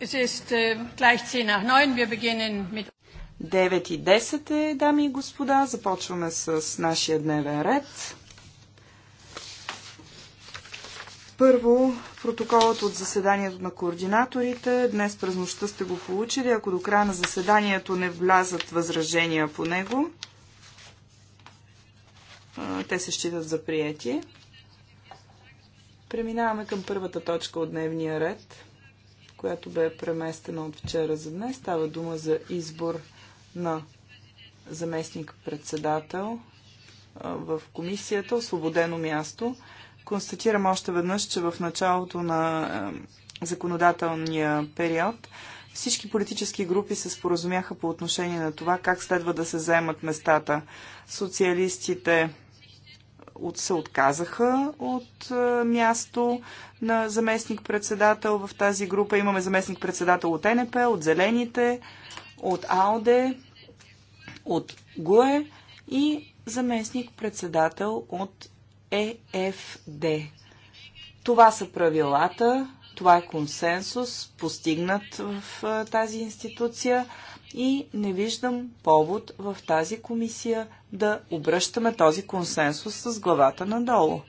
9 äh, и 10 е, дами и господа. Започваме с нашия дневен ред. Първо, протоколът от заседанието на координаторите. Днес през нощта сте го получили. Ако до края на заседанието не влязат възражения по него, те се считат за приятие. Преминаваме към първата точка от дневния ред която бе преместена от вчера за днес. Става дума за избор на заместник-председател в комисията, освободено място. Констатирам още веднъж, че в началото на законодателния период всички политически групи се споразумяха по отношение на това как следва да се заемат местата. Социалистите от, се отказаха от а, е, място на заместник-председател в тази група. Имаме заместник-председател от НП, от Зелените, от АОДЕ, от ГУЕ и заместник-председател от ЕФД. Това са правилата, това е консенсус, постигнат в а, е, тази институция и не виждам повод в тази комисия да обръщаме този консенсус с главата надолу.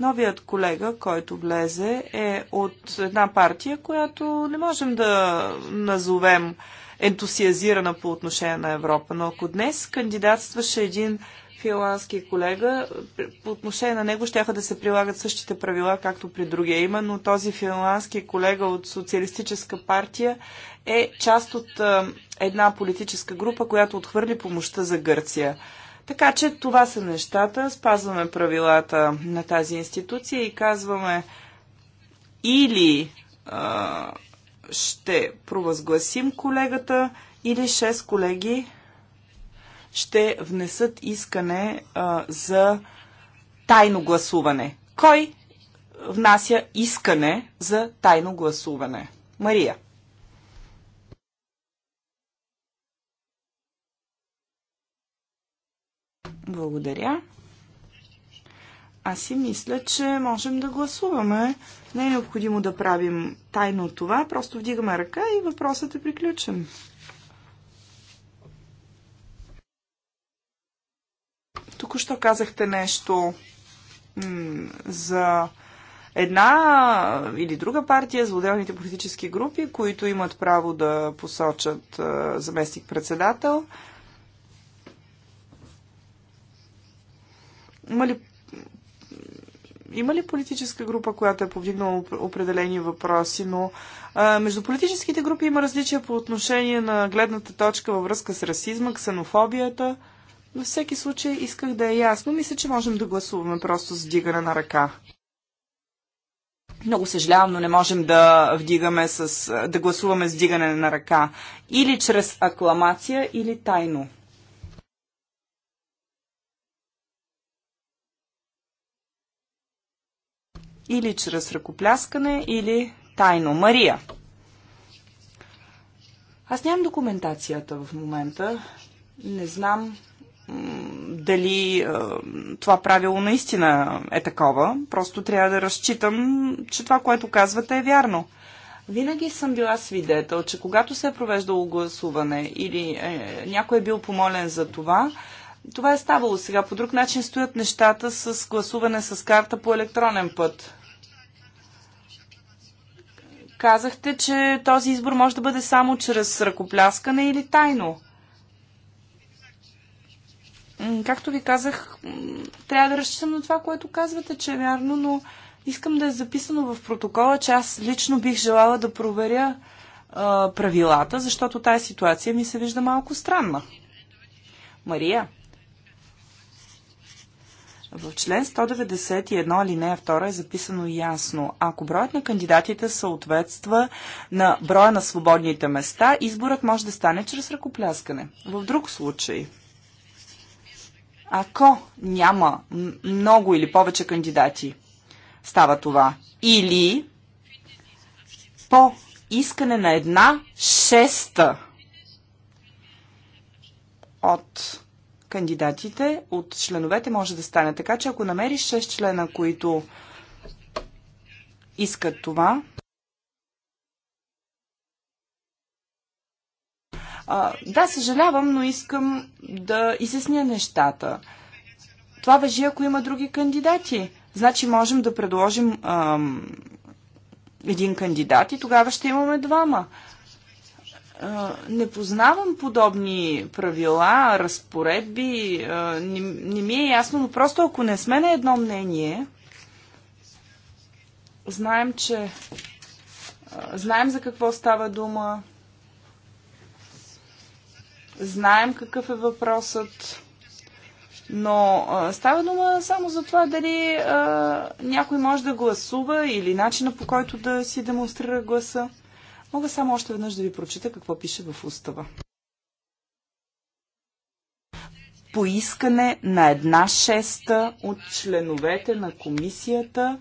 Новият колега, който влезе, е от една партия, която не можем да назовем ентусиазирана по отношение на Европа. Но ако днес кандидатстваше един финландски колега, по отношение на него ще да се прилагат същите правила, както при другия. но този финландски колега от Социалистическа партия е част от една политическа група, която отхвърли помощта за Гърция. Така че това са нещата. Спазваме правилата на тази институция и казваме или а, ще провъзгласим колегата, или 6 колеги ще внесат искане а, за тайно гласуване. Кой внася искане за тайно гласуване? Мария. Благодаря. Аз си мисля, че можем да гласуваме. Не е необходимо да правим тайно това, просто вдигаме ръка и въпросът е приключен. Току-що казахте нещо за една или друга партия, за отделните политически групи, които имат право да посочат заместник-председател. Има ли, има ли политическа група, която е повдигнала определени въпроси, но а, между политическите групи има различия по отношение на гледната точка във връзка с расизма, ксенофобията. Във всеки случай исках да е ясно. Мисля, че можем да гласуваме просто с вдигане на ръка. Много съжалявам, но не можем да, вдигаме с, да гласуваме с вдигане на ръка. Или чрез акламация, или тайно. или чрез ръкопляскане, или тайно. Мария. Аз нямам документацията в момента. Не знам дали е, това правило наистина е такова. Просто трябва да разчитам, че това, което казвате е вярно. Винаги съм била свидетел, че когато се е провеждало гласуване или е, някой е бил помолен за това, това е ставало сега. По друг начин стоят нещата с гласуване с карта по електронен път. Казахте, че този избор може да бъде само чрез ръкопляскане или тайно. Както ви казах, трябва да разчитам на това, което казвате, че е вярно, но искам да е записано в протокола, че аз лично бих желала да проверя а, правилата, защото тази ситуация ми се вижда малко странна. Мария, в член 191 алинея 2 е записано ясно. Ако броят на кандидатите съответства на броя на свободните места, изборът може да стане чрез ръкопляскане. В друг случай, ако няма много или повече кандидати, става това. Или по искане на една шеста от кандидатите от членовете може да стане така, че ако намериш 6 члена, които искат това, А, да, съжалявам, но искам да изясня нещата. Това въжи, ако има други кандидати. Значи можем да предложим ам, един кандидат и тогава ще имаме двама не познавам подобни правила, разпоредби, не, не ми е ясно, но просто ако не сме на едно мнение, знаем, че знаем за какво става дума, знаем какъв е въпросът, но става дума само за това дали а, някой може да гласува или начина по който да си демонстрира гласа. Мога само още веднъж да ви прочита какво пише в устава. Поискане на една шеста от членовете на комисията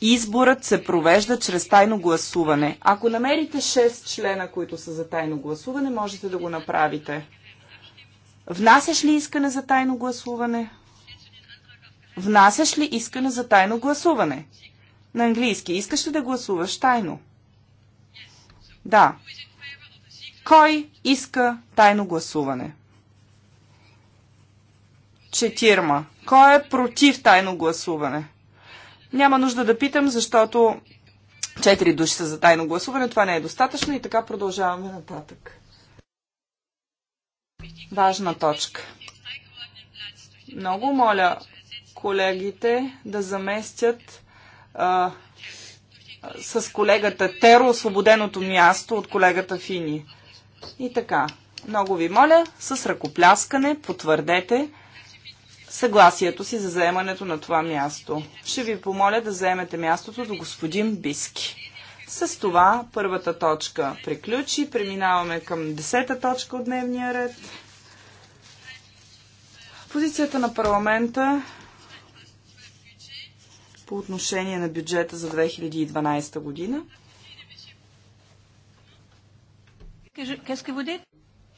изборът се провежда чрез тайно гласуване. Ако намерите 6 члена, които са за тайно гласуване, можете да го направите. Внасяш ли искане за тайно гласуване? Внасяш ли искане за тайно гласуване? На английски. Искаш ли да гласуваш тайно? Да. Кой иска тайно гласуване? Четирма. Кой е против тайно гласуване? Няма нужда да питам, защото четири души са за тайно гласуване. Това не е достатъчно и така продължаваме нататък. Важна точка. Много моля колегите да заместят а, с колегата Теро, освободеното място от колегата Фини. И така, много ви моля, с ръкопляскане потвърдете съгласието си за заемането на това място. Ще ви помоля да заемете мястото до господин Биски. С това първата точка приключи. Преминаваме към десета точка от дневния ред. Позицията на парламента по отношение на бюджета за 2012 година.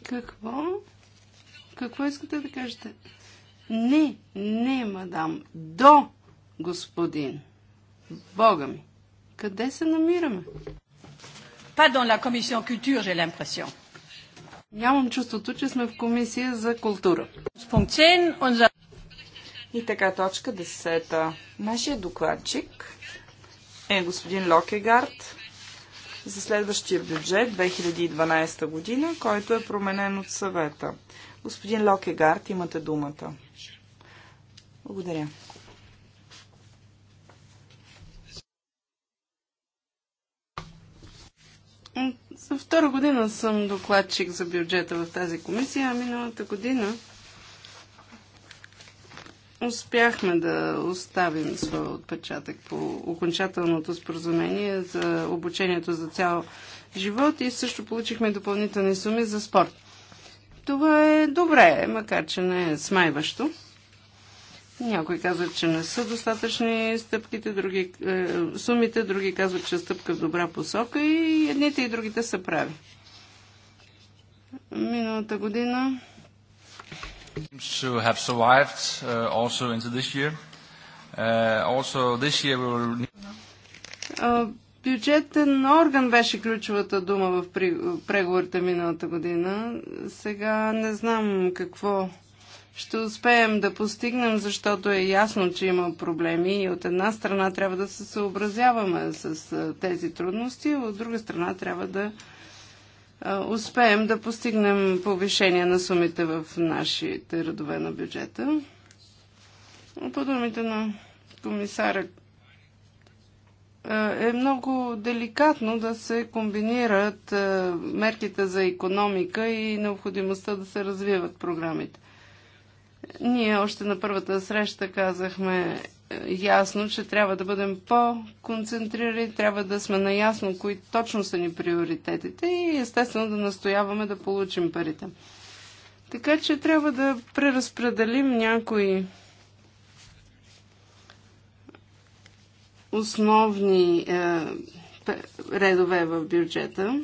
Какво? Какво искате да кажете? Не, не, мадам. До, господин. Бога ми. Къде се намираме? Pas dans la commission culture, j'ai l'impression. Нямам чувството, че сме в комисия за култура. И така, точка 10. Нашия докладчик е господин Локегард за следващия бюджет 2012 година, който е променен от съвета. Господин Локегард, имате думата. Благодаря. За втора година съм докладчик за бюджета в тази комисия, а миналата година успяхме да оставим своя отпечатък по окончателното споразумение за обучението за цял живот и също получихме допълнителни суми за спорт. Това е добре, макар че не е смайващо. Някои казват, че не са достатъчни стъпките, други, е, сумите, други казват, че е стъпка в добра посока и едните и другите са прави. Миналата година Бюджетен орган беше ключовата дума в преговорите миналата година. Сега не знам какво ще успеем да постигнем, защото е ясно, че има проблеми и от една страна трябва да се съобразяваме с тези трудности, от друга страна трябва да успеем да постигнем повишение на сумите в нашите родове на бюджета. По думите на комисара е много деликатно да се комбинират мерките за економика и необходимостта да се развиват програмите. Ние още на първата среща казахме, ясно, че трябва да бъдем по-концентрирани, трябва да сме наясно кои точно са ни приоритетите и естествено да настояваме да получим парите. Така че трябва да преразпределим някои основни е, редове в бюджета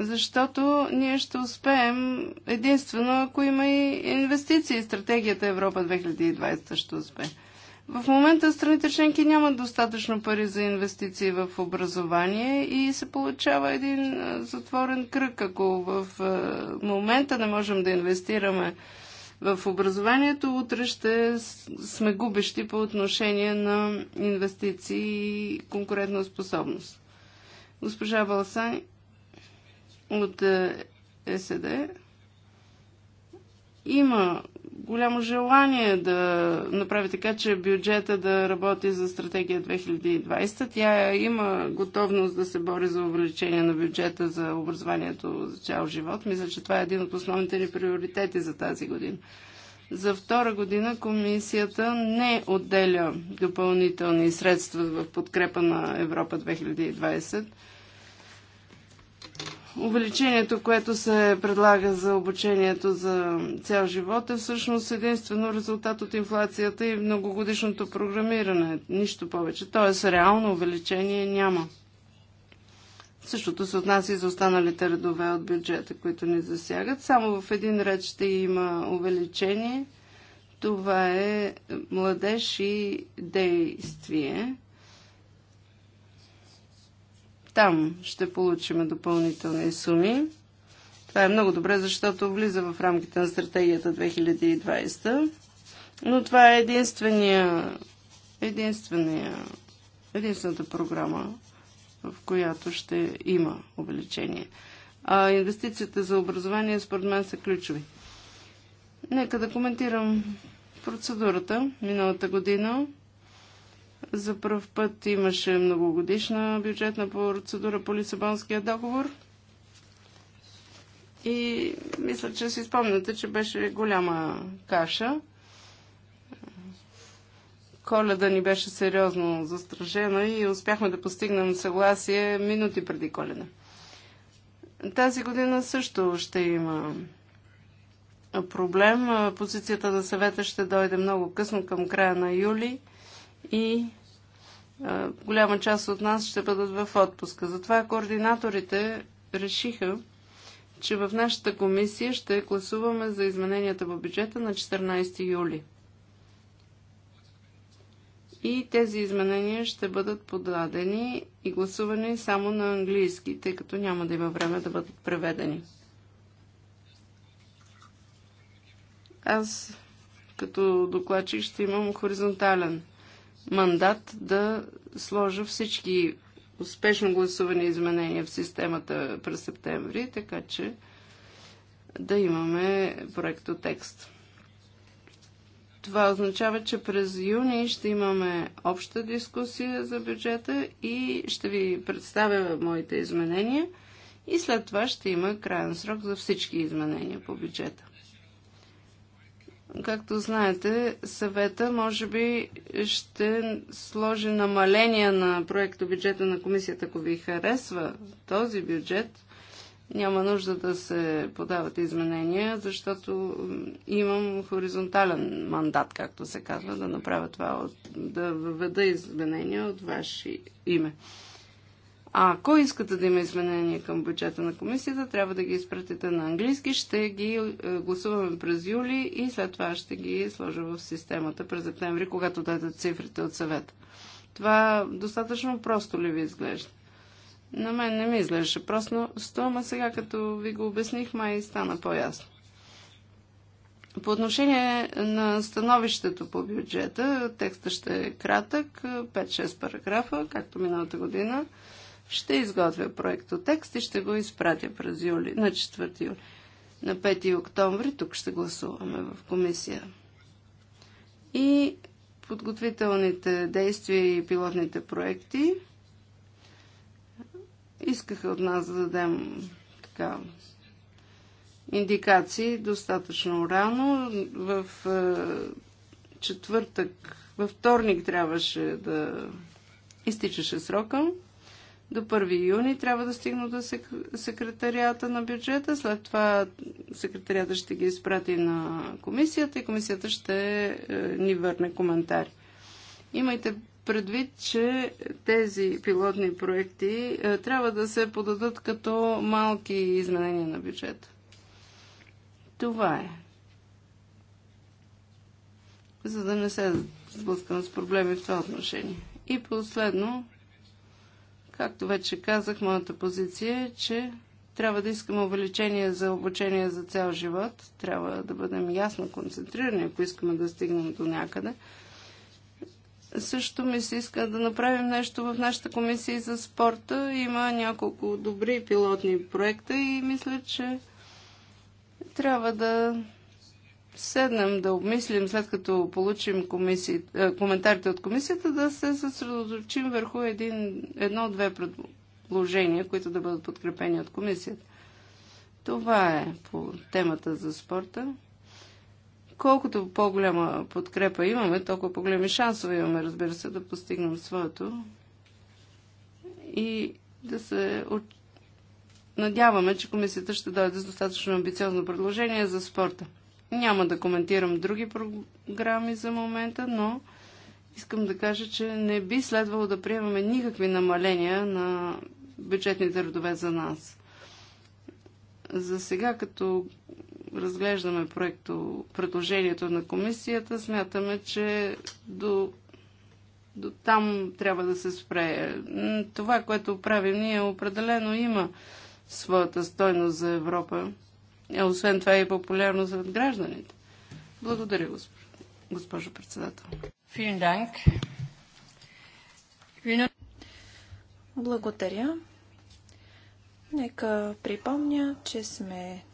защото ние ще успеем единствено, ако има и инвестиции. Стратегията Европа 2020 ще успее. В момента страните членки нямат достатъчно пари за инвестиции в образование и се получава един затворен кръг. Ако в момента не можем да инвестираме в образованието, утре ще сме губещи по отношение на инвестиции и конкурентна способност. Госпожа Балсан от ЕСД. има голямо желание да направи така, че бюджета да работи за стратегия 2020. Тя има готовност да се бори за увеличение на бюджета за образованието за цял живот. Мисля, че това е един от основните ни приоритети за тази година. За втора година комисията не отделя допълнителни средства в подкрепа на Европа 2020 Увеличението, което се предлага за обучението за цял живот е всъщност единствено резултат от инфлацията и многогодишното програмиране. Нищо повече. Тоест реално увеличение няма. Същото се отнася и за останалите редове от бюджета, които ни засягат. Само в един ред ще има увеличение. Това е младеж и действие. Там ще получим допълнителни суми. Това е много добре, защото влиза в рамките на стратегията 2020. Но това е единствения, единствения, единствената програма, в която ще има увеличение. А инвестицията за образование според мен са ключови. Нека да коментирам процедурата миналата година. За първ път имаше многогодишна бюджетна процедура по Лисабонския договор. И мисля, че си спомняте, че беше голяма каша. Коледа ни беше сериозно застражена и успяхме да постигнем съгласие минути преди коледа. Тази година също ще има проблем. Позицията на съвета ще дойде много късно към края на юли – и а, голяма част от нас ще бъдат в отпуска. Затова координаторите решиха, че в нашата комисия ще гласуваме за измененията в бюджета на 14 юли. И тези изменения ще бъдат подадени и гласувани само на английски, тъй като няма да има време да бъдат преведени. Аз като докладчик ще имам хоризонтален мандат да сложа всички успешно гласувани изменения в системата през септември, така че да имаме проекто текст. Това означава, че през юни ще имаме обща дискусия за бюджета и ще ви представя моите изменения и след това ще има крайен срок за всички изменения по бюджета. Както знаете, съвета може би ще сложи намаление на проекто бюджета на комисията, ако ви харесва този бюджет. Няма нужда да се подават изменения, защото имам хоризонтален мандат, както се казва, да направя това, да въведа изменения от ваше име. А ако искате да има изменения към бюджета на комисията, трябва да ги изпратите на английски. Ще ги е, гласуваме през юли и след това ще ги сложа в системата през септември, когато дадат цифрите от съвета. Това достатъчно просто ли ви изглежда? На мен не ми изглеждаше просто, но ама сега като ви го обясних, май стана по-ясно. По отношение на становището по бюджета, текстът ще е кратък, 5-6 параграфа, както миналата година ще изготвя проекто текст и ще го изпратя през юли, на 4 юли. На 5 октомври тук ще гласуваме в комисия. И подготвителните действия и пилотните проекти искаха от нас да дадем така индикации достатъчно рано. В е, четвъртък, във вторник трябваше да изтичаше срока. До 1 юни трябва да стигнат до секретарията на бюджета, след това секретарията ще ги изпрати на комисията и комисията ще е, ни върне коментари. Имайте предвид, че тези пилотни проекти е, трябва да се подадат като малки изменения на бюджета. Това е. За да не се сблъскам с проблеми в това отношение. И последно, Както вече казах, моята позиция е, че трябва да искаме увеличение за обучение за цял живот. Трябва да бъдем ясно концентрирани, ако искаме да стигнем до някъде. Също ми се иска да направим нещо в нашата комисия за спорта. Има няколко добри пилотни проекта и мисля, че трябва да седнем да обмислим, след като получим комиси... Е, коментарите от комисията, да се съсредоточим върху един, едно-две предложения, които да бъдат подкрепени от комисията. Това е по темата за спорта. Колкото по-голяма подкрепа имаме, толкова по-големи шансове имаме, разбира се, да постигнем своето и да се надяваме, че комисията ще дойде с достатъчно амбициозно предложение за спорта. Няма да коментирам други програми за момента, но искам да кажа, че не би следвало да приемаме никакви намаления на бюджетните родове за нас. За сега, като разглеждаме проекто, предложението на комисията, смятаме, че до, до там трябва да се спре. Това, което правим ние, определено има своята стойност за Европа. Е, освен това е и популярно за гражданите. Благодаря, госпожо, госпожо председател. Благодаря. Нека припомня, че сме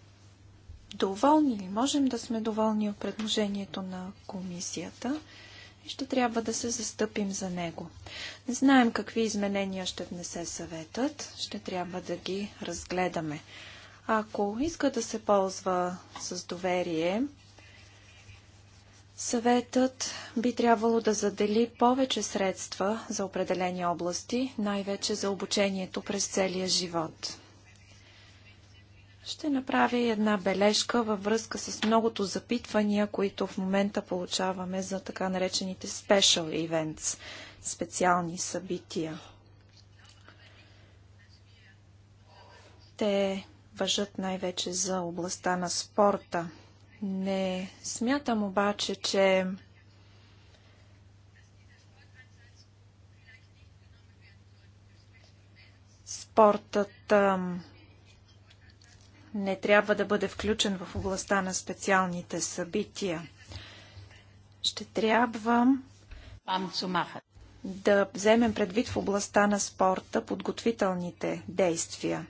доволни или можем да сме доволни от предложението на комисията и ще трябва да се застъпим за него. Не знаем какви изменения ще внесе съветът, ще трябва да ги разгледаме. Ако иска да се ползва с доверие, съветът би трябвало да задели повече средства за определени области, най-вече за обучението през целия живот. Ще направя една бележка във връзка с многото запитвания, които в момента получаваме за така наречените special events, специални събития. Те въжат най-вече за областта на спорта. Не смятам обаче, че спортът не трябва да бъде включен в областта на специалните събития. Ще трябва да вземем предвид в областта на спорта подготвителните действия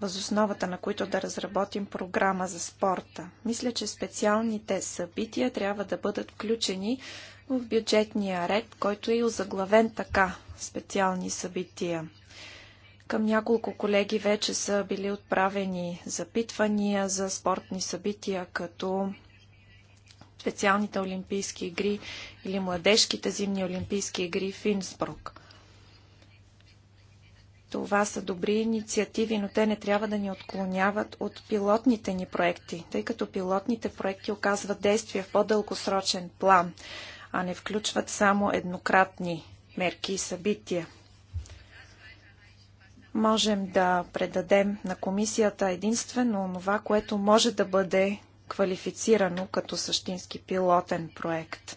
въз основата на които да разработим програма за спорта. Мисля, че специалните събития трябва да бъдат включени в бюджетния ред, който е и озаглавен така – специални събития. Към няколко колеги вече са били отправени запитвания за спортни събития, като специалните олимпийски игри или младежките зимни олимпийски игри в Инсбрук. Това са добри инициативи, но те не трябва да ни отклоняват от пилотните ни проекти, тъй като пилотните проекти оказват действие в по-дългосрочен план, а не включват само еднократни мерки и събития. Можем да предадем на комисията единствено това, което може да бъде квалифицирано като същински пилотен проект.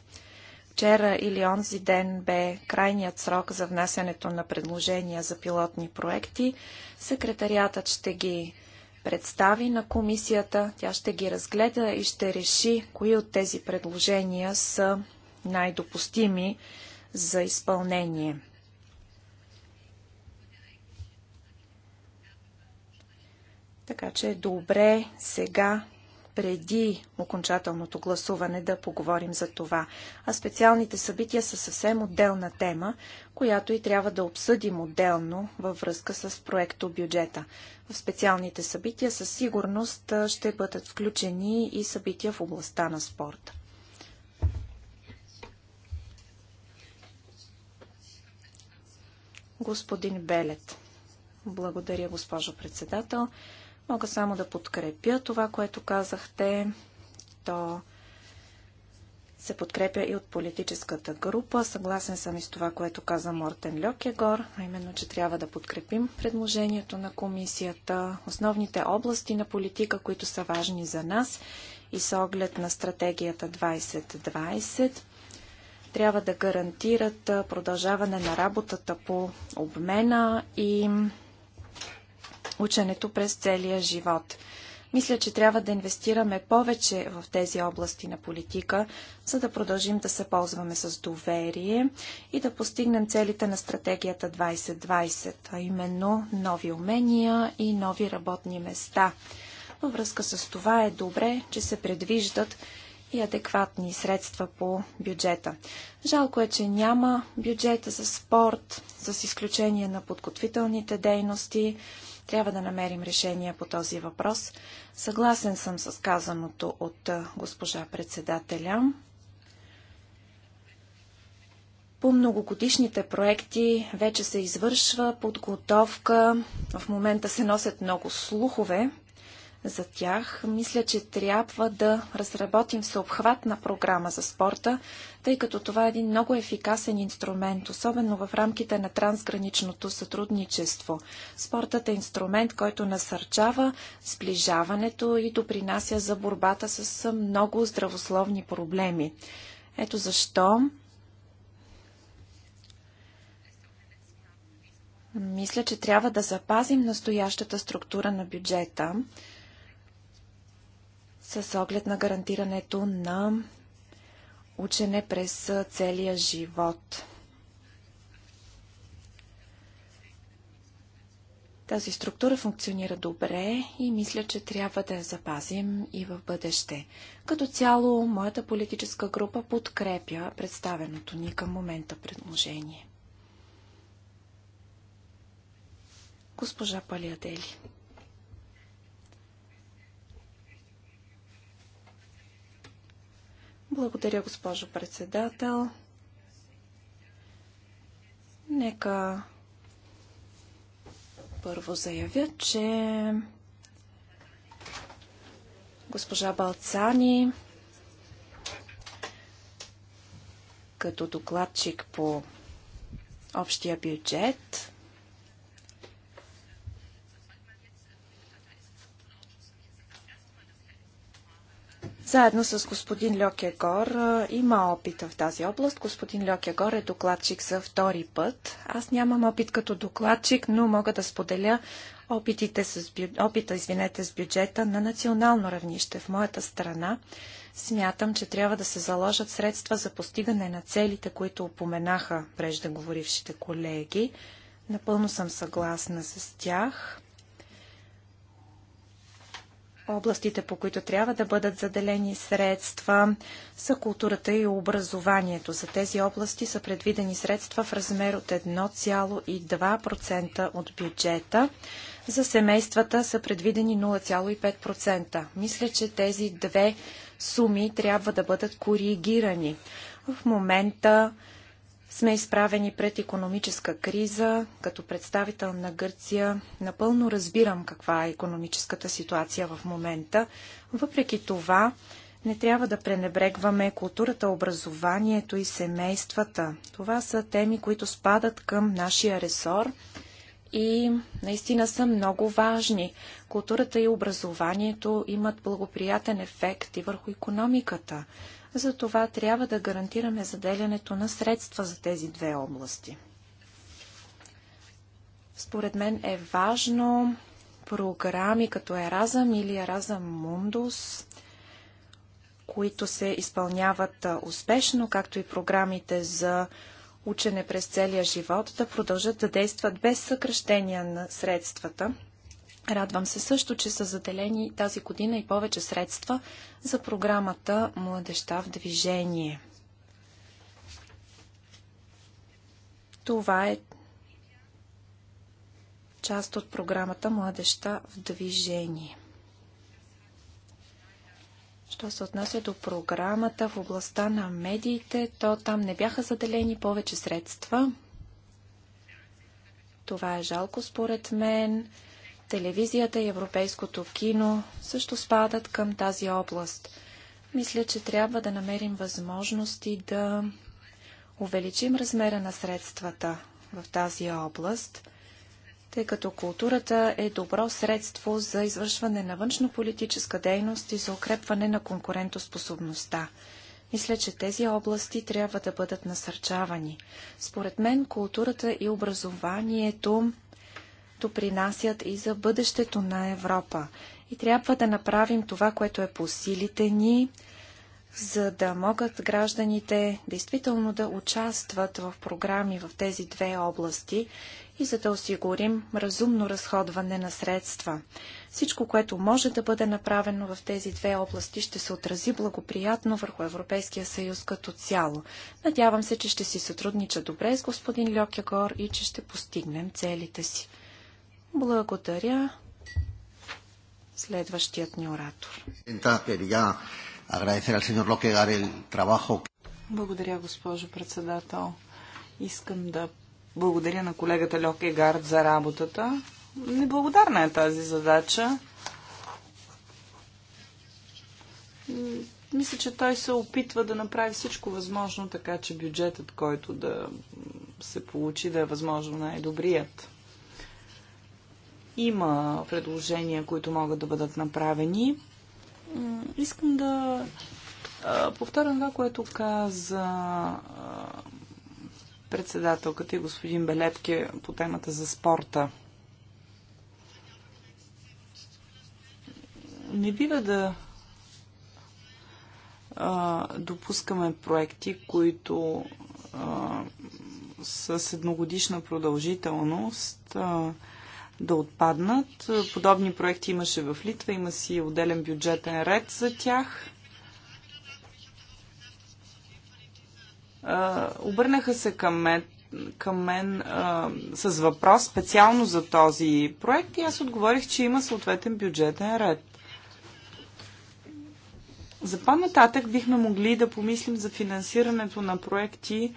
Вчера или онзи ден бе крайният срок за внасянето на предложения за пилотни проекти. Секретариатът ще ги представи на комисията, тя ще ги разгледа и ще реши кои от тези предложения са най-допустими за изпълнение. Така че е добре сега преди окончателното гласуване да поговорим за това. А специалните събития са съвсем отделна тема, която и трябва да обсъдим отделно във връзка с проекто бюджета. В специалните събития със сигурност ще бъдат включени и събития в областта на спорта. Господин Белет. Благодаря, госпожо председател. Мога само да подкрепя това, което казахте. То се подкрепя и от политическата група. Съгласен съм и с това, което каза Мортен Льокегор, а именно, че трябва да подкрепим предложението на комисията, основните области на политика, които са важни за нас и с оглед на стратегията 2020 трябва да гарантират продължаване на работата по обмена и ученето през целия живот. Мисля, че трябва да инвестираме повече в тези области на политика, за да продължим да се ползваме с доверие и да постигнем целите на стратегията 2020, а именно нови умения и нови работни места. Във връзка с това е добре, че се предвиждат и адекватни средства по бюджета. Жалко е, че няма бюджета за спорт, с изключение на подготвителните дейности, трябва да намерим решение по този въпрос. Съгласен съм с казаното от госпожа председателя. По многогодишните проекти вече се извършва подготовка. В момента се носят много слухове за тях. Мисля, че трябва да разработим съобхватна програма за спорта, тъй като това е един много ефикасен инструмент, особено в рамките на трансграничното сътрудничество. Спортът е инструмент, който насърчава сближаването и допринася за борбата с много здравословни проблеми. Ето защо Мисля, че трябва да запазим настоящата структура на бюджета с оглед на гарантирането на учене през целия живот. Тази структура функционира добре и мисля, че трябва да я запазим и в бъдеще. Като цяло, моята политическа група подкрепя представеното ни към момента предложение. Госпожа Палиадели. Благодаря, госпожо председател. Нека първо заявя, че госпожа Балцани като докладчик по общия бюджет Заедно с господин Гор има опит в тази област. Господин Гор е докладчик за втори път. Аз нямам опит като докладчик, но мога да споделя опитите с, бю... опита извинете, с бюджета на национално равнище в моята страна. Смятам, че трябва да се заложат средства за постигане на целите, които упоменаха преждеговорившите колеги. Напълно съм съгласна с тях. Областите, по които трябва да бъдат заделени средства, са културата и образованието. За тези области са предвидени средства в размер от 1,2% от бюджета. За семействата са предвидени 0,5%. Мисля, че тези две суми трябва да бъдат коригирани. В момента сме изправени пред економическа криза. Като представител на Гърция напълно разбирам каква е економическата ситуация в момента. Въпреки това, не трябва да пренебрегваме културата, образованието и семействата. Това са теми, които спадат към нашия ресор и наистина са много важни. Културата и образованието имат благоприятен ефект и върху економиката. Затова трябва да гарантираме заделянето на средства за тези две области. Според мен е важно програми като Еразъм или Еразъм Мундус, които се изпълняват успешно, както и програмите за учене през целия живот, да продължат да действат без съкръщения на средствата, Радвам се също, че са заделени тази година и повече средства за програмата Младеща в движение. Това е част от програмата Младеща в движение. Що се отнася до програмата в областта на медиите, то там не бяха заделени повече средства. Това е жалко според мен. Телевизията и европейското кино също спадат към тази област. Мисля, че трябва да намерим възможности да увеличим размера на средствата в тази област, тъй като културата е добро средство за извършване на външнополитическа дейност и за укрепване на конкурентоспособността. Мисля, че тези области трябва да бъдат насърчавани. Според мен културата и образованието допринасят и за бъдещето на Европа. И трябва да направим това, което е по силите ни, за да могат гражданите действително да участват в програми в тези две области и за да осигурим разумно разходване на средства. Всичко, което може да бъде направено в тези две области, ще се отрази благоприятно върху Европейския съюз като цяло. Надявам се, че ще си сътруднича добре с господин Льокягор и че ще постигнем целите си. Благодаря. Следващият ни оратор. Благодаря, госпожо председател. Искам да благодаря на колегата Локегард за работата. Неблагодарна е тази задача. Мисля, че той се опитва да направи всичко възможно, така че бюджетът, който да се получи, да е възможно най-добрият. Има предложения, които могат да бъдат направени. Искам да повторя това, което каза председателката и господин Белепке по темата за спорта. Не бива да допускаме проекти, които с едногодишна продължителност а, да отпаднат. Подобни проекти имаше в Литва, има си отделен бюджетен ред за тях. Обърнаха се към мен, към мен а, с въпрос специално за този проект и аз отговорих, че има съответен бюджетен ред. За по-нататък бихме могли да помислим за финансирането на проекти,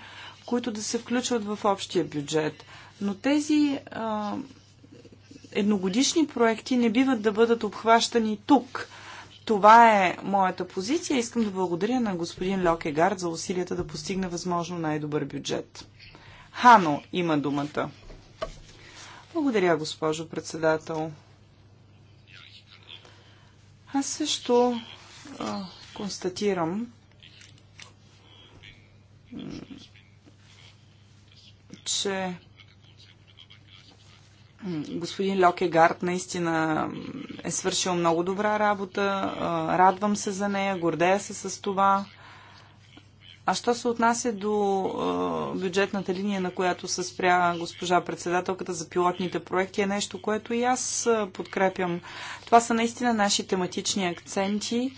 които да се включват в общия бюджет. Но тези а, едногодишни проекти не биват да бъдат обхващани тук. Това е моята позиция. Искам да благодаря на господин Льокегард за усилията да постигне възможно най-добър бюджет. Хано има думата. Благодаря, госпожо председател. Аз също а, констатирам, че Господин Локегард наистина е свършил много добра работа. Радвам се за нея, гордея се с това. А що се отнася до бюджетната линия, на която се спря госпожа председателката за пилотните проекти, е нещо, което и аз подкрепям. Това са наистина наши тематични акценти,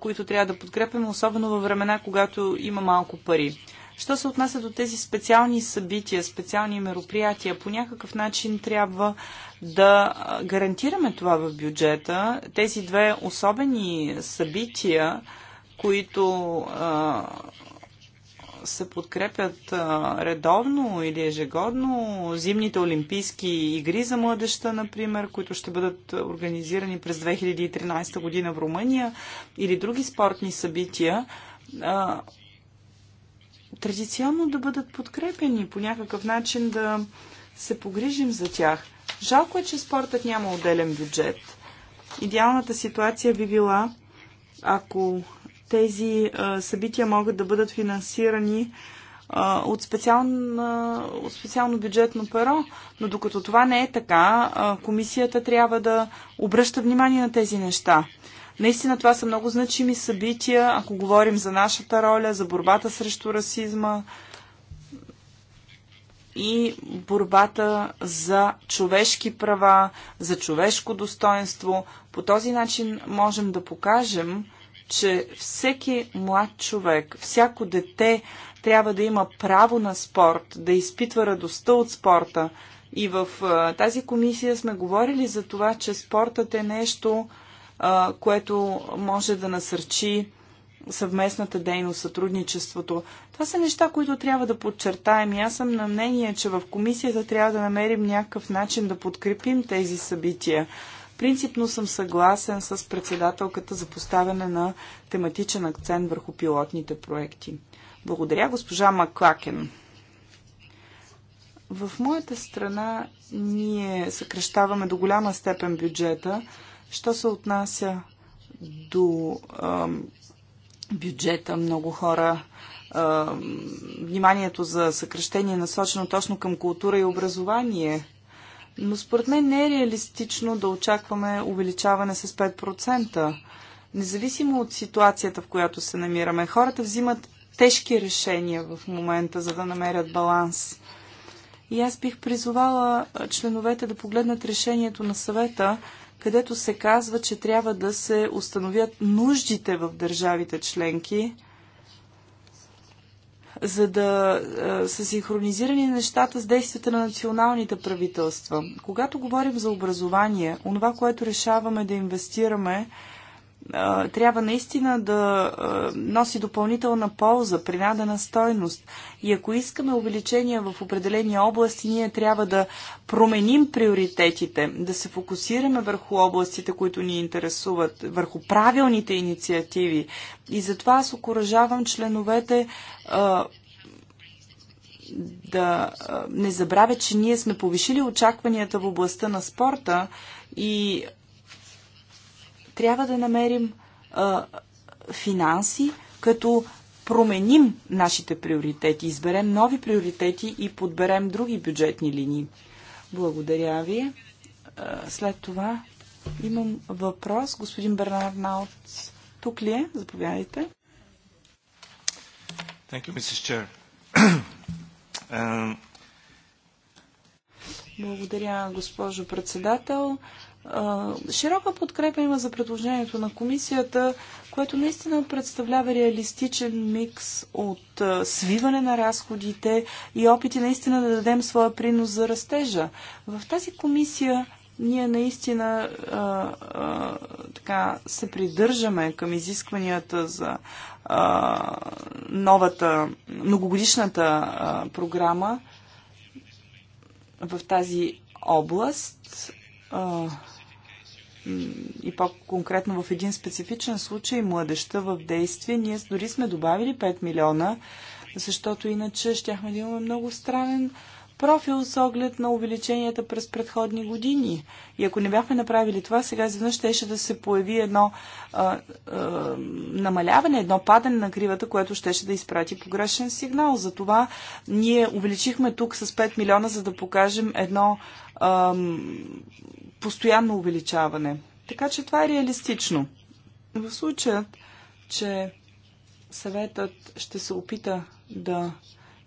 които трябва да подкрепим, особено във времена, когато има малко пари. Що се отнася до тези специални събития, специални мероприятия, по някакъв начин трябва да гарантираме това в бюджета. Тези две особени събития, които а, се подкрепят а, редовно или ежегодно. Зимните олимпийски игри за младеща, например, които ще бъдат организирани през 2013 година в Румъния или други спортни събития. А, традиционно да бъдат подкрепени, по някакъв начин да се погрижим за тях. Жалко е, че спортът няма отделен бюджет. Идеалната ситуация би била, ако тези а, събития могат да бъдат финансирани а, от, специална, от специално бюджетно перо. Но докато това не е така, а, комисията трябва да обръща внимание на тези неща. Наистина това са много значими събития, ако говорим за нашата роля, за борбата срещу расизма и борбата за човешки права, за човешко достоинство. По този начин можем да покажем, че всеки млад човек, всяко дете трябва да има право на спорт, да изпитва радостта от спорта. И в тази комисия сме говорили за това, че спортът е нещо, което може да насърчи съвместната дейност, сътрудничеството. Това са неща, които трябва да подчертаем и аз съм на мнение, че в комисията трябва да намерим някакъв начин да подкрепим тези събития. Принципно съм съгласен с председателката за поставяне на тематичен акцент върху пилотните проекти. Благодаря, госпожа Маклакен. В моята страна ние съкрещаваме до голяма степен бюджета, Що се отнася до а, бюджета, много хора а, вниманието за съкръщение е насочено точно към култура и образование. Но според мен не е реалистично да очакваме увеличаване с 5%. Независимо от ситуацията, в която се намираме, хората взимат тежки решения в момента, за да намерят баланс. И аз бих призовала членовете да погледнат решението на съвета, където се казва, че трябва да се установят нуждите в държавите членки, за да са синхронизирани нещата с действията на националните правителства. Когато говорим за образование, онова, което решаваме да инвестираме, трябва наистина да носи допълнителна полза, принадена стойност. И ако искаме увеличение в определени области, ние трябва да променим приоритетите, да се фокусираме върху областите, които ни интересуват, върху правилните инициативи. И затова аз окоръжавам членовете да не забравя, че ние сме повишили очакванията в областта на спорта и трябва да намерим а, финанси, като променим нашите приоритети, изберем нови приоритети и подберем други бюджетни линии. Благодаря ви. След това имам въпрос. Господин Бернар Наут, тук ли е? Заповядайте. Thank you, Mrs. Chair. Благодаря, госпожо председател. Широка подкрепа има за предложението на комисията, което наистина представлява реалистичен микс от свиване на разходите и опити наистина да дадем своя принос за растежа. В тази комисия ние наистина а, а, така се придържаме към изискванията за а, новата многогодишната а, програма в тази област. А, и по-конкретно в един специфичен случай младеща в действие, ние дори сме добавили 5 милиона, защото иначе щяхме да имаме много странен профил с оглед на увеличенията през предходни години. И ако не бяхме направили това, сега изведнъж щеше да се появи едно а, а, намаляване, едно падане на кривата, което щеше да изпрати погрешен сигнал. Затова ние увеличихме тук с 5 милиона, за да покажем едно а, постоянно увеличаване. Така че това е реалистично. В случая, че съветът ще се опита да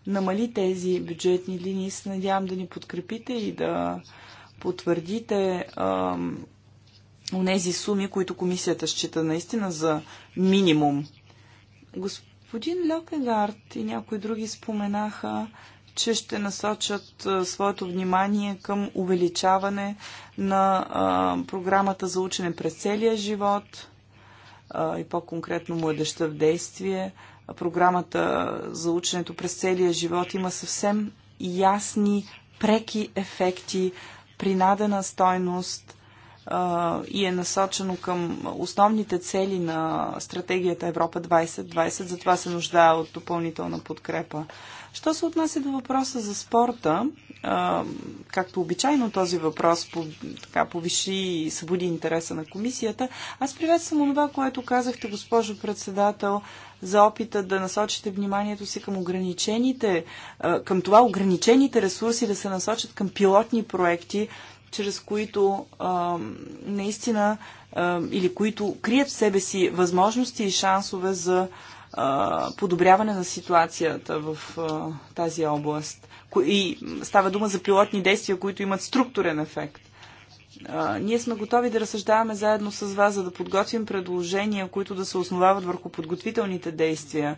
намали тези бюджетни линии, се надявам да ни подкрепите и да потвърдите тези суми, които комисията счита наистина за минимум. Господин Лекегард и някои други споменаха че ще насочат своето внимание към увеличаване на а, програмата за учене през целия живот а, и по-конкретно младеща в действие. програмата за ученето през целия живот има съвсем ясни, преки ефекти, принадена стойност и е насочено към основните цели на стратегията Европа 2020, затова се нуждае от допълнителна подкрепа. Що се отнася до въпроса за спорта, а, както обичайно този въпрос по, така, повиши и събуди интереса на комисията, аз приветствам това, което казахте, госпожо председател, за опита да насочите вниманието си към ограничените, а, към това ограничените ресурси да се насочат към пилотни проекти, чрез които а, наистина а, или които крият в себе си възможности и шансове за подобряване на ситуацията в тази област. И става дума за пилотни действия, които имат структурен ефект. ние сме готови да разсъждаваме заедно с вас, за да подготвим предложения, които да се основават върху подготвителните действия.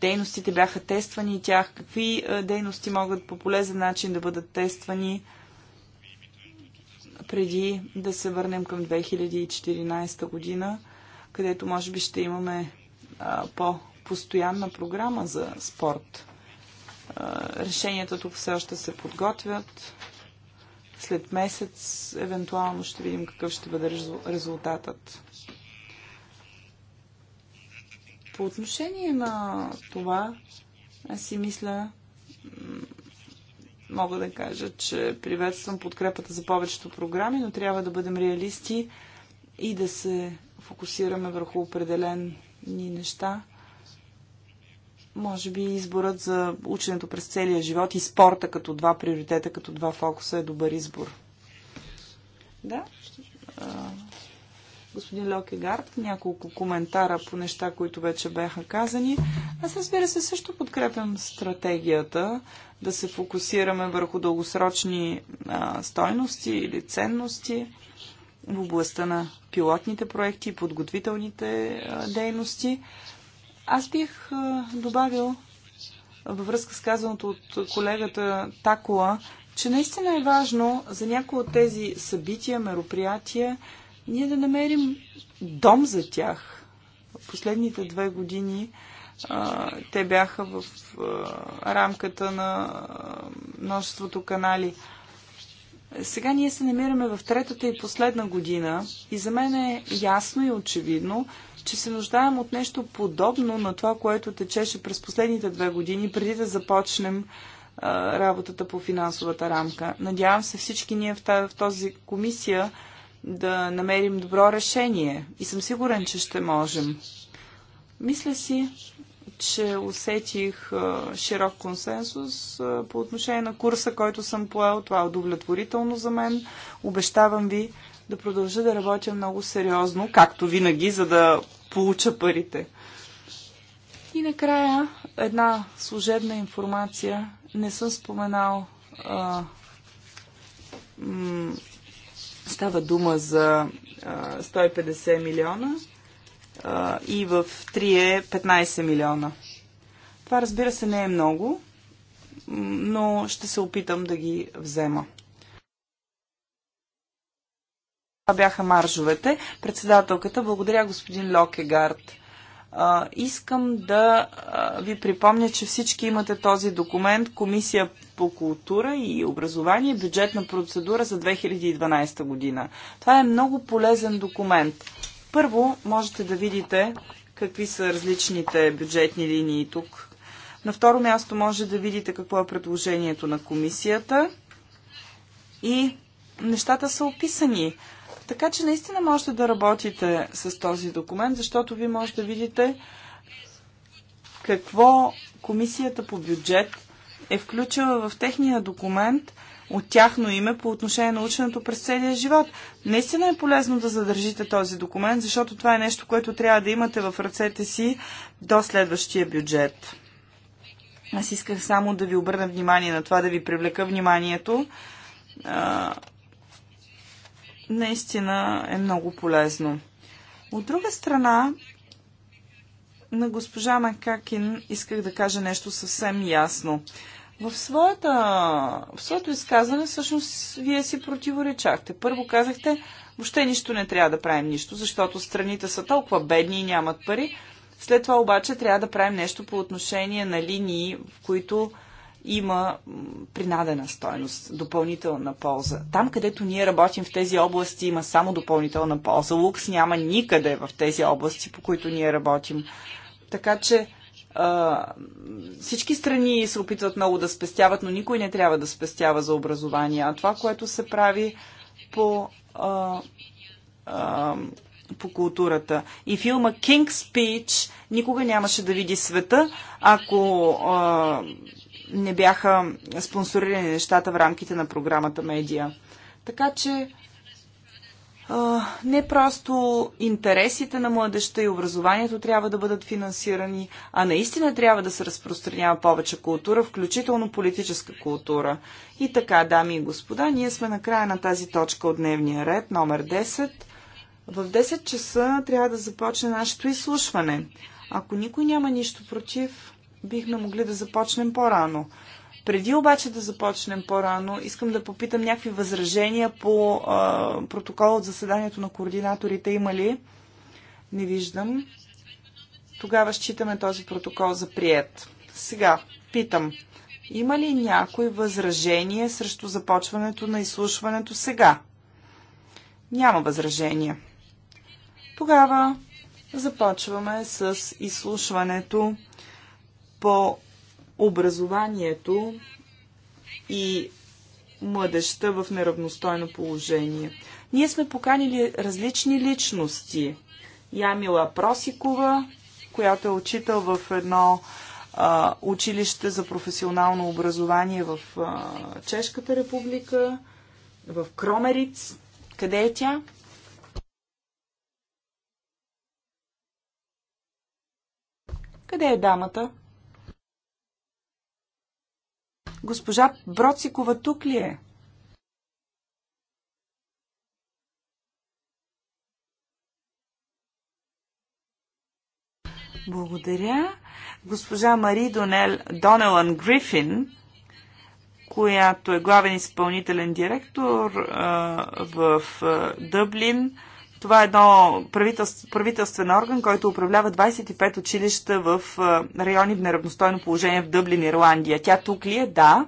дейностите бяха тествани и тях. Какви дейности могат по полезен начин да бъдат тествани преди да се върнем към 2014 година, където може би ще имаме по-постоянна програма за спорт. Решенията тук все още се подготвят. След месец, евентуално, ще видим какъв ще бъде резултатът. По отношение на това, аз си мисля, мога да кажа, че приветствам подкрепата за повечето програми, но трябва да бъдем реалисти и да се фокусираме върху определен ни неща. Може би изборът за ученето през целия живот и спорта като два приоритета, като два фокуса е добър избор. Да? господин Льокегард, няколко коментара по неща, които вече бяха казани. Аз разбира се също подкрепям стратегията да се фокусираме върху дългосрочни а, стойности или ценности в областта на пилотните проекти и подготвителните дейности. Аз бих добавил във връзка с казаното от колегата Такола, че наистина е важно за някои от тези събития, мероприятия, ние да намерим дом за тях. Последните две години те бяха в рамката на множеството канали. Сега ние се намираме в третата и последна година и за мен е ясно и очевидно, че се нуждаем от нещо подобно на това, което течеше през последните две години, преди да започнем а, работата по финансовата рамка. Надявам се всички ние в, тази, в този комисия да намерим добро решение и съм сигурен, че ще можем. Мисля си, че усетих широк консенсус по отношение на курса, който съм поел. Това е удовлетворително за мен. Обещавам ви да продължа да работя много сериозно, както винаги, за да получа парите. И накрая една служебна информация. Не съм споменал. А, става дума за а, 150 милиона и в 3 е 15 милиона. Това разбира се не е много, но ще се опитам да ги взема. Това бяха маржовете. Председателката, благодаря господин Локегард. А, искам да а, ви припомня, че всички имате този документ Комисия по култура и образование, бюджетна процедура за 2012 година. Това е много полезен документ. Първо, можете да видите какви са различните бюджетни линии тук. На второ място може да видите какво е предложението на комисията и нещата са описани. Така че наистина можете да работите с този документ, защото ви може да видите какво комисията по бюджет е включила в техния документ от тяхно име по отношение на ученето през целия живот. Наистина е полезно да задържите този документ, защото това е нещо, което трябва да имате в ръцете си до следващия бюджет. Аз исках само да ви обърна внимание на това, да ви привлека вниманието. А, наистина е много полезно. От друга страна, на госпожа Макакин исках да кажа нещо съвсем ясно. В, своята, в своето изказване всъщност вие си противоречахте. Първо казахте, въобще нищо не трябва да правим нищо, защото страните са толкова бедни и нямат пари. След това обаче трябва да правим нещо по отношение на линии, в които има принадена стойност, допълнителна полза. Там, където ние работим в тези области, има само допълнителна полза. Лукс няма никъде в тези области, по които ние работим. Така че всички страни се опитват много да спестяват, но никой не трябва да спестява за образование. А това, което се прави по, по културата. И филма King Speech никога нямаше да види света, ако не бяха спонсорирани нещата в рамките на програмата Медиа. Така че не просто интересите на младеща и образованието трябва да бъдат финансирани, а наистина трябва да се разпространява повече култура, включително политическа култура. И така, дами и господа, ние сме на края на тази точка от дневния ред, номер 10. В 10 часа трябва да започне нашето изслушване. Ако никой няма нищо против, бихме могли да започнем по-рано. Преди обаче да започнем по-рано, искам да попитам някакви възражения по а, протокол от заседанието на координаторите. Има ли? Не виждам. Тогава считаме този протокол за прият. Сега, питам, има ли някой възражение срещу започването на изслушването сега? Няма възражение. Тогава започваме с изслушването по образованието и младеща в неравностойно положение. Ние сме поканили различни личности. Ямила Просикова, която е учител в едно а, училище за професионално образование в а, Чешката република, в Кромериц. Къде е тя? Къде е дамата? Госпожа Броцикова тук ли е? Благодаря. Госпожа Мари Донел, Донелан Грифин, която е главен изпълнителен директор а, в а, Дъблин, това е едно правителствен орган, който управлява 25 училища в райони в неравностойно положение в Дъблин, Ирландия. Тя тук ли е? Да.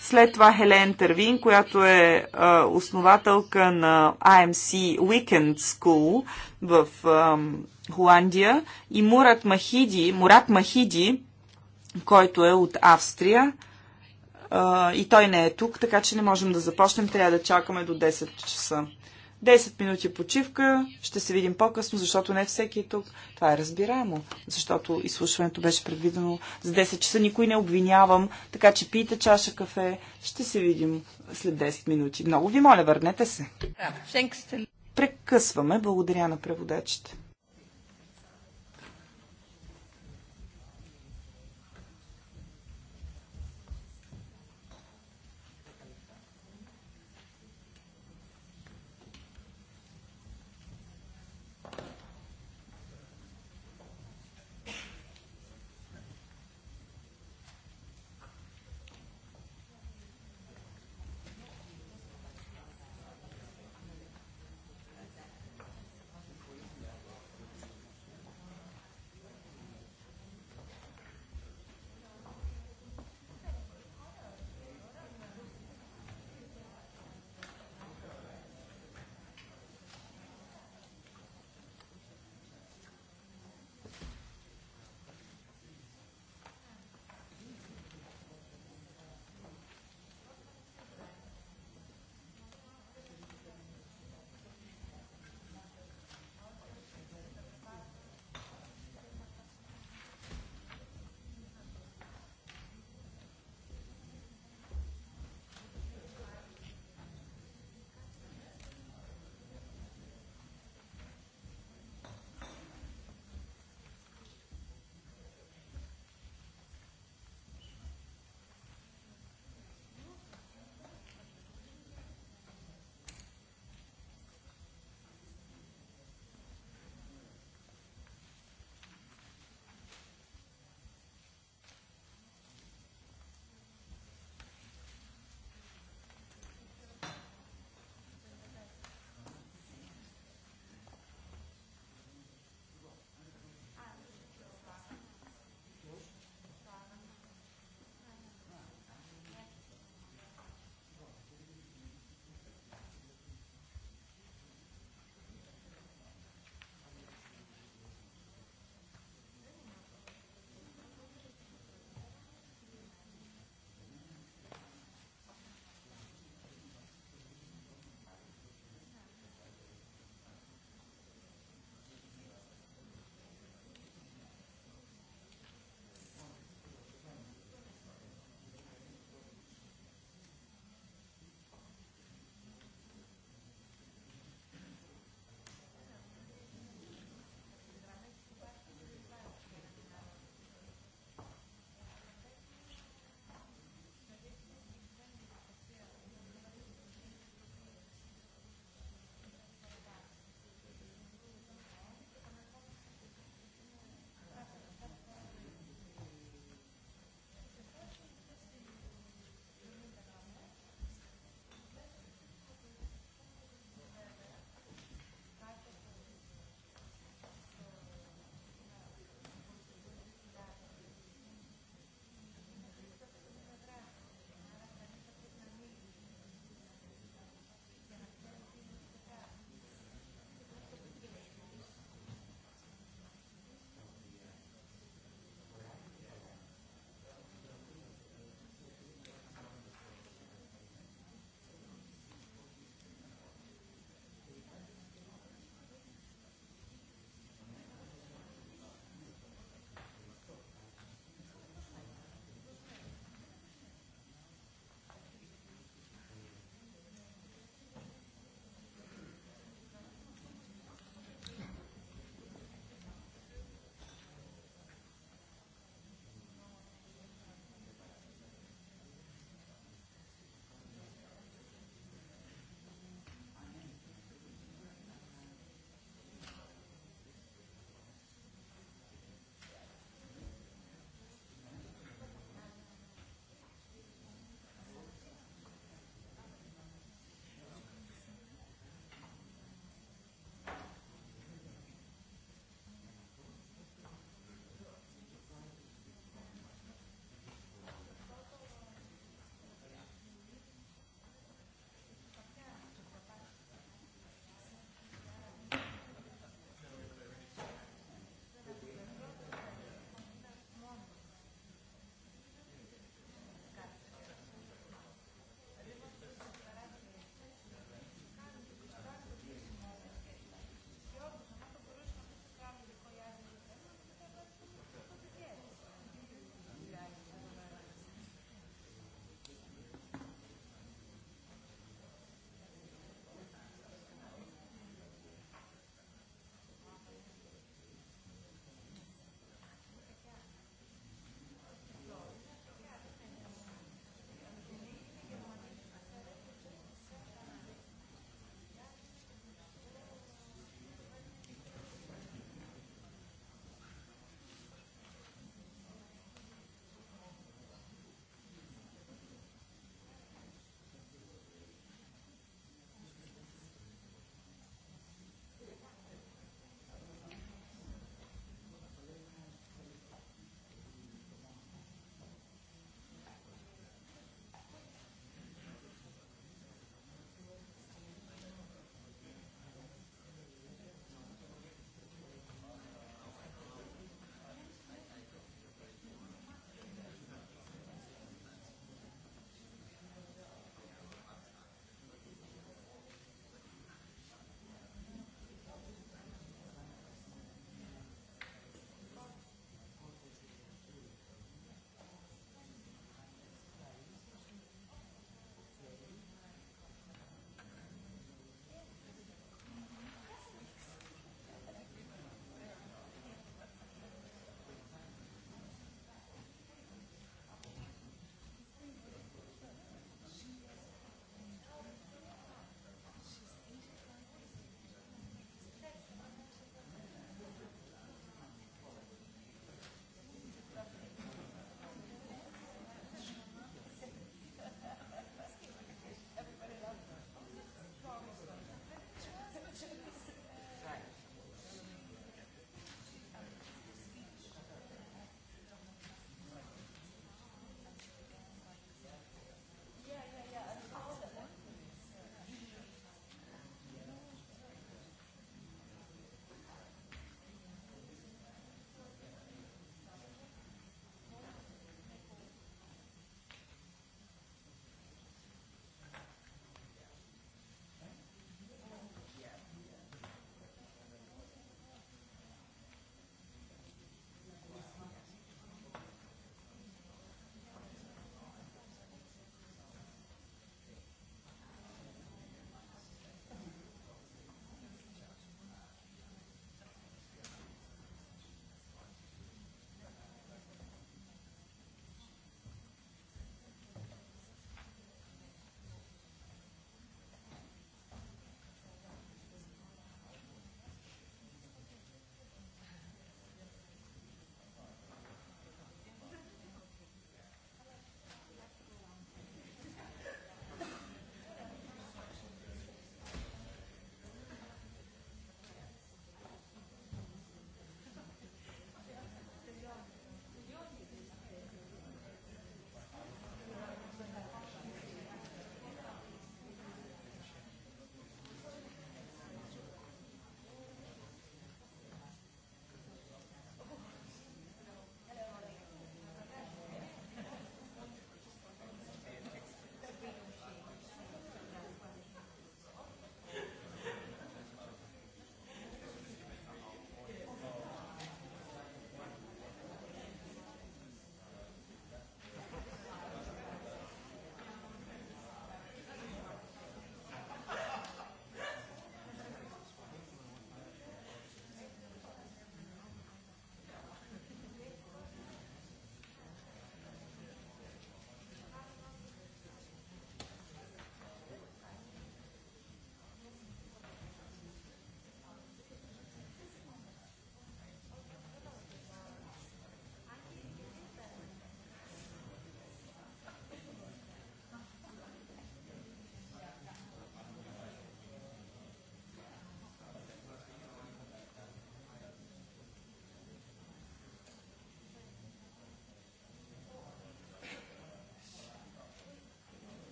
След това Хелен Тървин, която е основателка на IMC Weekend School в Холандия. И Мурат Махиди, Мурат Махиди, който е от Австрия. И той не е тук, така че не можем да започнем. Трябва да чакаме до 10 часа. 10 минути почивка, ще се видим по-късно, защото не всеки е тук. Това е разбираемо, защото изслушването беше предвидено за 10 часа. Никой не обвинявам, така че пийте чаша кафе. Ще се видим след 10 минути. Много ви моля, върнете се. Прекъсваме. Благодаря на преводачите.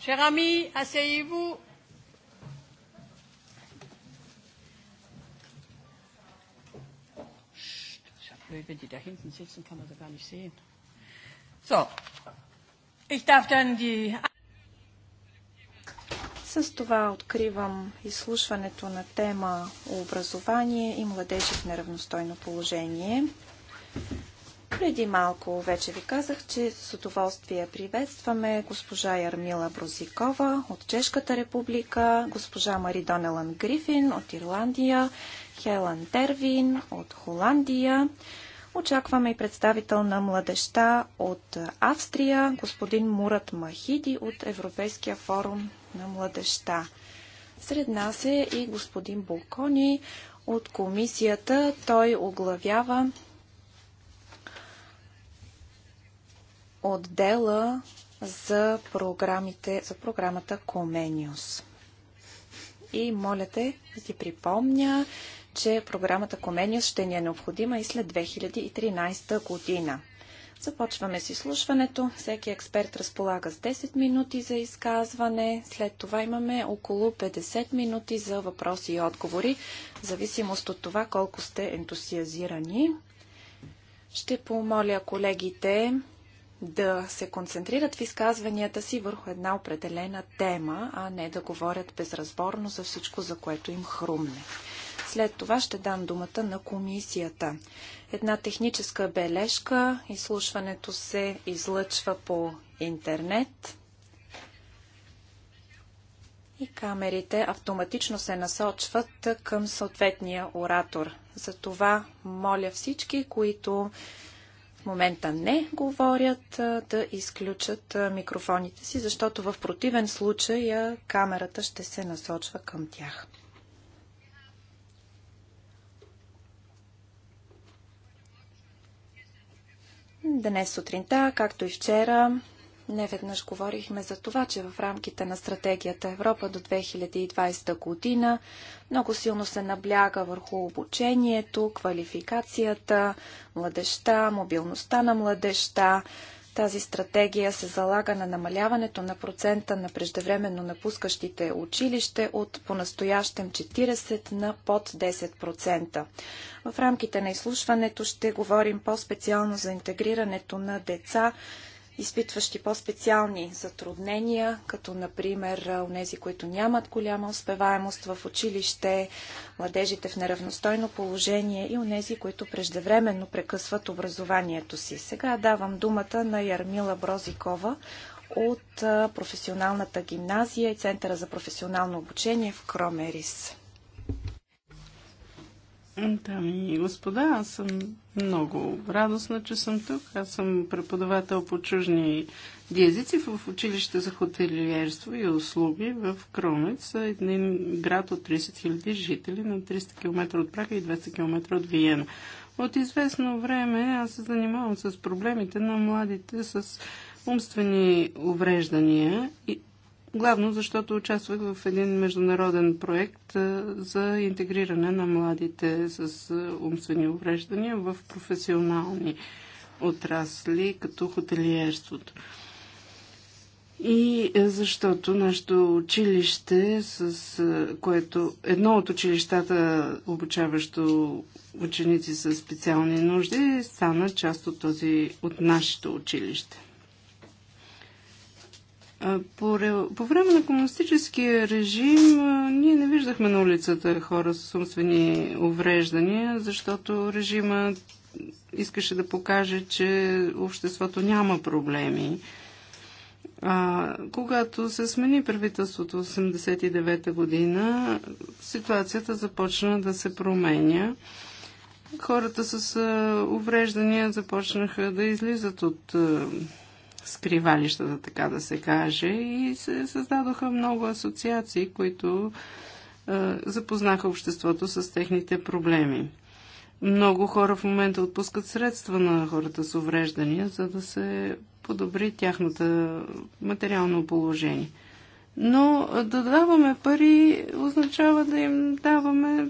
Cher ami, asseyez-vous. Ist ja blöd, wenn die da hinten sitzen, kann man sie gar nicht sehen. So, ich darf dann die. С това откривам изслушването на тема образование и младежи в неравностойно положение. Преди малко вече ви казах, че с удоволствие приветстваме госпожа Ярмила Брозикова от Чешката република, госпожа Мари Донелан Грифин от Ирландия, Хелан Тервин от Холандия. Очакваме и представител на младеща от Австрия, господин Мурат Махиди от Европейския форум на младеща. Сред нас е и господин Болкони от комисията. Той оглавява отдела за, програмите, за програмата Comenius. И моля те да ти припомня, че програмата Comenius ще ни е необходима и след 2013 година. Започваме с изслушването. Всеки експерт разполага с 10 минути за изказване. След това имаме около 50 минути за въпроси и отговори, в зависимост от това колко сте ентусиазирани. Ще помоля колегите да се концентрират в изказванията си върху една определена тема, а не да говорят безразборно за всичко, за което им хрумне. След това ще дам думата на комисията. Една техническа бележка. Изслушването се излъчва по интернет. И камерите автоматично се насочват към съответния оратор. Затова моля всички, които в момента не говорят, да изключат микрофоните си, защото в противен случай камерата ще се насочва към тях. Днес сутринта, както и вчера, Неведнъж говорихме за това, че в рамките на стратегията Европа до 2020 година много силно се набляга върху обучението, квалификацията, младеща, мобилността на младеща. Тази стратегия се залага на намаляването на процента на преждевременно напускащите училище от по по-настоящем 40 на под 10%. В рамките на изслушването ще говорим по-специално за интегрирането на деца изпитващи по-специални затруднения, като например нези, които нямат голяма успеваемост в училище, младежите в неравностойно положение и нези, които преждевременно прекъсват образованието си. Сега давам думата на Ярмила Брозикова от професионалната гимназия и Центъра за професионално обучение в Кромерис. Дами и господа, аз съм много радостна, че съм тук. Аз съм преподавател по чужни диезици в училище за хотелиерство и услуги в Кромец, един град от 30 000 жители на 300 км от Прага и 200 км от Виена. От известно време аз се занимавам с проблемите на младите с умствени увреждания и Главно защото участвах в един международен проект за интегриране на младите с умствени увреждания в професионални отрасли, като хотелиерството. И защото нашето училище, с което едно от училищата, обучаващо ученици с специални нужди, стана част от този, от нашето училище. По, по време на комунистическия режим ние не виждахме на улицата хора с умствени увреждания, защото режима искаше да покаже, че обществото няма проблеми. А, когато се смени правителството в 1989 година, ситуацията започна да се променя. Хората с увреждания започнаха да излизат от скривалищата, така да се каже, и се създадоха много асоциации, които е, запознаха обществото с техните проблеми. Много хора в момента отпускат средства на хората с увреждания, за да се подобри тяхната материално положение. Но да даваме пари означава да им даваме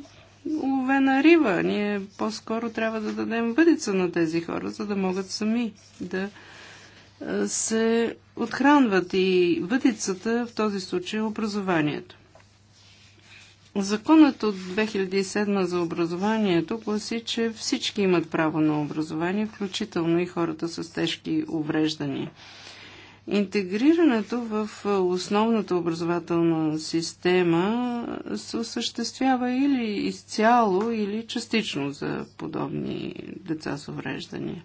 ловена риба. Ние по-скоро трябва да дадем въдица на тези хора, за да могат сами да се отхранват и въдицата в този случай е образованието. Законът от 2007 за образованието гласи, че всички имат право на образование, включително и хората с тежки увреждания. Интегрирането в основната образователна система се осъществява или изцяло, или частично за подобни деца с увреждания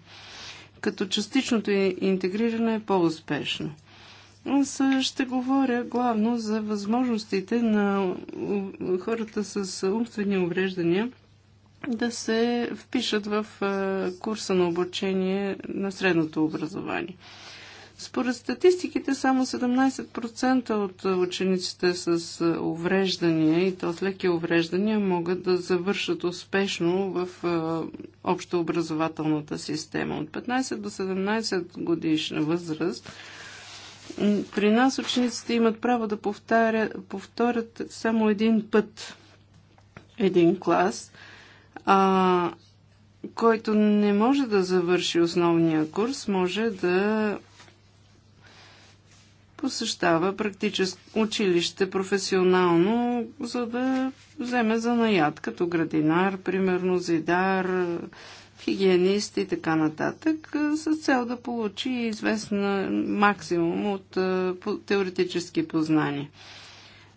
като частичното интегриране е по-успешно. Аз ще говоря главно за възможностите на хората с умствени увреждания да се впишат в курса на обучение на средното образование. Според статистиките, само 17% от учениците с е, увреждания и то с леки увреждания могат да завършат успешно в е, общообразователната система. От 15 до 17 годишна възраст при нас учениците имат право да повторят, повторят само един път един клас, а който не може да завърши основния курс, може да посещава практическо училище професионално, за да вземе занаят, като градинар, примерно зидар, хигиенист и така нататък, с цел да получи известна максимум от теоретически познания.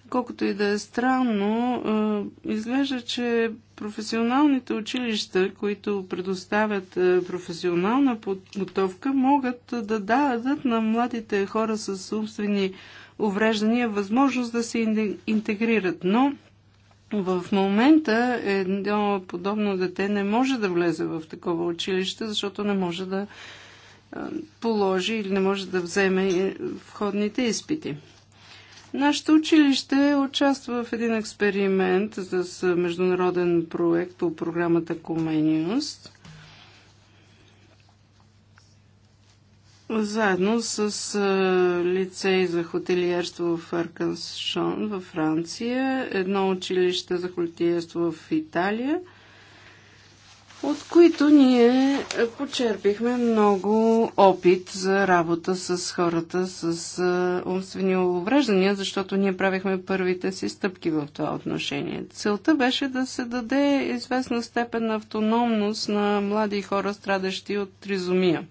Колкото и да е странно, изглежда, че професионалните училища, които предоставят професионална подготовка, могат да дадат на младите хора с собствени увреждания възможност да се интегрират. Но в момента едно подобно дете не може да влезе в такова училище, защото не може да положи или не може да вземе е, входните изпити. Нашето училище участва в един експеримент с международен проект по програмата Comenius. Заедно с лицей за хотелиерство в Арканшон във Франция, едно училище за хотелиерство в Италия – от които ние почерпихме много опит за работа с хората с умствени увреждания, защото ние правихме първите си стъпки в това отношение. Целта беше да се даде известна степен на автономност на млади хора, страдащи от тризомия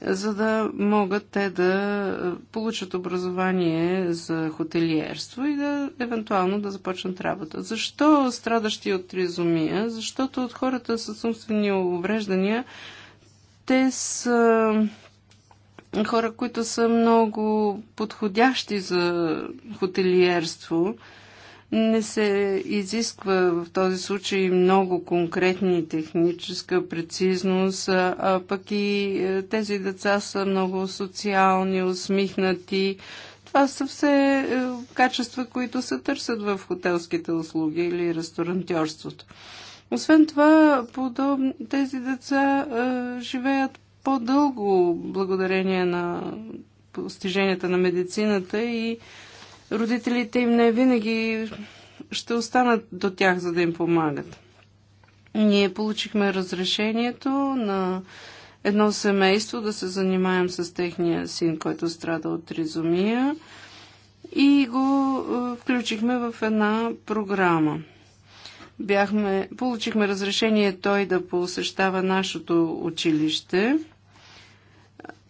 за да могат те да получат образование за хотелиерство и да евентуално да започнат работа. Защо страдащи от тризомия? Защото от хората с умствени увреждания те са хора, които са много подходящи за хотелиерство не се изисква в този случай много конкретни техническа прецизност, а пък и е, тези деца са много социални, усмихнати. Това са все е, качества, които се търсят в хотелските услуги или ресторантьорството. Освен това, подобни, тези деца е, живеят по-дълго благодарение на постиженията на медицината и родителите им не винаги ще останат до тях, за да им помагат. Ние получихме разрешението на едно семейство да се занимаем с техния син, който страда от тризомия и го е, включихме в една програма. Бяхме, получихме разрешение той да посещава нашето училище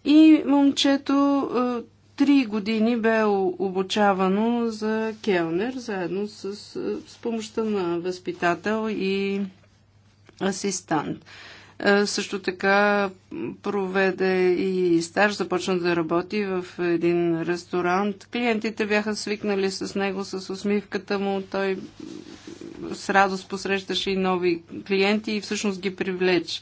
и момчето е, три години бе обучавано за келнер, заедно с, с помощта на възпитател и асистант. Също така проведе и стаж, започна да работи в един ресторант. Клиентите бяха свикнали с него, с усмивката му. Той с радост посрещаше и нови клиенти и всъщност ги привлече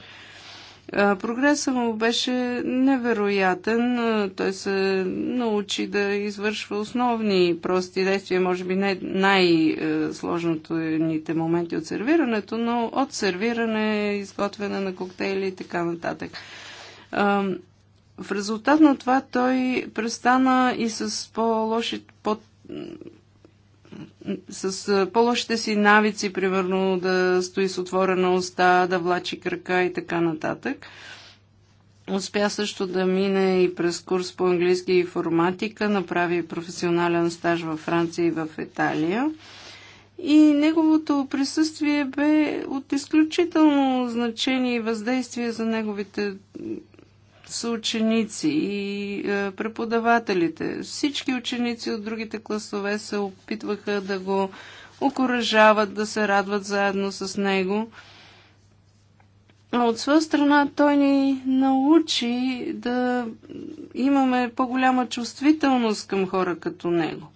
Прогресът му беше невероятен. Той се научи да извършва основни прости действия, може би не най-сложното ните моменти от сервирането, но от сервиране, изготвяне на коктейли и така нататък. В резултат на това той престана и с по-лоши, по с по-лошите си навици, примерно да стои с отворена уста, да влачи крака и така нататък. Успя също да мине и през курс по английски и информатика, направи професионален стаж във Франция и в Италия. И неговото присъствие бе от изключително значение и въздействие за неговите са ученици и е, преподавателите. Всички ученици от другите класове се опитваха да го окоръжават, да се радват заедно с него. А от своя страна той ни научи да имаме по-голяма чувствителност към хора като него.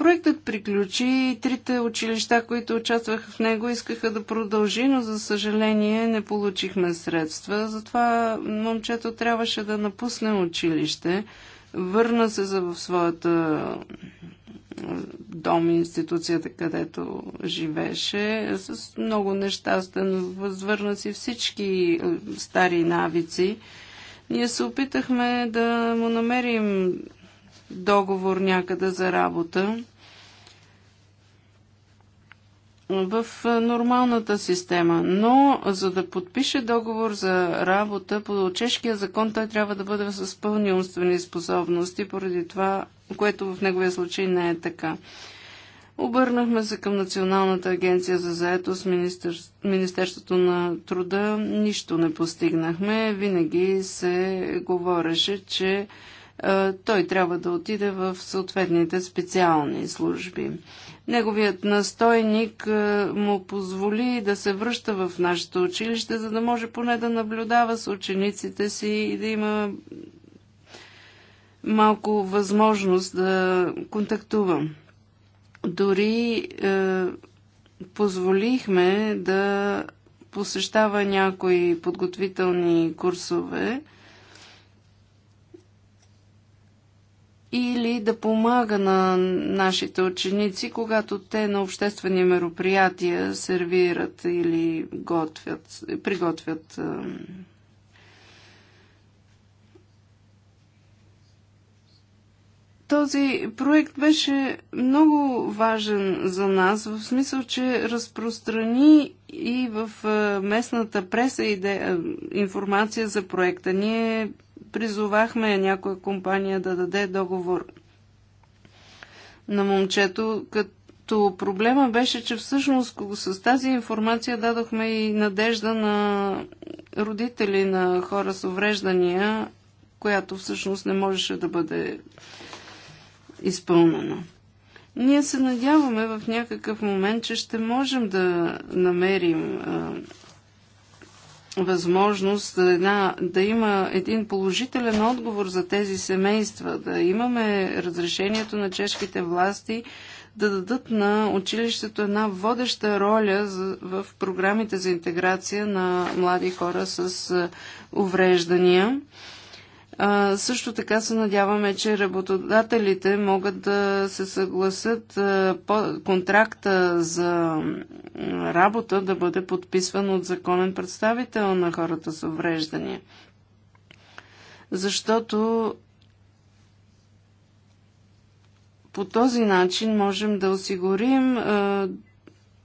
Проектът приключи и трите училища, които участваха в него, искаха да продължи, но за съжаление не получихме средства. Затова момчето трябваше да напусне училище. Върна се в своята дом, институцията, където живеше. с много нещастен, възвърна си всички стари навици. Ние се опитахме да му намерим договор някъде за работа в нормалната система, но за да подпише договор за работа по чешкия закон, той трябва да бъде с пълни умствени способности, поради това, което в неговия случай не е така. Обърнахме се към Националната агенция за заетост, министър, Министерството на труда. Нищо не постигнахме. Винаги се говореше, че е, той трябва да отиде в съответните специални служби. Неговият настойник е, му позволи да се връща в нашето училище, за да може поне да наблюдава с учениците си и да има малко възможност да контактува. Дори е, позволихме да посещава някои подготвителни курсове, или да помага на нашите ученици, когато те на обществени мероприятия сервират или готвят, приготвят този проект беше много важен за нас, в смисъл, че разпространи и в местната преса информация за проекта. Ние призовахме някоя компания да даде договор на момчето, като проблема беше, че всъщност с тази информация дадохме и надежда на родители на хора с увреждания, която всъщност не можеше да бъде изпълнена. Ние се надяваме в някакъв момент, че ще можем да намерим възможност да, една, да има един положителен отговор за тези семейства, да имаме разрешението на чешките власти да дадат на училището една водеща роля в програмите за интеграция на млади хора с е, увреждания също така се надяваме, че работодателите могат да се съгласят по, контракта за работа да бъде подписван от законен представител на хората с увреждания. Защото по този начин можем да осигурим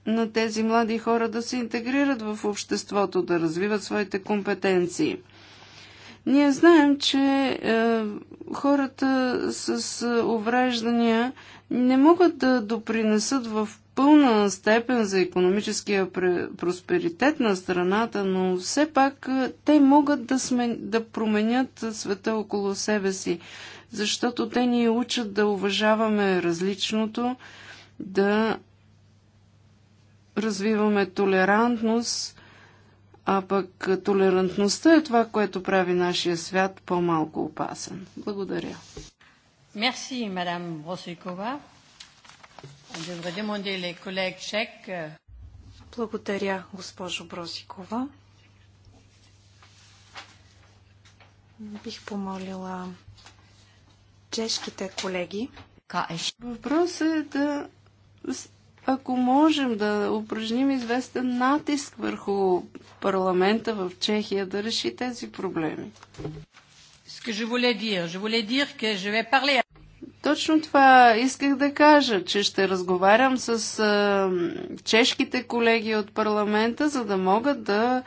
на тези млади хора да се интегрират в обществото, да развиват своите компетенции – ние знаем, че е, хората с е, увреждания не могат да допринесат в пълна степен за економическия просперитет на страната, но все пак е, те могат да, смен... да променят света около себе си, защото те ни учат да уважаваме различното, да развиваме толерантност а пък толерантността е това, което прави нашия свят по-малко опасен. Благодаря. Мерси, мадам Бросикова. Благодаря, госпожо Бросикова. Бих помолила чешките колеги. Въпросът е да ако можем да упражним известен натиск върху парламента в Чехия да реши тези проблеми. Точно това исках да кажа, че ще разговарям с а, чешките колеги от парламента, за да могат да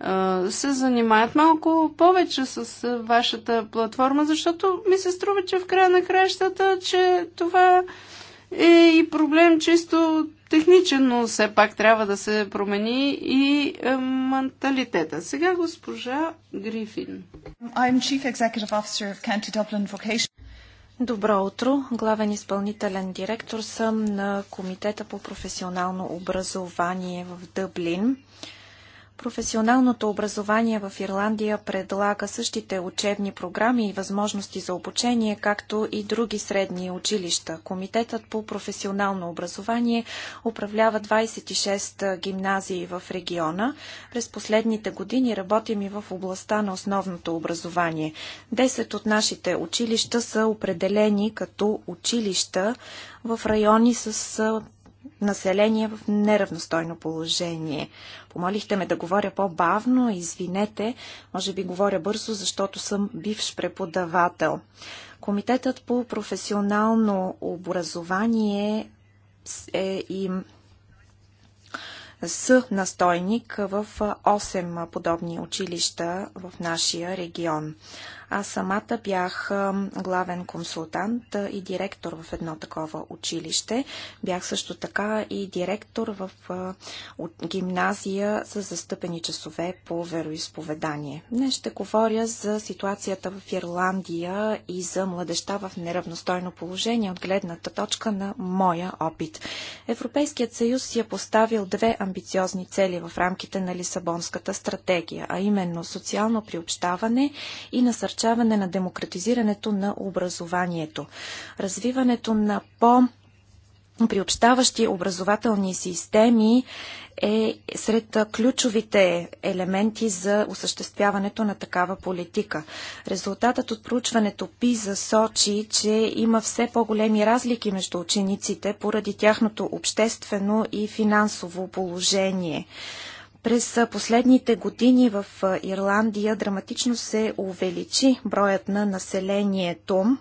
а, се занимаят малко повече с а, вашата платформа, защото ми се струва, че в края на кращата, че това е и проблем чисто техничен, но все пак трябва да се промени и е, менталитета. Сега госпожа Грифин. I'm Chief Executive Officer of County Dublin Vocation. Добро утро! Главен изпълнителен директор съм на Комитета по професионално образование в Дъблин. Професионалното образование в Ирландия предлага същите учебни програми и възможности за обучение, както и други средни училища. Комитетът по професионално образование управлява 26 гимназии в региона. През последните години работим и в областта на основното образование. 10 от нашите училища са определени като училища в райони с население в неравностойно положение. Помолихте ме да говоря по-бавно, извинете, може би говоря бързо, защото съм бивш преподавател. Комитетът по професионално образование е и с настойник в 8 подобни училища в нашия регион. Аз самата бях главен консултант и директор в едно такова училище. Бях също така и директор в гимназия за застъпени часове по вероисповедание. Днес ще говоря за ситуацията в Ирландия и за младеща в неравностойно положение от гледната точка на моя опит. Европейският съюз си е поставил две амбициозни цели в рамките на Лисабонската стратегия, а именно социално приобщаване и насърчаване насърчаване на демократизирането на образованието. Развиването на по- приобщаващи образователни системи е сред ключовите елементи за осъществяването на такава политика. Резултатът от проучването ПИЗА сочи, че има все по-големи разлики между учениците поради тяхното обществено и финансово положение. През последните години в Ирландия драматично се увеличи броят на населението.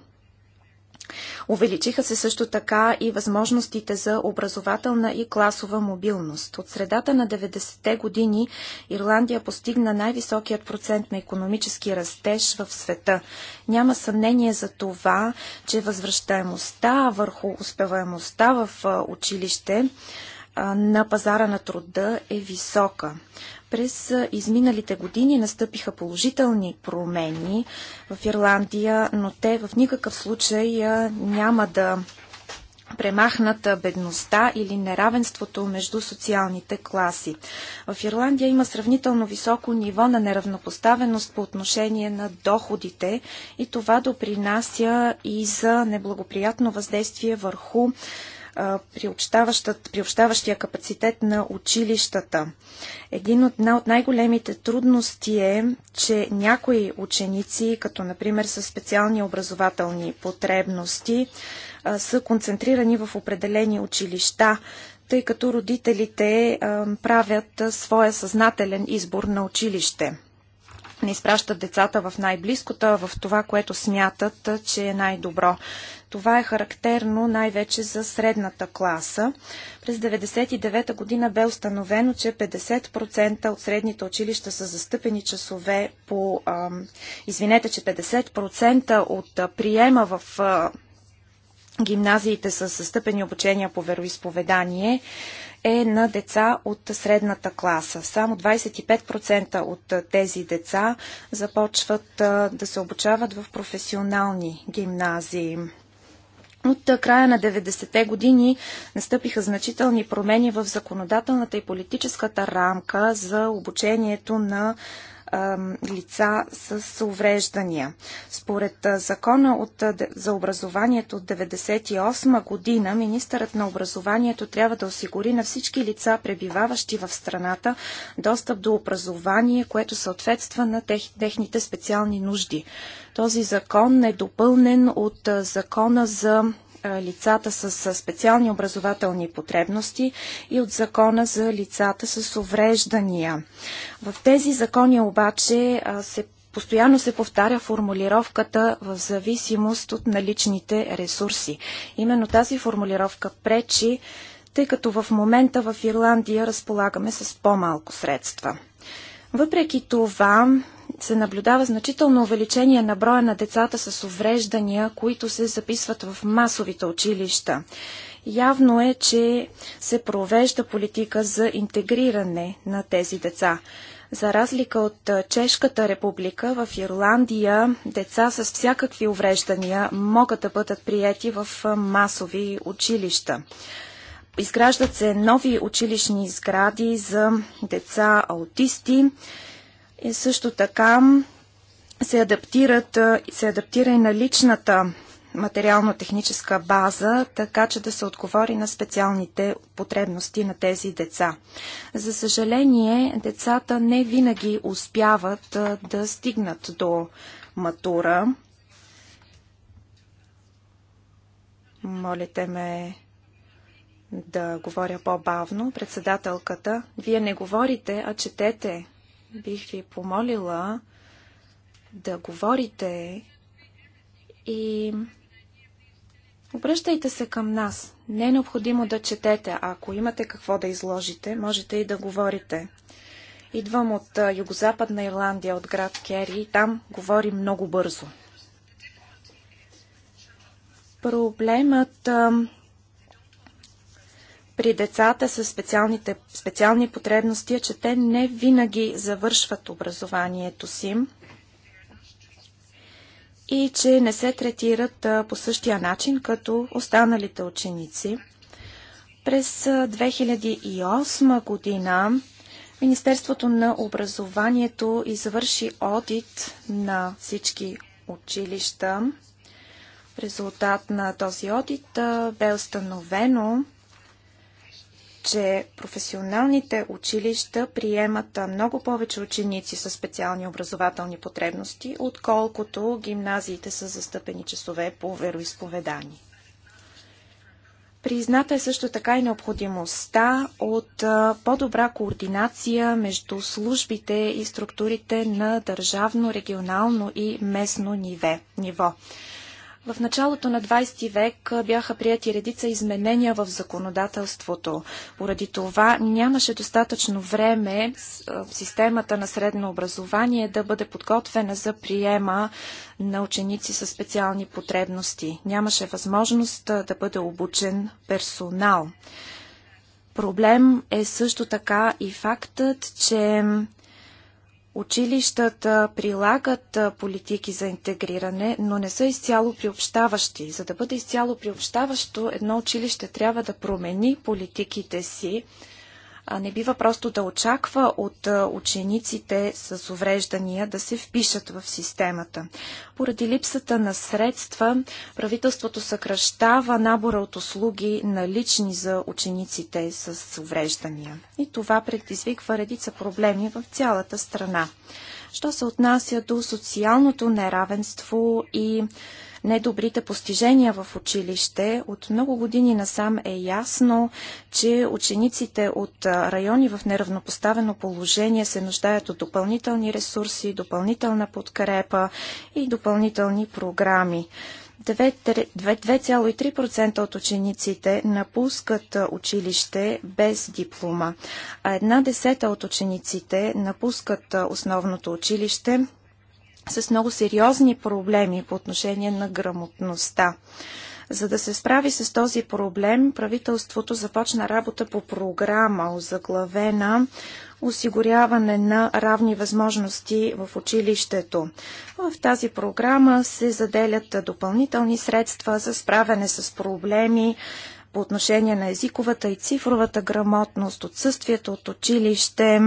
Увеличиха се също така и възможностите за образователна и класова мобилност. От средата на 90-те години Ирландия постигна най-високият процент на економически растеж в света. Няма съмнение за това, че възвръщаемостта върху успеваемостта в училище на пазара на труда е висока. През изминалите години настъпиха положителни промени в Ирландия, но те в никакъв случай няма да премахната бедността или неравенството между социалните класи. В Ирландия има сравнително високо ниво на неравнопоставеност по отношение на доходите и това допринася и за неблагоприятно въздействие върху приобщаващия капацитет на училищата. Един от, една от най-големите трудности е, че някои ученици, като например с специални образователни потребности, са концентрирани в определени училища, тъй като родителите правят своя съзнателен избор на училище не изпращат децата в най-близкото, в това, което смятат, че е най-добро това е характерно най-вече за средната класа. През 1999 година бе установено, че 50% от средните училища са застъпени часове по... Ам, извинете, че 50% от приема в а, гимназиите с състъпени обучения по вероисповедание е на деца от средната класа. Само 25% от тези деца започват да се обучават в професионални гимназии. От края на 90-те години настъпиха значителни промени в законодателната и политическата рамка за обучението на лица с увреждания. Според закона от, за образованието от 1998 година, министърът на образованието трябва да осигури на всички лица, пребиваващи в страната, достъп до образование, което съответства на тех, техните специални нужди. Този закон е допълнен от закона за лицата с специални образователни потребности и от закона за лицата с увреждания. В тези закони обаче се Постоянно се повтаря формулировката в зависимост от наличните ресурси. Именно тази формулировка пречи, тъй като в момента в Ирландия разполагаме с по-малко средства. Въпреки това, се наблюдава значително увеличение на броя на децата с увреждания, които се записват в масовите училища. Явно е, че се провежда политика за интегриране на тези деца. За разлика от Чешката република, в Ирландия деца с всякакви увреждания могат да бъдат приети в масови училища. Изграждат се нови училищни сгради за деца аутисти и също така се, адаптират, се адаптира и на личната материално-техническа база, така че да се отговори на специалните потребности на тези деца. За съжаление, децата не винаги успяват да стигнат до матура. Молите ме да говоря по-бавно. Председателката, вие не говорите, а четете бих ви помолила да говорите и обръщайте се към нас. Не е необходимо да четете. Ако имате какво да изложите, можете и да говорите. Идвам от Югозападна Ирландия, от град Кери. И там говори много бързо. Проблемът при децата с специалните, специални потребности е, че те не винаги завършват образованието си и че не се третират по същия начин като останалите ученици. През 2008 година Министерството на образованието извърши одит на всички училища. В резултат на този одит бе установено, че професионалните училища приемат много повече ученици с специални образователни потребности, отколкото гимназиите са застъпени часове по вероисповедание. Призната е също така и необходимостта от по-добра координация между службите и структурите на държавно, регионално и местно ниве, ниво. В началото на 20 век бяха прияти редица изменения в законодателството. Поради това нямаше достатъчно време системата на средно образование да бъде подготвена за приема на ученици със специални потребности. Нямаше възможност да бъде обучен персонал. Проблем е също така и фактът, че Училищата прилагат политики за интегриране, но не са изцяло приобщаващи. За да бъде изцяло приобщаващо, едно училище трябва да промени политиките си, не бива просто да очаква от учениците с увреждания да се впишат в системата. Поради липсата на средства, правителството съкръщава набора от услуги налични за учениците с увреждания. И това предизвиква редица проблеми в цялата страна. Що се отнася до социалното неравенство и недобрите постижения в училище. От много години насам е ясно, че учениците от райони в неравнопоставено положение се нуждаят от допълнителни ресурси, допълнителна подкрепа и допълнителни програми. 2,3% от учениците напускат училище без диплома, а една десета от учениците напускат основното училище с много сериозни проблеми по отношение на грамотността. За да се справи с този проблем, правителството започна работа по програма, озаглавена осигуряване на равни възможности в училището. В тази програма се заделят допълнителни средства за справяне с проблеми по отношение на езиковата и цифровата грамотност, отсъствието от училище,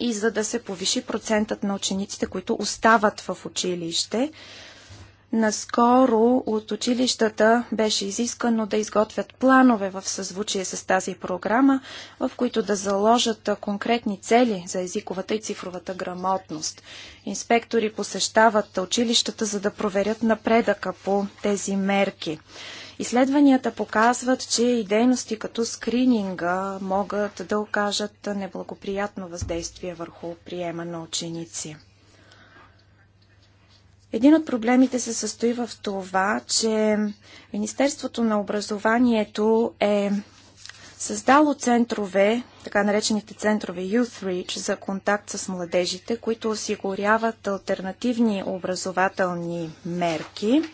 и за да се повиши процентът на учениците, които остават в училище. Наскоро от училищата беше изискано да изготвят планове в съзвучие с тази програма, в които да заложат конкретни цели за езиковата и цифровата грамотност. Инспектори посещават училищата, за да проверят напредъка по тези мерки. Изследванията показват, че и дейности като скрининга могат да окажат неблагоприятно въздействие върху приема на ученици. Един от проблемите се състои в това, че Министерството на образованието е създало центрове, така наречените центрове Youth Reach за контакт с младежите, които осигуряват альтернативни образователни мерки –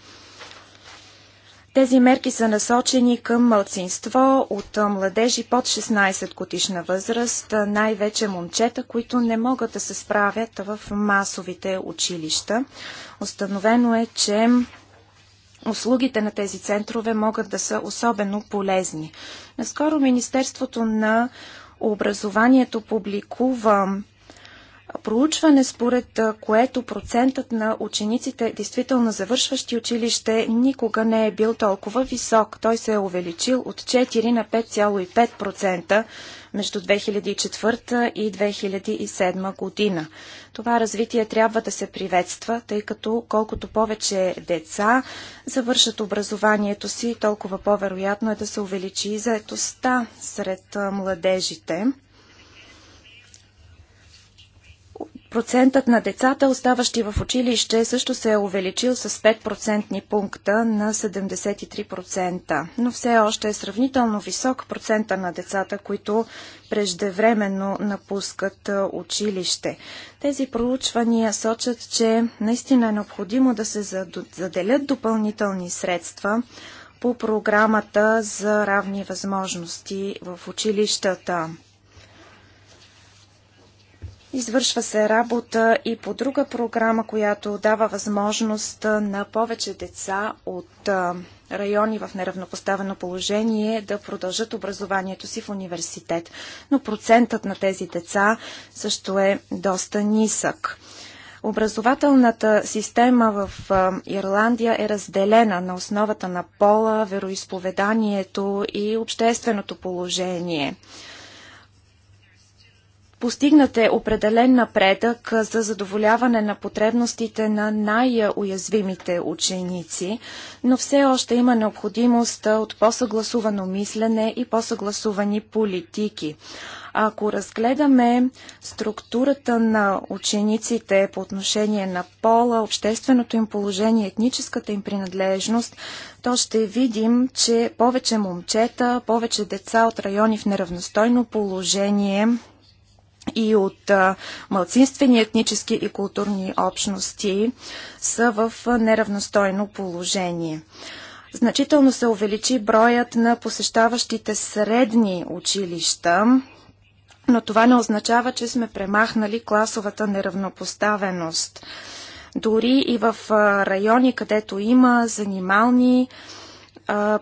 тези мерки са насочени към мълцинство от младежи под 16 годишна възраст, най-вече момчета, които не могат да се справят в масовите училища. Установено е, че услугите на тези центрове могат да са особено полезни. Наскоро Министерството на образованието публикува проучване, според което процентът на учениците, действително завършващи училище, никога не е бил толкова висок. Той се е увеличил от 4 на 5,5% между 2004 и 2007 година. Това развитие трябва да се приветства, тъй като колкото повече деца завършат образованието си, толкова по-вероятно е да се увеличи и заетостта сред младежите. Процентът на децата, оставащи в училище, също се е увеличил с 5% пункта на 73%, но все още е сравнително висок процента на децата, които преждевременно напускат училище. Тези проучвания сочат, че наистина е необходимо да се заделят допълнителни средства по програмата за равни възможности в училищата. Извършва се работа и по друга програма, която дава възможност на повече деца от райони в неравнопоставено положение да продължат образованието си в университет. Но процентът на тези деца също е доста нисък. Образователната система в Ирландия е разделена на основата на пола, вероисповеданието и общественото положение – постигнате определен напредък за задоволяване на потребностите на най-уязвимите ученици, но все още има необходимост от по-съгласувано мислене и по-съгласувани политики. Ако разгледаме структурата на учениците по отношение на пола, общественото им положение, етническата им принадлежност, то ще видим, че повече момчета, повече деца от райони в неравностойно положение и от мълцинствени етнически и културни общности са в неравностойно положение. Значително се увеличи броят на посещаващите средни училища, но това не означава, че сме премахнали класовата неравнопоставеност. Дори и в райони, където има занимални,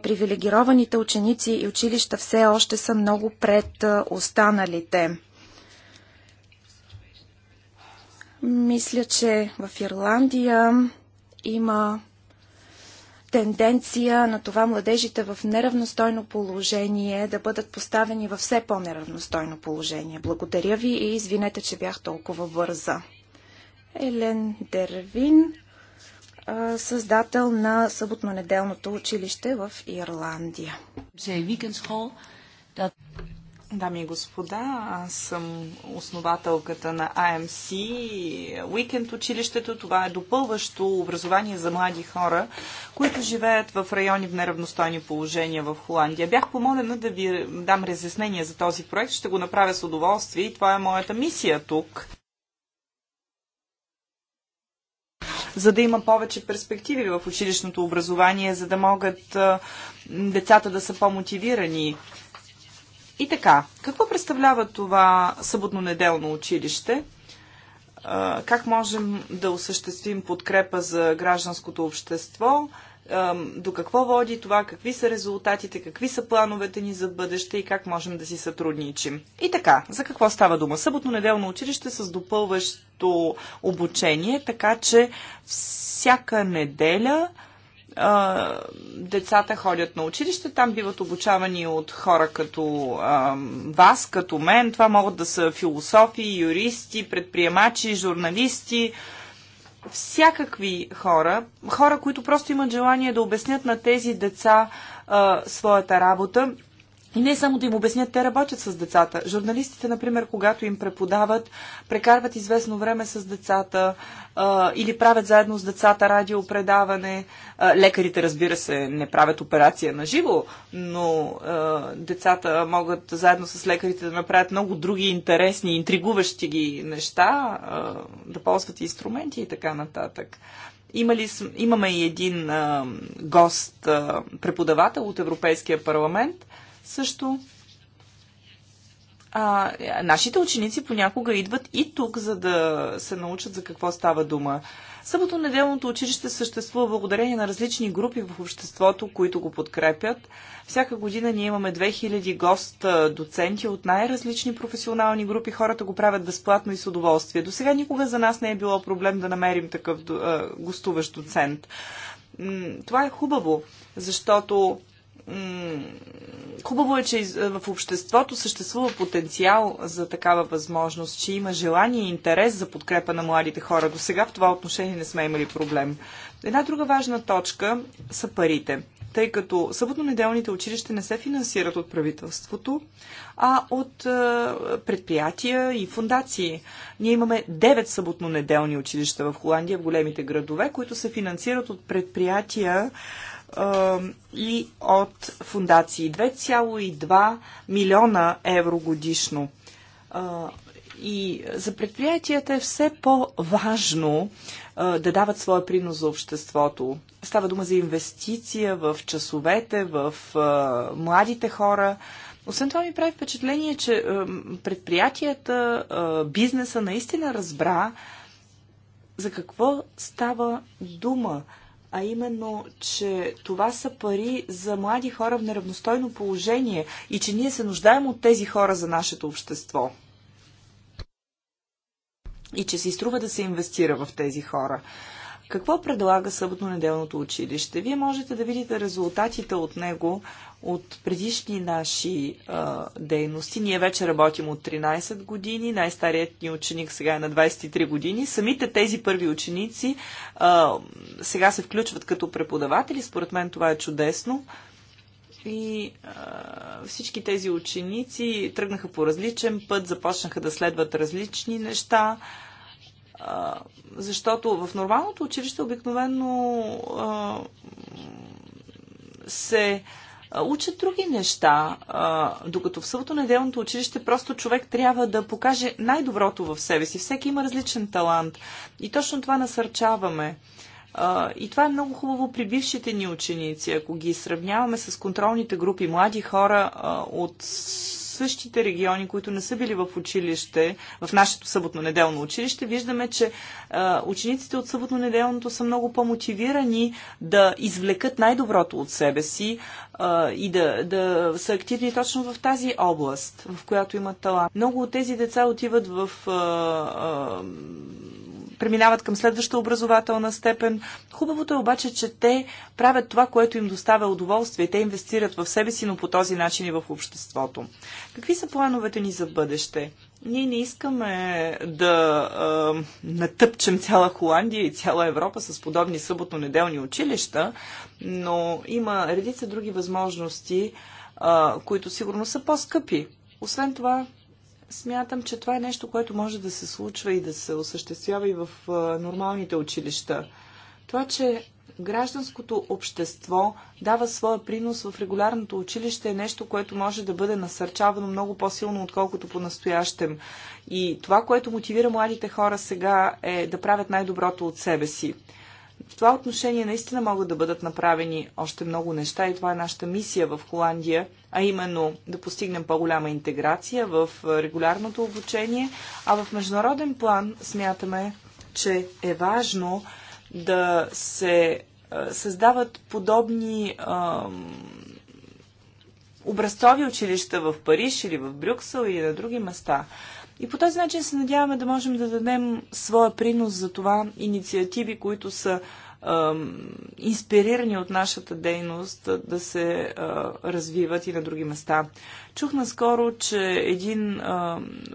привилегированите ученици и училища все още са много пред останалите. Мисля, че в Ирландия има тенденция на това младежите в неравностойно положение да бъдат поставени в все по-неравностойно положение. Благодаря ви и извинете, че бях толкова бърза. Елен Дервин, създател на съботно-неделното училище в Ирландия. Дами и господа, аз съм основателката на АМС, уикенд училището. Това е допълващо образование за млади хора, които живеят в райони в неравностойни положения в Холандия. Бях помолена да ви дам разяснение за този проект. Ще го направя с удоволствие и това е моята мисия тук. за да има повече перспективи в училищното образование, за да могат децата да са по-мотивирани. И така, какво представлява това съботно-неделно училище? Как можем да осъществим подкрепа за гражданското общество? До какво води това? Какви са резултатите? Какви са плановете ни за бъдеще и как можем да си сътрудничим? И така, за какво става дума? Съботно-неделно училище с допълващо обучение, така че всяка неделя децата ходят на училище, там биват обучавани от хора като вас, като мен. Това могат да са философи, юристи, предприемачи, журналисти, всякакви хора, хора, които просто имат желание да обяснят на тези деца своята работа не само да им обяснят, те работят с децата. Журналистите, например, когато им преподават, прекарват известно време с децата а, или правят заедно с децата радиопредаване. А, лекарите, разбира се, не правят операция на живо, но а, децата могат заедно с лекарите да направят много други интересни, интригуващи ги неща, а, да ползват инструменти и така нататък. Имали, имаме и един а, гост, а, преподавател от Европейския парламент, също а, нашите ученици понякога идват и тук, за да се научат за какво става дума. Съботно-неделното училище съществува благодарение на различни групи в обществото, които го подкрепят. Всяка година ние имаме 2000 гост доценти от най-различни професионални групи. Хората го правят безплатно и с удоволствие. До сега никога за нас не е било проблем да намерим такъв гостуващ доцент. Това е хубаво, защото хубаво е, че е, в обществото съществува потенциал за такава възможност, че има желание и интерес за подкрепа на младите хора. До сега в това отношение не сме имали проблем. Една друга важна точка са парите. Тъй като съботно-неделните училища не се финансират от правителството, а от е, предприятия и фундации. Ние имаме 9 съботно-неделни училища в Холандия, в големите градове, които се финансират от предприятия, и от фундации. 2,2 милиона евро годишно. И за предприятията е все по-важно да дават своя принос за обществото. Става дума за инвестиция в часовете, в младите хора. Освен това ми прави впечатление, че предприятията, бизнеса наистина разбра за какво става дума а именно, че това са пари за млади хора в неравностойно положение и че ние се нуждаем от тези хора за нашето общество. И че се изтрува да се инвестира в тези хора. Какво предлага съботно-неделното училище? Вие можете да видите резултатите от него от предишни наши а, дейности. Ние вече работим от 13 години, най-старият ни ученик сега е на 23 години. Самите тези първи ученици а, сега се включват като преподаватели. Според мен това е чудесно. И а, всички тези ученици тръгнаха по различен път, започнаха да следват различни неща защото в нормалното училище обикновено се учат други неща, докато в съботно-неделното училище просто човек трябва да покаже най-доброто в себе си. Всеки има различен талант и точно това насърчаваме. И това е много хубаво при бившите ни ученици, ако ги сравняваме с контролните групи, млади хора от същите региони, които не са били в училище, в нашето съботно-неделно училище, виждаме, че а, е, учениците от съботно-неделното са много по-мотивирани да извлекат най-доброто от себе си а, е, и да, да са активни точно в тази област, в която имат талант. Много от тези деца отиват в а, е, а, преминават към следваща образователна степен. Хубавото е обаче, че те правят това, което им доставя удоволствие. Те инвестират в себе си, но по този начин и в обществото. Какви са плановете ни за бъдеще? Ние не искаме да е, натъпчем цяла Холандия и цяла Европа с подобни съботно-неделни училища, но има редица други възможности, е, които сигурно са по-скъпи. Освен това, Смятам, че това е нещо, което може да се случва и да се осъществява и в нормалните училища. Това, че гражданското общество дава своя принос в регулярното училище е нещо, което може да бъде насърчавано много по-силно, отколкото по-настоящем. И това, което мотивира младите хора сега е да правят най-доброто от себе си. В това отношение наистина могат да бъдат направени още много неща и това е нашата мисия в Холандия а именно да постигнем по-голяма интеграция в регулярното обучение, а в международен план смятаме, че е важно да се създават подобни ам, образцови училища в Париж или в Брюксел или на други места. И по този начин се надяваме да можем да дадем своя принос за това инициативи, които са инспирирани от нашата дейност да се развиват и на други места. Чух наскоро, че един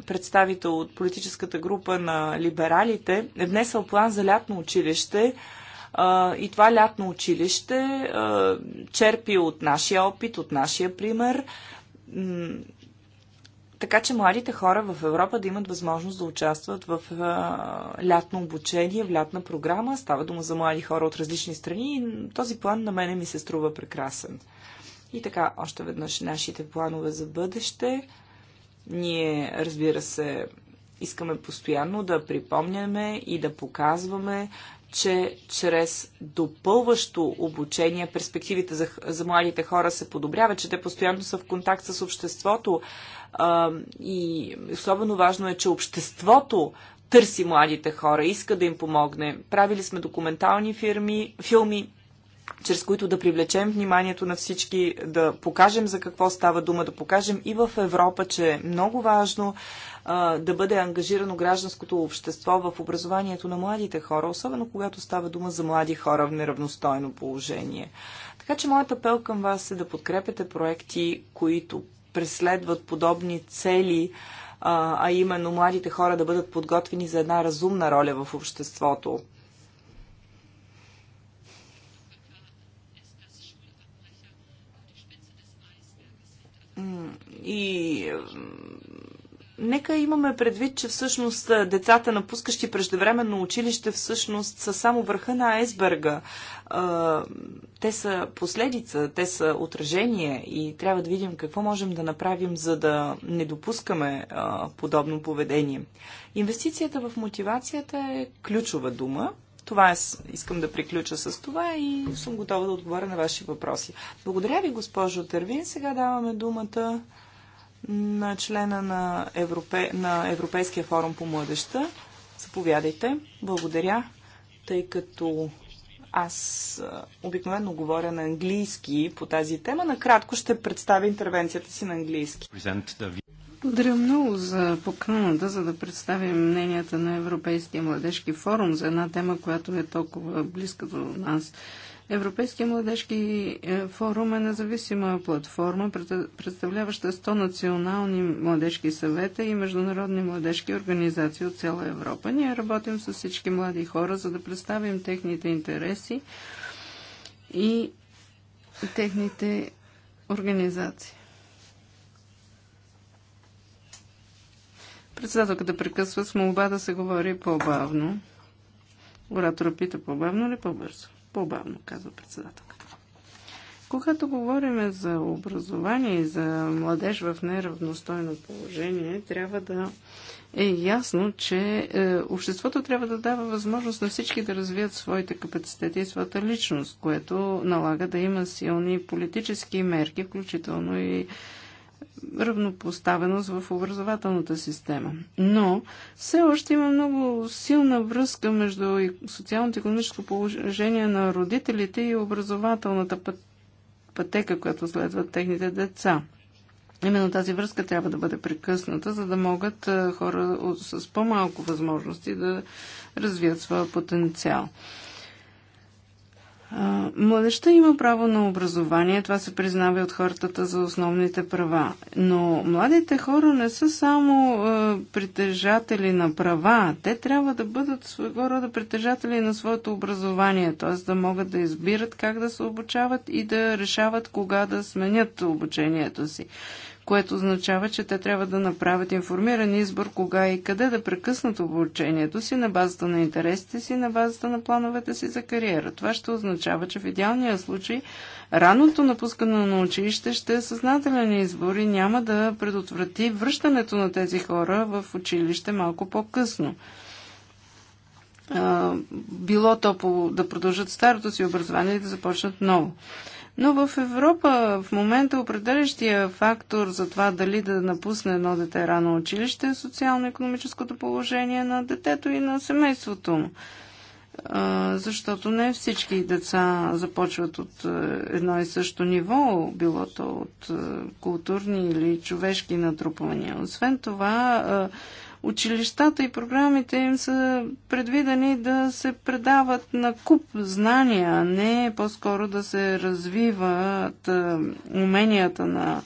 представител от политическата група на либералите е внесъл план за лятно училище и това лятно училище черпи от нашия опит, от нашия пример така че младите хора в Европа да имат възможност да участват в а, лятно обучение, в лятна програма. Става дума за млади хора от различни страни и този план на мене ми се струва прекрасен. И така, още веднъж нашите планове за бъдеще. Ние, разбира се, искаме постоянно да припомняме и да показваме че чрез допълващо обучение перспективите за, за младите хора се подобряват, че те постоянно са в контакт с обществото. А, и особено важно е, че обществото търси младите хора, иска да им помогне. Правили сме документални фирми, филми, чрез които да привлечем вниманието на всички, да покажем за какво става дума, да покажем и в Европа, че е много важно а, да бъде ангажирано гражданското общество в образованието на младите хора, особено когато става дума за млади хора в неравностойно положение. Така че моят апел към вас е да подкрепете проекти, които преследват подобни цели, а, а именно младите хора да бъдат подготвени за една разумна роля в обществото И нека имаме предвид, че всъщност децата, напускащи преждевременно училище, всъщност са само върха на айсберга. Те са последица, те са отражение и трябва да видим какво можем да направим, за да не допускаме подобно поведение. Инвестицията в мотивацията е ключова дума. Това е, искам да приключа с това и съм готова да отговоря на ваши въпроси. Благодаря ви, госпожо Тървин. Сега даваме думата на члена на, Европе... на Европейския форум по младеща. Заповядайте. Благодаря, тъй като аз обикновено говоря на английски по тази тема. Накратко ще представя интервенцията си на английски. Благодаря много за поканата, за да представим мненията на Европейския младежки форум за една тема, която е толкова близка до нас. Европейския младежки е, форум е независима платформа, представляваща 100 национални младежки съвета и международни младежки организации от цяла Европа. Ние работим с всички млади хора, за да представим техните интереси и техните организации. Председателката прекъсва с молба да се говори по-бавно. Оратора пита по-бавно или по-бързо? По-бавно, казва председател. Когато говорим за образование и за младеж в неравностойно положение, трябва да е ясно, че е, обществото трябва да дава възможност на всички да развият своите капацитети и своята личност, което налага да има силни политически мерки, включително и равнопоставеност в образователната система. Но все още има много силна връзка между социално-економическо положение на родителите и образователната пътека, която следват техните деца. Именно тази връзка трябва да бъде прекъсната, за да могат хора с по-малко възможности да развият своя потенциал. Младеща има право на образование, това се признава и от хората за основните права. Но младите хора не са само притежатели на права, те трябва да бъдат своего рода притежатели на своето образование, т.е. да могат да избират как да се обучават и да решават кога да сменят обучението си което означава, че те трябва да направят информиран избор кога и къде да прекъснат обучението си на базата на интересите си, на базата на плановете си за кариера. Това ще означава, че в идеалния случай раното напускане на училище ще е съзнателен избор и няма да предотврати връщането на тези хора в училище малко по-късно било то по, да продължат старото си образование и да започнат ново. Но в Европа в момента определящия фактор за това дали да напусне едно дете рано училище е социално-економическото положение на детето и на семейството му. Защото не всички деца започват от едно и също ниво, било то от културни или човешки натрупвания. Освен това, Училищата и програмите им са предвидени да се предават на куп знания, а не по-скоро да се развиват уменията на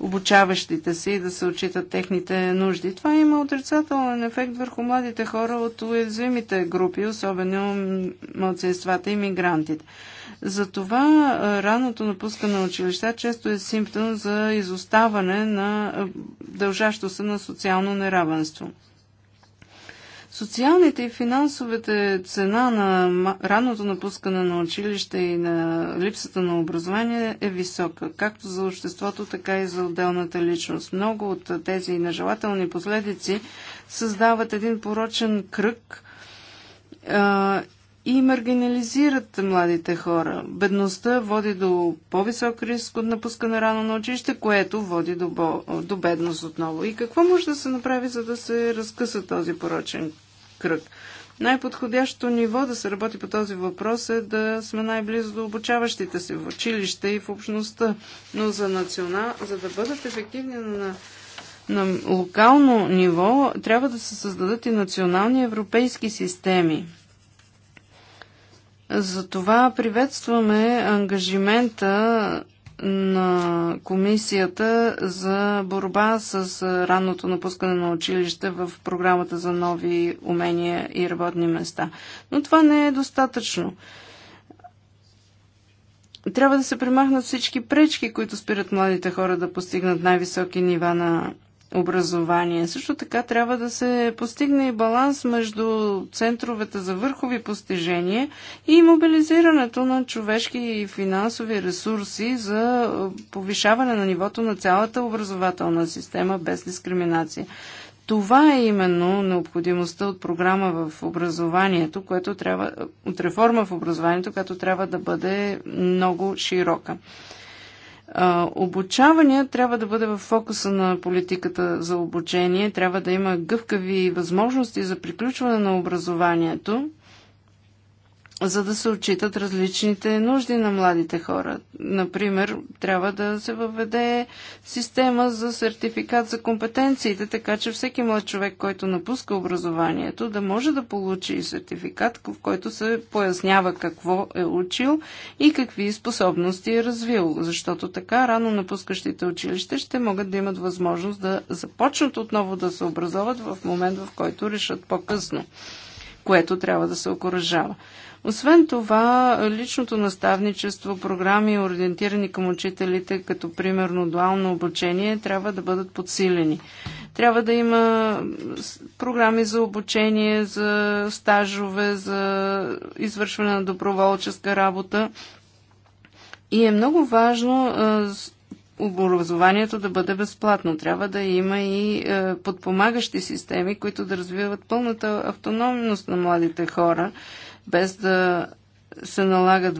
обучаващите се и да се отчитат техните нужди. Това има отрицателен ефект върху младите хора от уязвимите групи, особено младсинствата и мигрантите. Затова раното напускане на училища често е симптом за изоставане на дължащо се на социално неравенство. Социалните и финансовите цена на ранното напускане на училище и на липсата на образование е висока, както за обществото, така и за отделната личност. Много от тези нежелателни последици създават един порочен кръг а, и маргинализират младите хора. Бедността води до по-висок риск от напускане рано на училище, което води до, бо, до бедност отново. И какво може да се направи, за да се разкъса този порочен кръг. Най-подходящото ниво да се работи по този въпрос е да сме най-близо до обучаващите се в училище и в общността. Но за, национал... за да бъдат ефективни на на локално ниво трябва да се създадат и национални европейски системи. Затова приветстваме ангажимента на Комисията за борба с ранното напускане на училище в програмата за нови умения и работни места. Но това не е достатъчно. Трябва да се примахнат всички пречки, които спират младите хора да постигнат най-високи нива на образование. Също така трябва да се постигне и баланс между центровете за върхови постижения и мобилизирането на човешки и финансови ресурси за повишаване на нивото на цялата образователна система без дискриминация. Това е именно необходимостта от програма в образованието, което трябва, от реформа в образованието, която трябва да бъде много широка. Обучавания трябва да бъде в фокуса на политиката за обучение, трябва да има гъвкави възможности за приключване на образованието за да се отчитат различните нужди на младите хора. Например, трябва да се въведе система за сертификат за компетенциите, така че всеки млад човек, който напуска образованието, да може да получи сертификат, в който се пояснява какво е учил и какви способности е развил. Защото така рано напускащите училище ще могат да имат възможност да започнат отново да се образоват в момент, в който решат по-късно което трябва да се окоръжава. Освен това, личното наставничество, програми, ориентирани към учителите, като примерно дуално обучение, трябва да бъдат подсилени. Трябва да има програми за обучение, за стажове, за извършване на доброволческа работа. И е много важно образованието да бъде безплатно. Трябва да има и подпомагащи системи, които да развиват пълната автономност на младите хора без да се налагат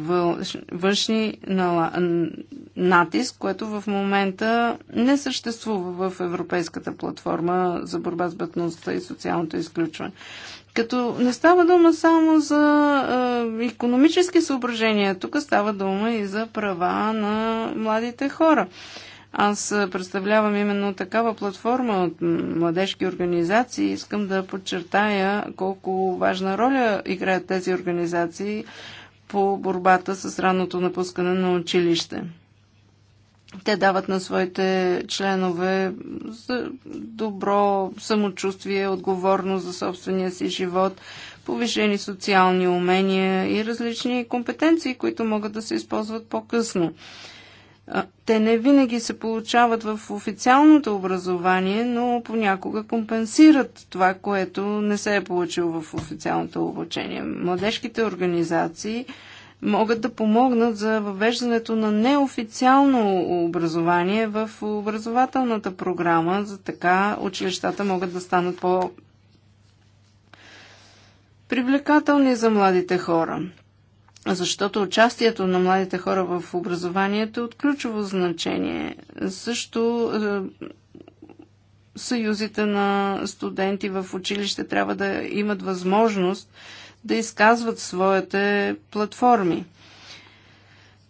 външни натиск, което в момента не съществува в Европейската платформа за борба с бедността и социалното изключване. Като не става дума само за е, економически съображения, тук става дума и за права на младите хора. Е, аз представлявам именно такава платформа от младежки организации. Искам да подчертая колко важна роля играят тези организации по борбата с ранното напускане на училище. Те дават на своите членове добро самочувствие, отговорност за собствения си живот, повишени социални умения и различни компетенции, които могат да се използват по-късно те не винаги се получават в официалното образование, но понякога компенсират това, което не се е получило в официалното обучение. Младежките организации могат да помогнат за въвеждането на неофициално образование в образователната програма, за така училищата могат да станат по привлекателни за младите хора защото участието на младите хора в образованието е от ключово значение. Също е, съюзите на студенти в училище трябва да имат възможност да изказват своите платформи.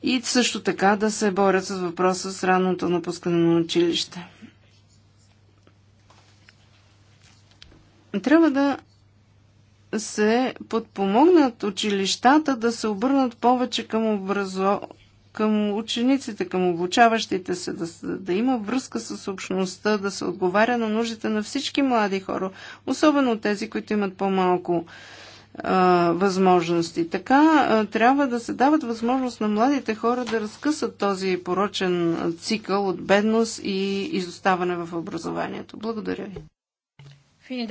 И също така да се борят с въпроса с ранното напускане на училище. Трябва да се подпомогнат училищата да се обърнат повече към образо... към учениците, към обучаващите се, да, да има връзка с общността, да се отговаря на нуждите на всички млади хора, особено тези, които имат по-малко възможности. Така а, трябва да се дават възможност на младите хора да разкъсат този порочен цикъл от бедност и изоставане в образованието. Благодаря ви. Фини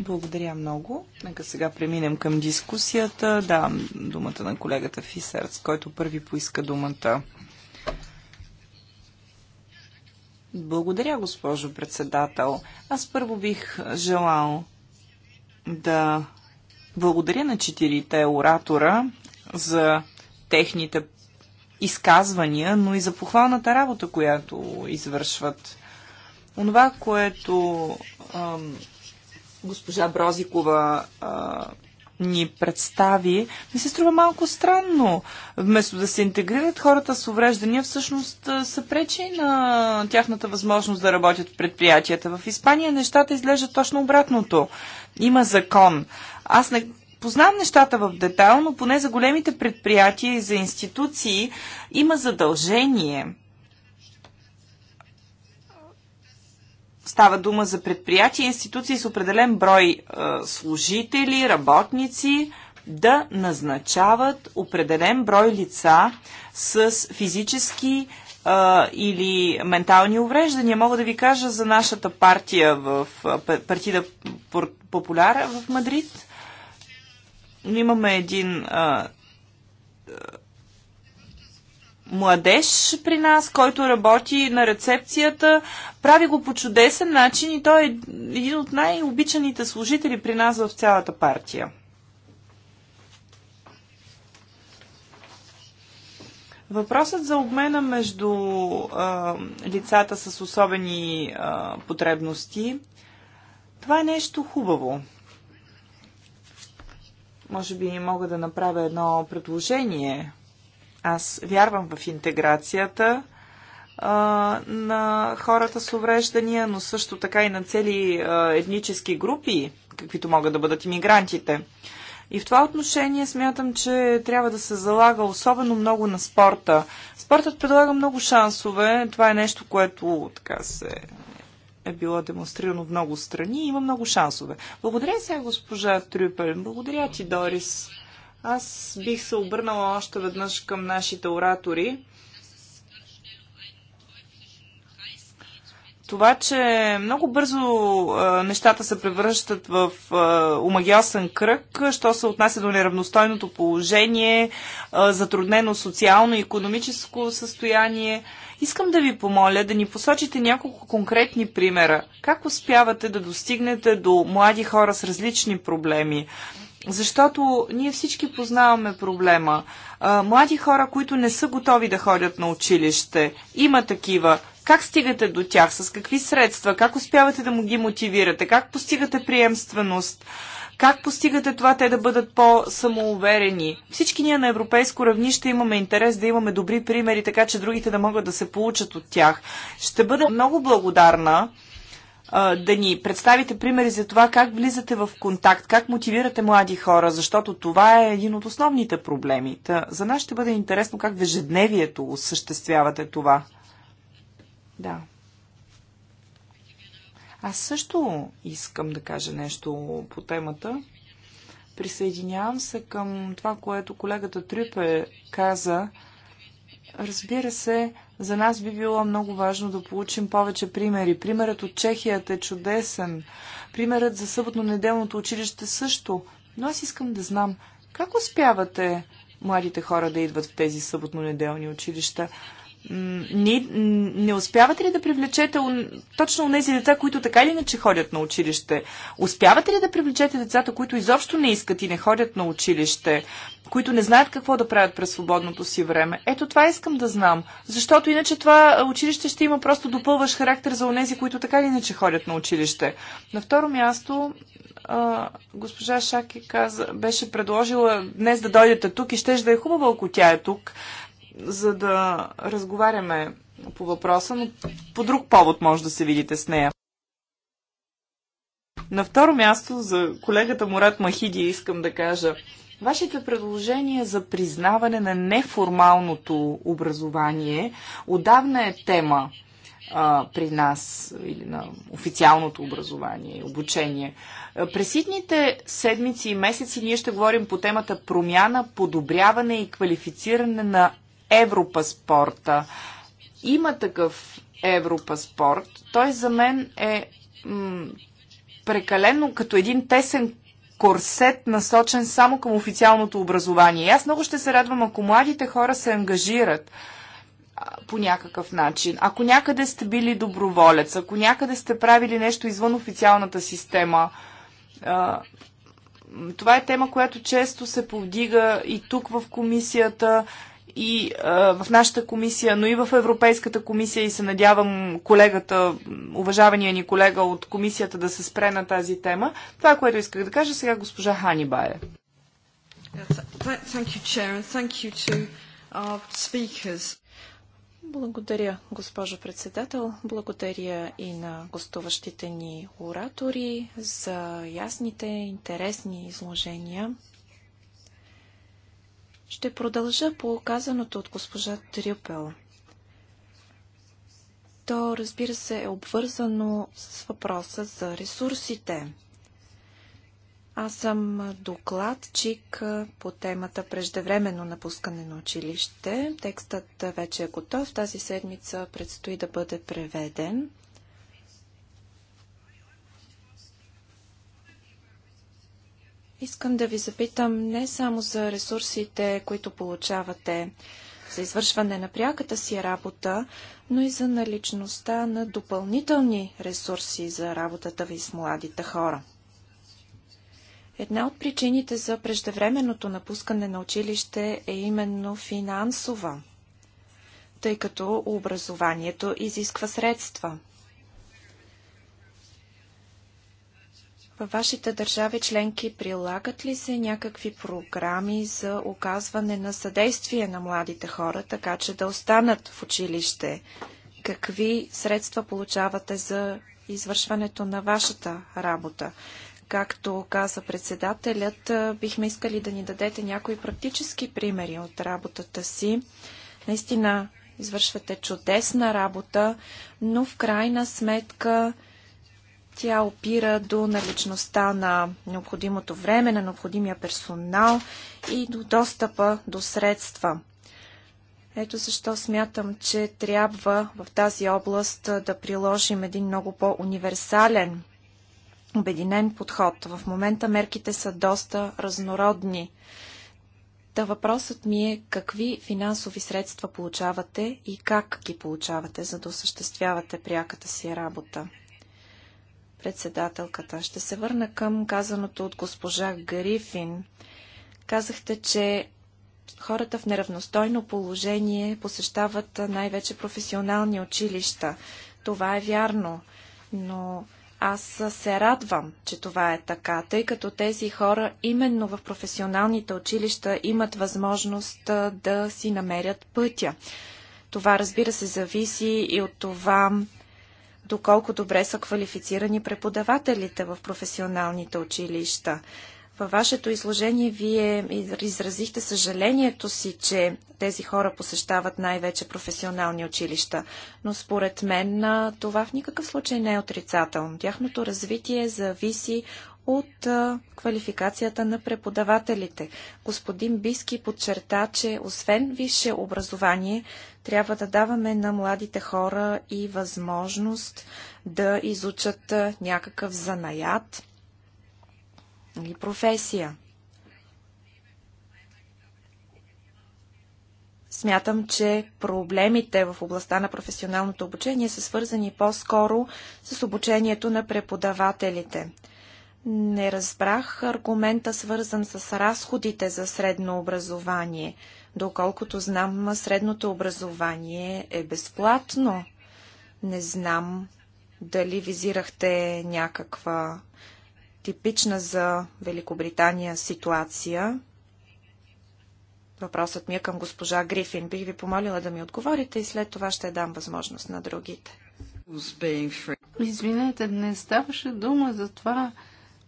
благодаря много. Нека сега преминем към дискусията. Да, думата на колегата Фисерц, който първи поиска думата. Благодаря, госпожо председател. Аз първо бих желал да благодаря на четирите оратора за техните изказвания, но и за похвалната работа, която извършват. Онова, което а, госпожа Брозикова а, ни представи, ми се струва малко странно. Вместо да се интегрират хората с увреждания, всъщност са пречи на тяхната възможност да работят в предприятията. В Испания нещата изглеждат точно обратното. Има закон. Аз не познавам нещата в детайл, но поне за големите предприятия и за институции има задължение – Става дума за предприятия и институции с определен брой е, служители, работници, да назначават определен брой лица с физически е, или ментални увреждания. Мога да ви кажа за нашата партия в е, партида Популяра в Мадрид. Имаме един а, младеж при нас, който работи на рецепцията. Прави го по чудесен начин и той е един от най-обичаните служители при нас в цялата партия. Въпросът за обмена между а, лицата с особени а, потребности, това е нещо хубаво. Може би мога да направя едно предложение аз вярвам в интеграцията а, на хората с увреждания, но също така и на цели а, етнически групи, каквито могат да бъдат иммигрантите. И в това отношение смятам, че трябва да се залага особено много на спорта. Спортът предлага много шансове. Това е нещо, което така се е било демонстрирано в много страни и има много шансове. Благодаря сега, госпожа Трюпел. Благодаря ти, Дорис. Аз бих се обърнала още веднъж към нашите оратори. Това, че много бързо а, нещата се превръщат в омагиосен кръг, що се отнася до неравностойното положение, а, затруднено социално и економическо състояние. Искам да ви помоля да ни посочите няколко конкретни примера. Как успявате да достигнете до млади хора с различни проблеми? Защото ние всички познаваме проблема. Млади хора, които не са готови да ходят на училище, има такива. Как стигате до тях? С какви средства? Как успявате да му ги мотивирате? Как постигате приемственост? Как постигате това те да бъдат по-самоуверени? Всички ние на европейско равнище имаме интерес да имаме добри примери, така че другите да могат да се получат от тях. Ще бъда много благодарна, да ни представите примери за това как влизате в контакт, как мотивирате млади хора, защото това е един от основните проблеми. Та, за нас ще бъде интересно как в ежедневието осъществявате това. Да. Аз също искам да кажа нещо по темата. Присъединявам се към това, което колегата Трюпе каза Разбира се, за нас би било много важно да получим повече примери. Примерът от Чехията е чудесен. Примерът за съботно-неделното училище също. Но аз искам да знам, как успявате младите хора да идват в тези съботно-неделни училища? не, не успявате ли да привлечете точно нези деца, които така или иначе ходят на училище? Успявате ли да привлечете децата, които изобщо не искат и не ходят на училище, които не знаят какво да правят през свободното си време? Ето това искам да знам, защото иначе това училище ще има просто допълваш характер за онези, които така или иначе ходят на училище. На второ място, а, госпожа Шаки каза, беше предложила днес да дойдете тук и ще да е хубаво, ако тя е тук, за да разговаряме по въпроса, но по друг повод може да се видите с нея. На второ място за колегата Мурат Махиди искам да кажа. Вашите предложения за признаване на неформалното образование отдавна е тема а, при нас или на официалното образование и обучение. През идните седмици и месеци ние ще говорим по темата промяна, подобряване и квалифициране на европаспорта. Има такъв европаспорт. Той за мен е прекалено като един тесен корсет, насочен само към официалното образование. И аз много ще се радвам, ако младите хора се ангажират по някакъв начин. Ако някъде сте били доброволец, ако някъде сте правили нещо извън официалната система, това е тема, която често се повдига и тук в комисията и а, в нашата комисия, но и в Европейската комисия и се надявам колегата, уважавания ни колега от комисията да се спре на тази тема. Това, което исках да кажа сега госпожа Хани Бае. Благодаря, госпожо председател. Благодаря и на гостуващите ни оратори за ясните, интересни изложения. Ще продължа по оказаното от госпожа Трюпел. То, разбира се, е обвързано с въпроса за ресурсите. Аз съм докладчик по темата преждевременно напускане на училище. Текстът вече е готов. Тази седмица предстои да бъде преведен. Искам да ви запитам не само за ресурсите, които получавате за извършване на пряката си работа, но и за наличността на допълнителни ресурси за работата ви с младите хора. Една от причините за преждевременното напускане на училище е именно финансова, тъй като образованието изисква средства – Във вашите държави членки прилагат ли се някакви програми за оказване на съдействие на младите хора, така че да останат в училище? Какви средства получавате за извършването на вашата работа? Както каза председателят, бихме искали да ни дадете някои практически примери от работата си. Наистина извършвате чудесна работа, но в крайна сметка тя опира до наличността на необходимото време, на необходимия персонал и до достъпа до средства. Ето защо смятам, че трябва в тази област да приложим един много по-универсален, обединен подход. В момента мерките са доста разнородни. Та въпросът ми е какви финансови средства получавате и как ги получавате, за да осъществявате пряката си работа. Председателката, ще се върна към казаното от госпожа Грифин. Казахте, че хората в неравностойно положение посещават най-вече професионални училища. Това е вярно, но аз се радвам, че това е така, тъй като тези хора именно в професионалните училища имат възможност да си намерят пътя. Това, разбира се, зависи и от това доколко добре са квалифицирани преподавателите в професионалните училища. Във вашето изложение вие изразихте съжалението си, че тези хора посещават най-вече професионални училища, но според мен това в никакъв случай не е отрицателно. Тяхното развитие зависи от квалификацията на преподавателите. Господин Биски подчерта, че освен висше образование, трябва да даваме на младите хора и възможност да изучат някакъв занаят или професия. Смятам, че проблемите в областта на професионалното обучение са свързани по-скоро с обучението на преподавателите. Не разбрах аргумента, свързан с разходите за средно образование. Доколкото знам, средното образование е безплатно. Не знам дали визирахте някаква типична за Великобритания ситуация. Въпросът ми е към госпожа Грифин. Бих ви помолила да ми отговорите и след това ще дам възможност на другите. Извинете, не ставаше дума за това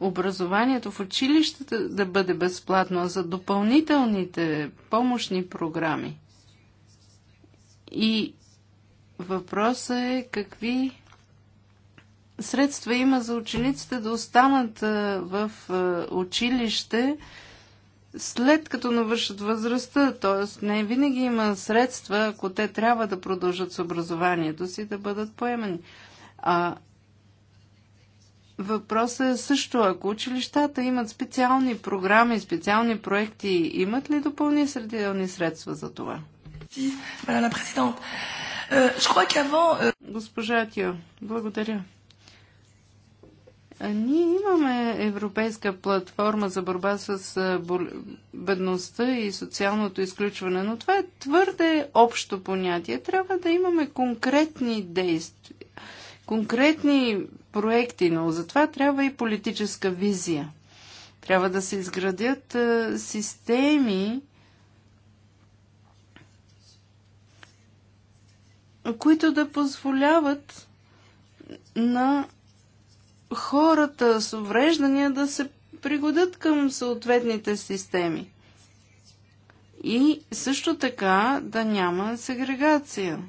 образованието в училищата да бъде безплатно, а за допълнителните помощни програми. И въпросът е какви средства има за учениците да останат в училище след като навършат възрастта, т.е. не винаги има средства, ако те трябва да продължат с образованието си, да бъдат поемани. А Въпросът е също, ако училищата имат специални програми, специални проекти, имат ли допълнителни средства за това? Euh, euh, Госпожа Тио, благодаря. Ние имаме европейска платформа за борба с бедността и социалното изключване, но това е твърде общо понятие. Трябва да имаме конкретни действия конкретни проекти, но за това трябва и политическа визия. Трябва да се изградят е, системи, които да позволяват на хората с увреждания да се пригодят към съответните системи. И също така да няма сегрегация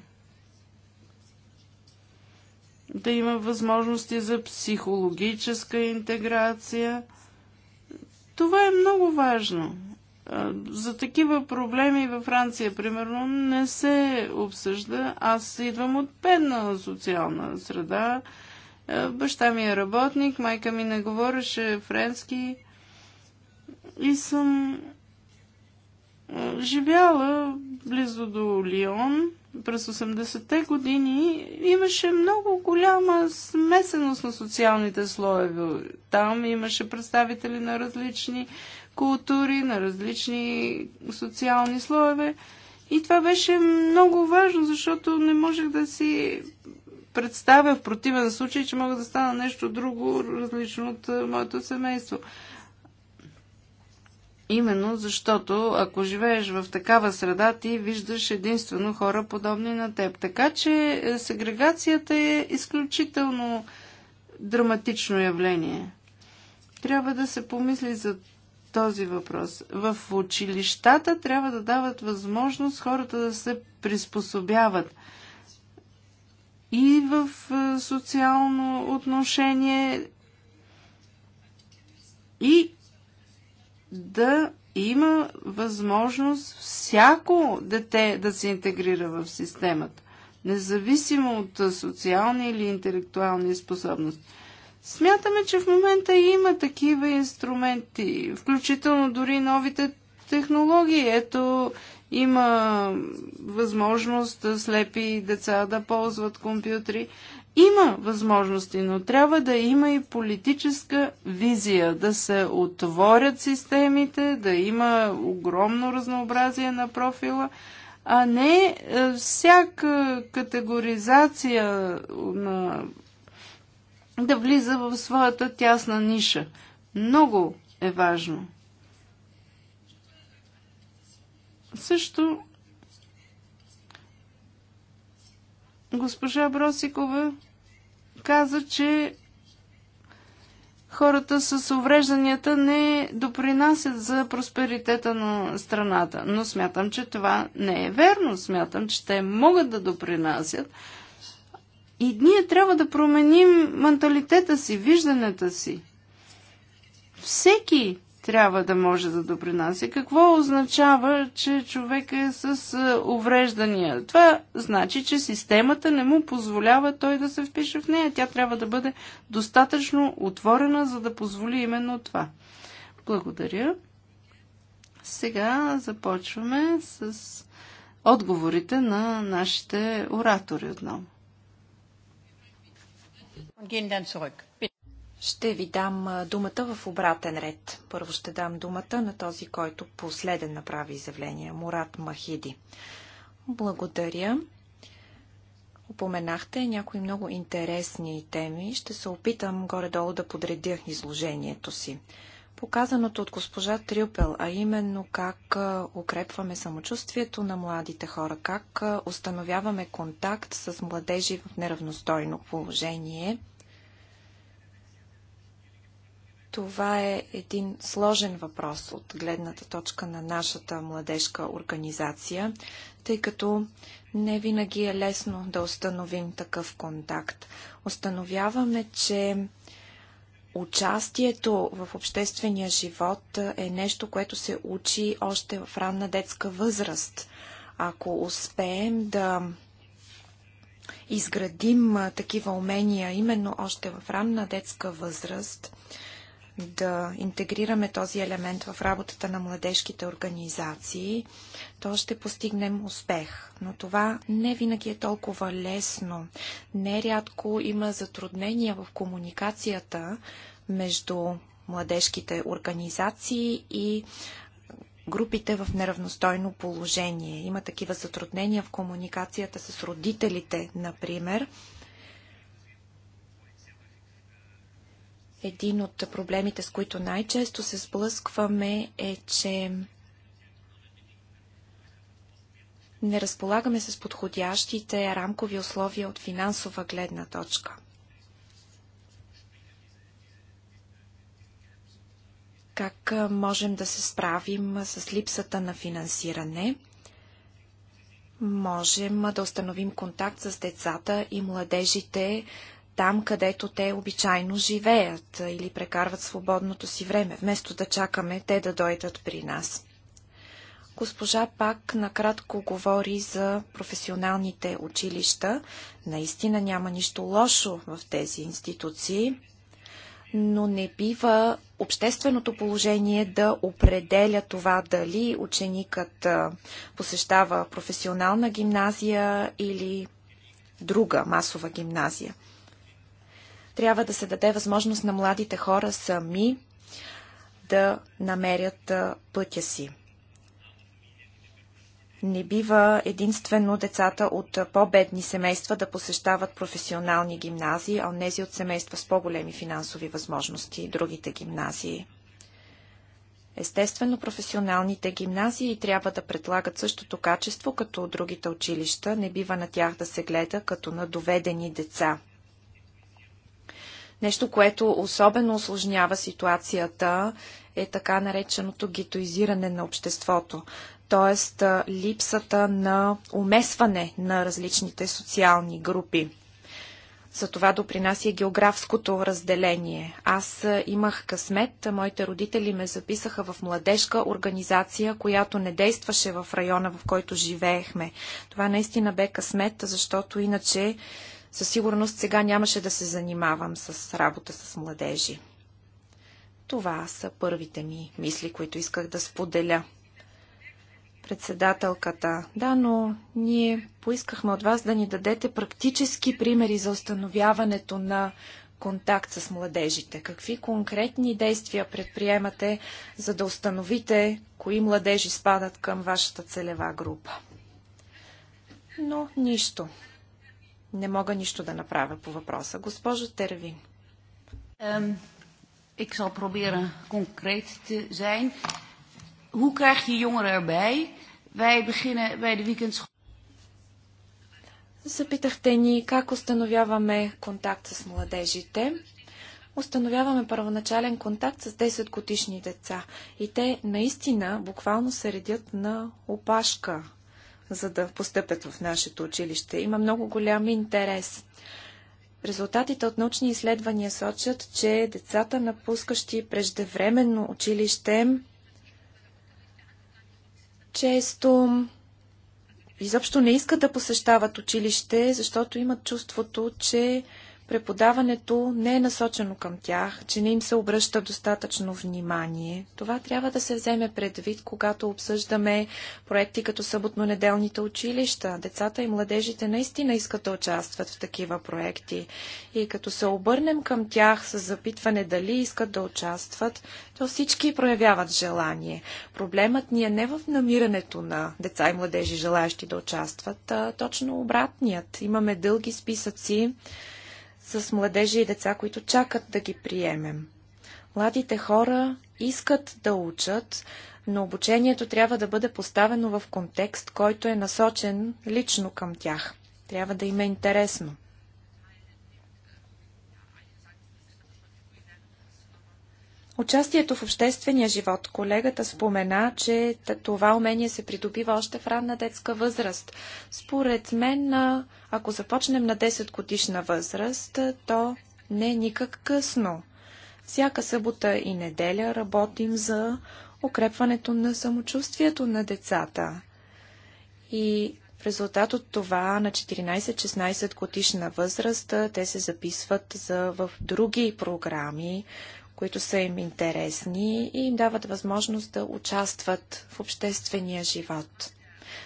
да има възможности за психологическа интеграция. Това е много важно. За такива проблеми във Франция, примерно, не се обсъжда. Аз идвам от бедна социална среда. Баща ми е работник, майка ми не говореше френски и съм живяла близо до Лион през 80-те години имаше много голяма смесеност на социалните слоеве. Там имаше представители на различни култури, на различни социални слоеве. И това беше много важно, защото не можех да си представя в противен случай, че мога да стана нещо друго, различно от моето семейство. Именно защото, ако живееш в такава среда, ти виждаш единствено хора подобни на теб. Така че е, сегрегацията е изключително драматично явление. Трябва да се помисли за този въпрос. В училищата трябва да дават възможност хората да се приспособяват. И в е, социално отношение, и да има възможност всяко дете да се интегрира в системата, независимо от социални или интелектуални способности. Смятаме, че в момента има такива инструменти, включително дори новите технологии. Ето, има възможност слепи деца да ползват компютри. Има възможности, но трябва да има и политическа визия, да се отворят системите, да има огромно разнообразие на профила, а не е, всяка категоризация на... да влиза в своята тясна ниша. Много е важно. Също Госпожа Бросикова каза, че хората с уврежданията не допринасят за просперитета на страната. Но смятам, че това не е верно. Смятам, че те могат да допринасят. И ние трябва да променим менталитета си, виждането си. Всеки трябва да може да допринася. Какво означава, че човек е с е, увреждания? Това значи, че системата не му позволява той да се впише в нея. Тя трябва да бъде достатъчно отворена, за да позволи именно това. Благодаря. Сега започваме с отговорите на нашите оратори отново. gehen dann zurück. Ще ви дам думата в обратен ред. Първо ще дам думата на този, който последен направи изявление Мурат Махиди. Благодаря. Упоменахте някои много интересни теми. Ще се опитам горе-долу да подредя изложението си. Показаното от госпожа Трюпел, а именно как укрепваме самочувствието на младите хора, как установяваме контакт с младежи в неравностойно положение – това е един сложен въпрос от гледната точка на нашата младежка организация, тъй като не винаги е лесно да установим такъв контакт. Установяваме, че участието в обществения живот е нещо, което се учи още в ранна детска възраст. Ако успеем да изградим такива умения именно още в ранна детска възраст, да интегрираме този елемент в работата на младежките организации, то ще постигнем успех. Но това не винаги е толкова лесно. Нерядко има затруднения в комуникацията между младежките организации и групите в неравностойно положение. Има такива затруднения в комуникацията с родителите, например. Един от проблемите, с които най-често се сблъскваме е, че не разполагаме с подходящите рамкови условия от финансова гледна точка. Как можем да се справим с липсата на финансиране? Можем да установим контакт с децата и младежите там, където те обичайно живеят или прекарват свободното си време, вместо да чакаме те да дойдат при нас. Госпожа пак накратко говори за професионалните училища. Наистина няма нищо лошо в тези институции, но не бива общественото положение да определя това дали ученикът посещава професионална гимназия или друга масова гимназия. Трябва да се даде възможност на младите хора сами да намерят пътя си. Не бива единствено децата от по-бедни семейства да посещават професионални гимназии, а онези от семейства с по-големи финансови възможности, другите гимназии. Естествено, професионалните гимназии трябва да предлагат същото качество, като другите училища. Не бива на тях да се гледа като на доведени деца. Нещо, което особено осложнява ситуацията е така нареченото гетоизиране на обществото т.е. липсата на умесване на различните социални групи. За това допринася географското разделение. Аз имах късмет, моите родители ме записаха в младежка организация, която не действаше в района, в който живеехме. Това наистина бе късмет, защото иначе със сигурност сега нямаше да се занимавам с работа с младежи. Това са първите ми мисли, които исках да споделя. Председателката, да, но ние поискахме от вас да ни дадете практически примери за установяването на контакт с младежите? Какви конкретни действия предприемате, за да установите кои младежи спадат към вашата целева група? Но нищо не мога нищо да направя по въпроса. Госпожо Тервин. Ik zal proberen concreet te zijn. Hoe krijg je jongeren erbij? Wij beginnen bij de weekends. Запитахте ни как установяваме контакт с младежите. Установяваме първоначален контакт с 10 годишни деца. И те наистина буквално се редят на опашка за да постъпят в нашето училище. Има много голям интерес. Резултатите от научни изследвания сочат, че децата, напускащи преждевременно училище, често изобщо не искат да посещават училище, защото имат чувството, че преподаването не е насочено към тях, че не им се обръща достатъчно внимание. Това трябва да се вземе предвид, когато обсъждаме проекти като съботно-неделните училища. Децата и младежите наистина искат да участват в такива проекти. И като се обърнем към тях с запитване дали искат да участват, то всички проявяват желание. Проблемът ни е не в намирането на деца и младежи, желаящи да участват, а точно обратният. Имаме дълги списъци с младежи и деца, които чакат да ги приемем. Младите хора искат да учат, но обучението трябва да бъде поставено в контекст, който е насочен лично към тях. Трябва да им е интересно. Участието в обществения живот. Колегата спомена, че това умение се придобива още в ранна детска възраст. Според мен, ако започнем на 10 годишна възраст, то не е никак късно. Всяка събота и неделя работим за укрепването на самочувствието на децата. И в резултат от това на 14-16 годишна възраст те се записват за, в други програми които са им интересни и им дават възможност да участват в обществения живот.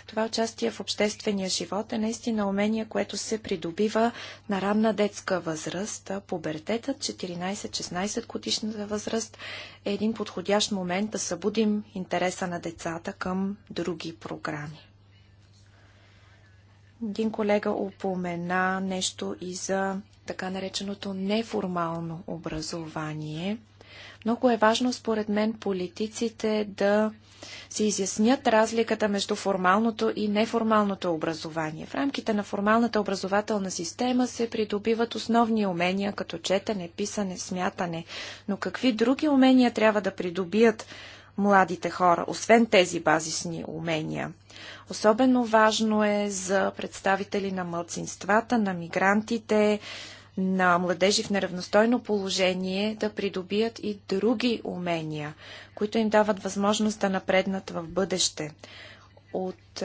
Това участие в обществения живот е наистина умение, което се придобива на ранна детска възраст. Пубертетът, 14-16 годишната възраст, е един подходящ момент да събудим интереса на децата към други програми. Един колега упомена нещо и за така нареченото неформално образование. Много е важно, според мен, политиците да се изяснят разликата между формалното и неформалното образование. В рамките на формалната образователна система се придобиват основни умения, като четене, писане, смятане. Но какви други умения трябва да придобият младите хора, освен тези базисни умения. Особено важно е за представители на мълцинствата, на мигрантите, на младежи в неравностойно положение да придобият и други умения, които им дават възможност да напреднат в бъдеще. От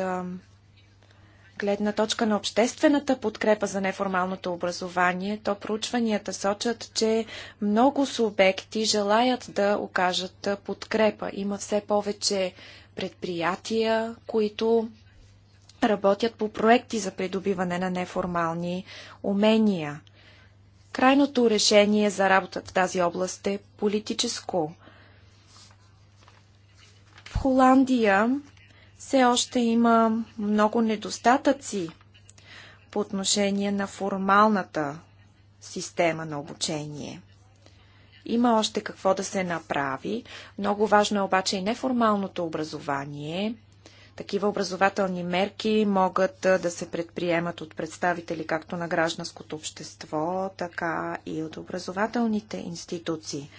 гледна точка на обществената подкрепа за неформалното образование, то проучванията сочат, че много субекти желаят да окажат подкрепа. Има все повече предприятия, които работят по проекти за придобиване на неформални умения. Крайното решение за работа в тази област е политическо. В Холандия все още има много недостатъци по отношение на формалната система на обучение. Има още какво да се направи. Много важно е обаче и неформалното образование. Такива образователни мерки могат да се предприемат от представители както на гражданското общество, така и от образователните институции.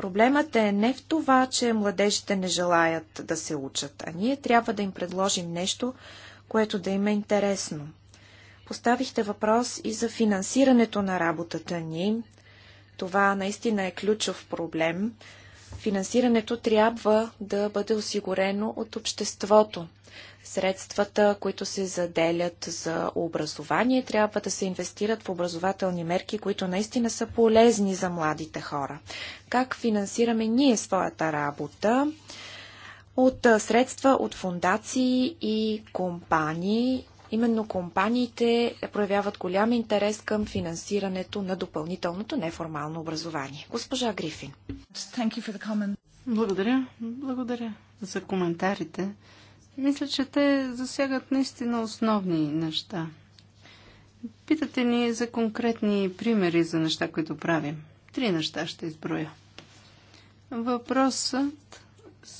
Проблемът е не в това, че младежите не желаят да се учат, а ние трябва да им предложим нещо, което да им е интересно. Поставихте въпрос и за финансирането на работата ни. Това наистина е ключов проблем. Финансирането трябва да бъде осигурено от обществото. Средствата, които се заделят за образование, трябва да се инвестират в образователни мерки, които наистина са полезни за младите хора. Как финансираме ние своята работа? От средства от фундации и компании именно компаниите проявяват голям интерес към финансирането на допълнителното неформално образование. Госпожа Грифин. Благодаря. Благодаря за коментарите. Мисля, че те засягат наистина основни неща. Питате ни за конкретни примери за неща, които правим. Три неща ще изброя. Въпросът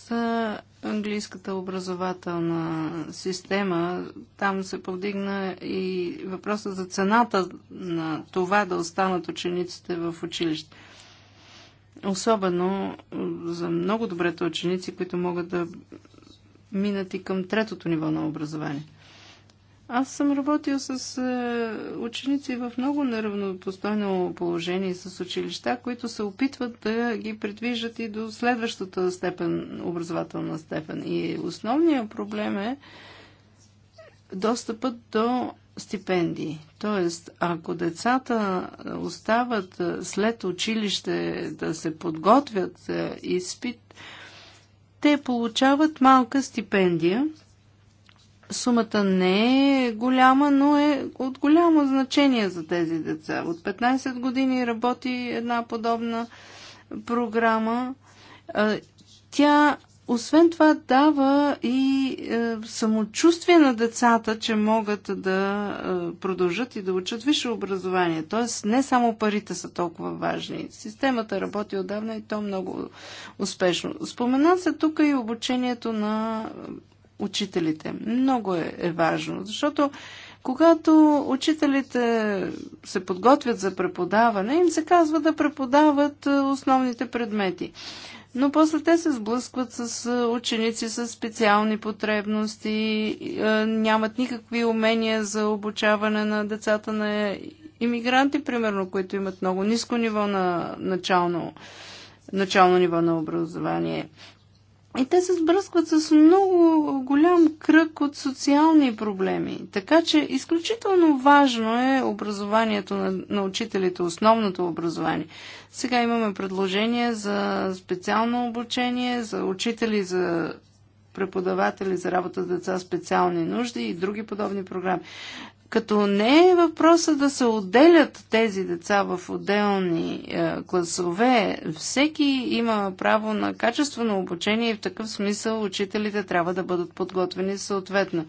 за английската образователна система. Там се повдигна и въпроса за цената на това да останат учениците в училище. Особено за много добрите ученици, които могат да минат и към третото ниво на образование. Аз съм работил с е, ученици в много неравнопостойно положение с училища, които се опитват да ги предвижат и до следващата степен, образователна степен. И основният проблем е достъпът до стипендии. Тоест, ако децата остават е, след училище да се подготвят е, изпит, те получават малка стипендия. Сумата не е голяма, но е от голямо значение за тези деца. От 15 години работи една подобна програма. Тя освен това дава и е, самочувствие на децата, че могат да е, продължат и да учат висше образование. Тоест не само парите са толкова важни. Системата работи отдавна и то много успешно. Спомена се тук и обучението на учителите. Много е, е важно, защото когато учителите се подготвят за преподаване, им се казва да преподават е, основните предмети но после те се сблъскват с ученици с специални потребности, нямат никакви умения за обучаване на децата на иммигранти, примерно, които имат много ниско ниво на начално, начално ниво на образование. И те се сбръскват с много голям кръг от социални проблеми. Така че изключително важно е образованието на, на учителите, основното образование. Сега имаме предложение за специално обучение, за учители, за преподаватели за работа с деца специални нужди и други подобни програми като не е въпроса да се отделят тези деца в отделни е, класове. Всеки има право на качествено обучение и в такъв смисъл учителите трябва да бъдат подготвени съответно.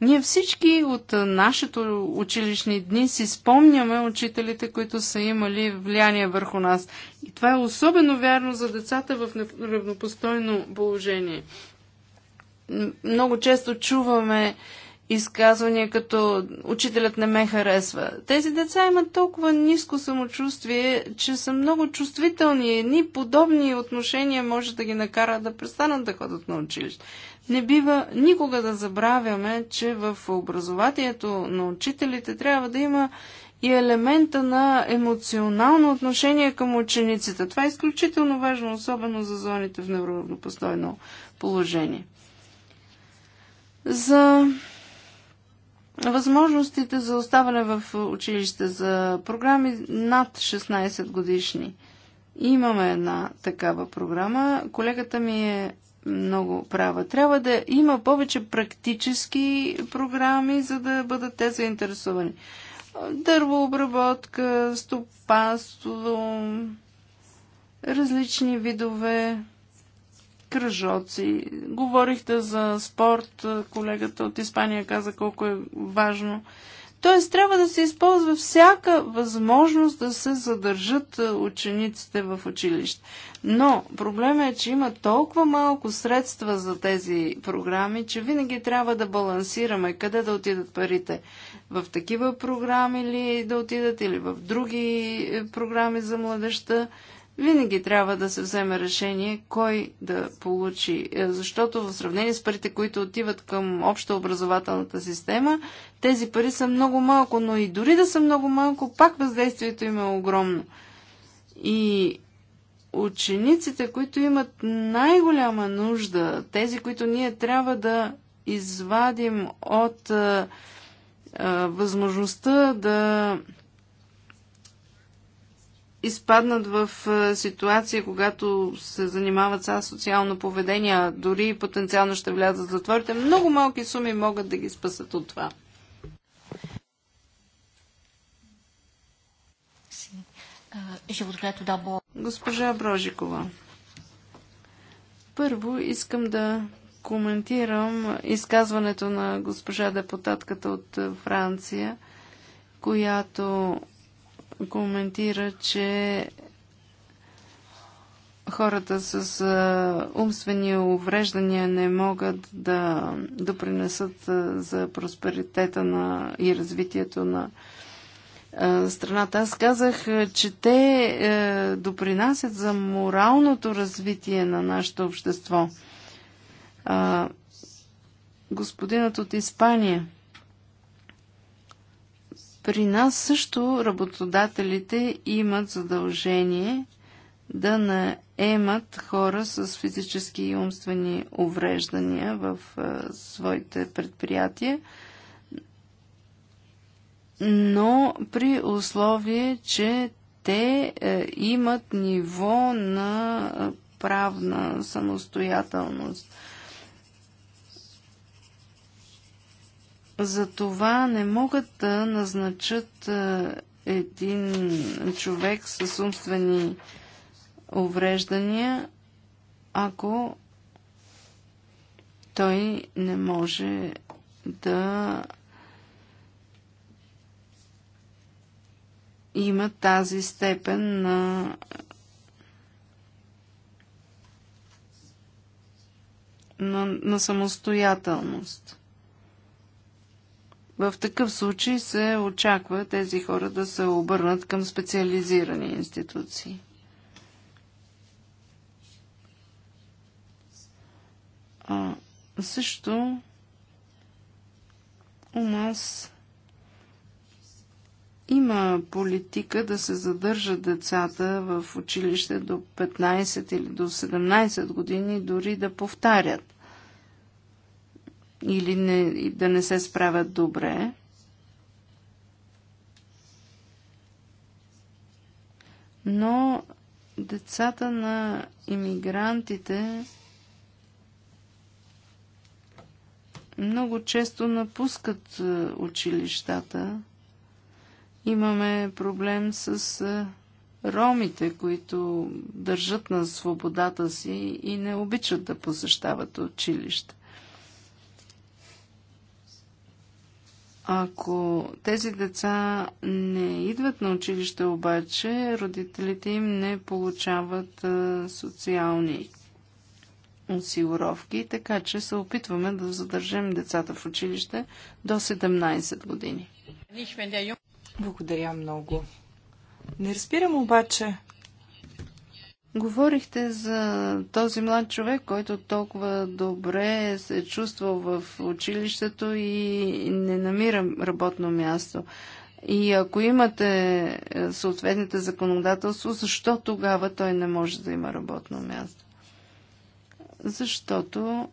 Ние всички от нашето училищни дни си спомняме учителите, които са имали влияние върху нас. И това е особено вярно за децата в равнопостойно положение. Много често чуваме изказвания като учителят не ме харесва. Тези деца имат толкова ниско самочувствие, че са много чувствителни. Едни подобни отношения може да ги накара да престанат да ходят на училище. Не бива никога да забравяме, че в образованието на учителите трябва да има и елемента на емоционално отношение към учениците. Това е изключително важно, особено за зоните в неравнопостойно положение. За възможностите за оставане в училище за програми над 16 годишни. Имаме една такава програма. Колегата ми е много права. Трябва да има повече практически програми, за да бъдат те заинтересовани. Дървообработка, стопанство, различни видове кръжоци. Говорихте за спорт, колегата от Испания каза колко е важно. Тоест, трябва да се използва всяка възможност да се задържат е, учениците в училище. Но проблема е, че има толкова малко средства за тези програми, че винаги трябва да балансираме къде да отидат парите. В такива програми ли да отидат или в други е, програми за младеща винаги трябва да се вземе решение кой да получи. Е, защото в сравнение с парите, които отиват към обща образователната система, тези пари са много малко, но и дори да са много малко, пак въздействието им е огромно. И учениците, които имат най-голяма нужда, тези, които ние трябва да извадим от а, е, а, е, възможността да изпаднат в ситуация, когато се занимават с социално поведение, дори потенциално ще влязат в затворите, много малки суми могат да ги спасат от това. Госпожа Брожикова, първо искам да коментирам изказването на госпожа депутатката от Франция, която коментира, че хората с умствени увреждания не могат да допринесат за просперитета на и развитието на страната. Аз казах, че те е, допринасят за моралното развитие на нашето общество. Господинът от Испания – при нас също работодателите имат задължение да наемат хора с физически и умствени увреждания в а, е, своите предприятия, но при условие, че те а, е, имат ниво на е, правна самостоятелност. Затова не могат да назначат един човек с умствени увреждания, ако той не може да има тази степен на на, на самостоятелност. В такъв случай се очаква тези хора да се обърнат към специализирани институции. А, също у нас има политика да се задържат децата в училище до 15 или до 17 години, дори да повтарят или не, да не се справят добре. Но децата на иммигрантите много често напускат е, училищата. Имаме проблем с е, ромите, които държат на свободата си и не обичат да посещават училище. Ако тези деца не идват на училище обаче, родителите им не получават социални осигуровки, така че се опитваме да задържим децата в училище до 17 години. Благодаря много. Не разбирам обаче, Говорихте за този млад човек, който толкова добре се е чувствал в училището и не намира работно място. И ако имате е, съответните законодателство, защо тогава той не може да има работно място? Защото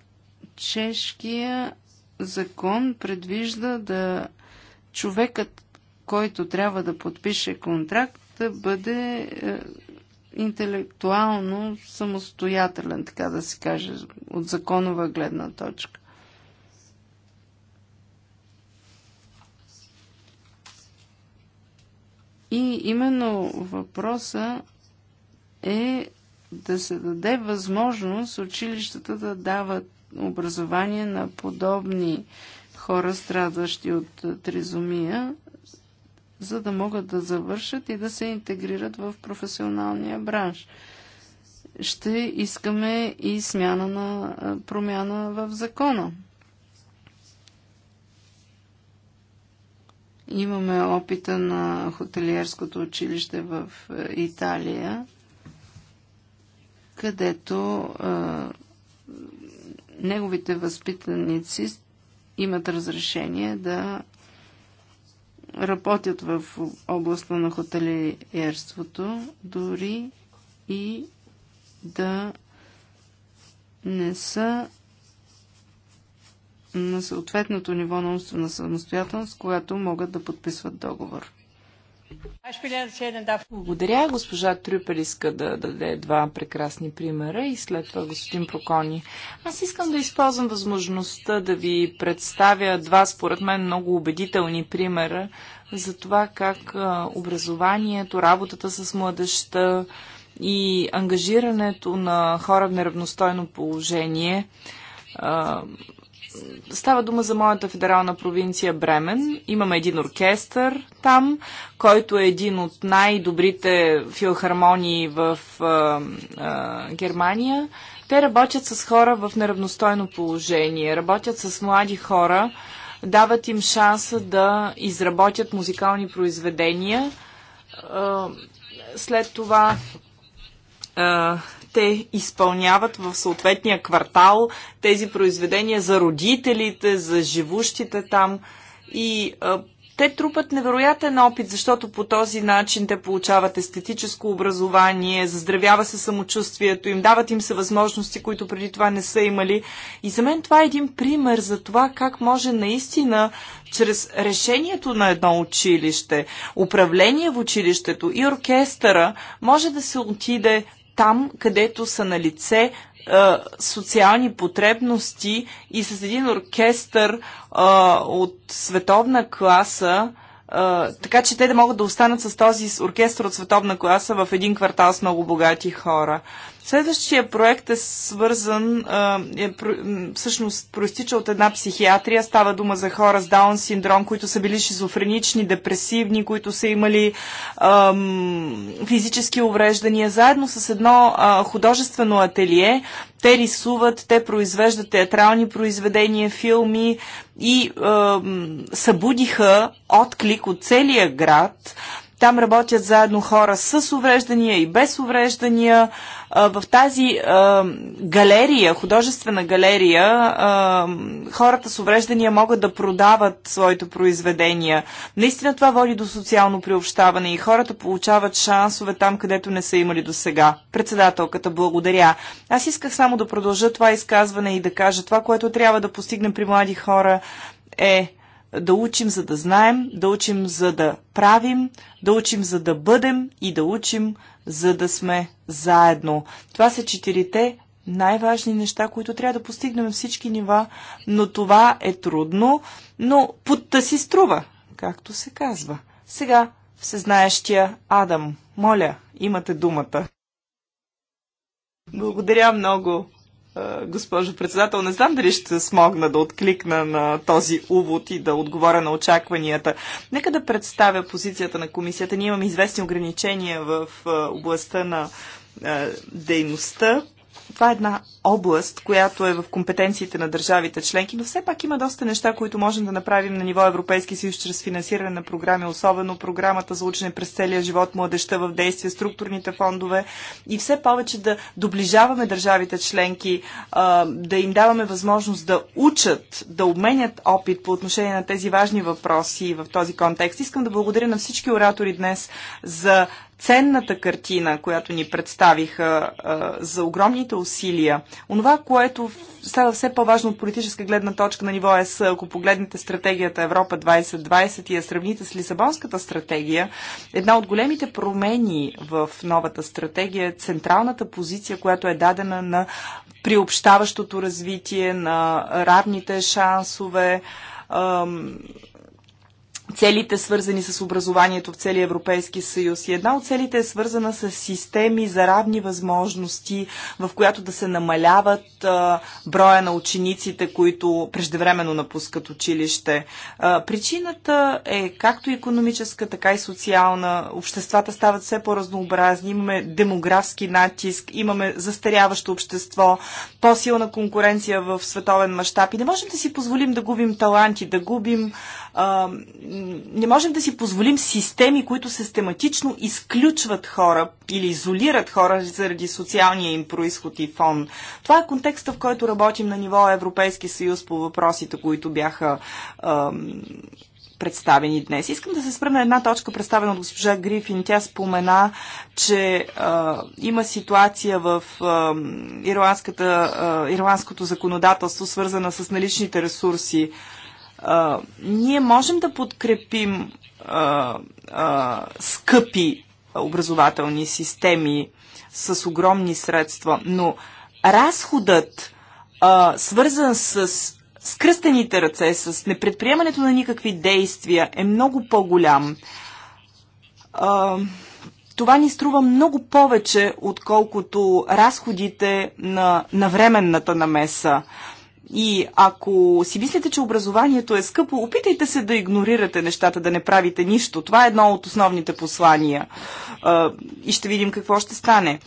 чешкия закон предвижда да човекът, който трябва да подпише контракт, да бъде е, интелектуално самостоятелен, така да се каже, от законова гледна точка. И именно въпроса е да се даде възможност училищата да дават образование на подобни хора, страдащи от тризомия, за да могат да завършат и да се интегрират в професионалния бранш. Ще искаме и смяна на промяна в закона. Имаме опита на хотелиерското училище в Италия, където неговите възпитаници имат разрешение да работят в областта на хотелиерството, дори и да не са на съответното ниво на умствена самостоятелност, когато могат да подписват договор. Благодаря. Госпожа Трюпел иска да даде два прекрасни примера и след това господин Прокони. Аз искам да използвам възможността да ви представя два, според мен, много убедителни примера за това как образованието, работата с младеща и ангажирането на хора в неравностойно положение става дума за моята федерална провинция Бремен. Имаме един оркестър там, който е един от най-добрите филхармонии в а, а, Германия. Те работят с хора в неравностойно положение, работят с млади хора, дават им шанса да изработят музикални произведения. А, след това те изпълняват в съответния квартал тези произведения за родителите, за живущите там. И а, те трупат невероятен опит, защото по този начин те получават естетическо образование, заздравява се самочувствието им, дават им се възможности, които преди това не са имали. И за мен това е един пример за това как може наистина чрез решението на едно училище, управление в училището и оркестъра може да се отиде там, където са на лице е, социални потребности и с един оркестър а, е, от световна класа, а, е, така че те да могат да останат с този оркестър от световна класа в един квартал с много богати хора. Следващия проект е свързан, е, всъщност проистича от една психиатрия. Става дума за хора с Даун синдром, които са били шизофренични, депресивни, които са имали е, физически увреждания. Заедно с едно е, художествено ателие те рисуват, те произвеждат театрални произведения, филми и е, събудиха отклик от целия град. Там работят заедно хора с увреждания и без увреждания. В тази галерия, художествена галерия, хората с увреждания могат да продават своите произведения. Наистина това води до социално приобщаване и хората получават шансове там, където не са имали до сега. Председателката, благодаря. Аз исках само да продължа това изказване и да кажа това, което трябва да постигнем при млади хора е да учим за да знаем, да учим за да правим, да учим за да бъдем и да учим за да сме заедно. Това са четирите най-важни неща, които трябва да постигнем всички нива, но това е трудно, но путта си струва, както се казва. Сега всезнаещия Адам, моля, имате думата. Благодаря много. Е, госпожо председател. Не знам дали ще смогна да откликна на този увод и да отговоря на очакванията. Нека да представя позицията на комисията. Ние имаме известни ограничения в е, областта на е, дейността това е една област, която е в компетенциите на държавите членки, но все пак има доста неща, които можем да направим на ниво Европейски съюз чрез финансиране на програми, особено програмата за учене през целия живот, младеща в действие, структурните фондове и все повече да доближаваме държавите членки, да им даваме възможност да учат, да обменят опит по отношение на тези важни въпроси в този контекст. Искам да благодаря на всички оратори днес за ценната картина, която ни представиха за огромните усилия. Онова, което става все по-важно от политическа гледна точка на ниво ЕС, ако погледнете стратегията Европа 2020 и я сравните с Лисабонската стратегия, една от големите промени в новата стратегия е централната позиция, която е дадена на приобщаващото развитие, на равните шансове, целите, свързани с образованието в целия Европейски съюз. И една от целите е свързана с системи за равни възможности, в която да се намаляват а, броя на учениците, които преждевременно напускат училище. А, причината е както економическа, така и социална. Обществата стават все по-разнообразни. Имаме демографски натиск, имаме застаряващо общество, по-силна конкуренция в световен мащаб и не можем да си позволим да губим таланти, да губим а, не можем да си позволим системи, които систематично изключват хора или изолират хора заради социалния им происход и фон. Това е контекста, в който работим на ниво Европейски съюз по въпросите, които бяха а, представени днес. Искам да се спра на една точка, представена от госпожа Грифин. Тя спомена, че а, има ситуация в а, ирландската, а, ирландското законодателство, свързана с наличните ресурси. А, ние можем да подкрепим а, а, скъпи образователни системи с огромни средства, но разходът, а, свързан с скръстените ръце, с непредприемането на никакви действия, е много по-голям. това ни струва много повече, отколкото разходите на, на временната намеса. И ако си мислите, че образованието е скъпо, опитайте се да игнорирате нещата, да не правите нищо. Това е едно от основните послания. И ще видим какво ще стане.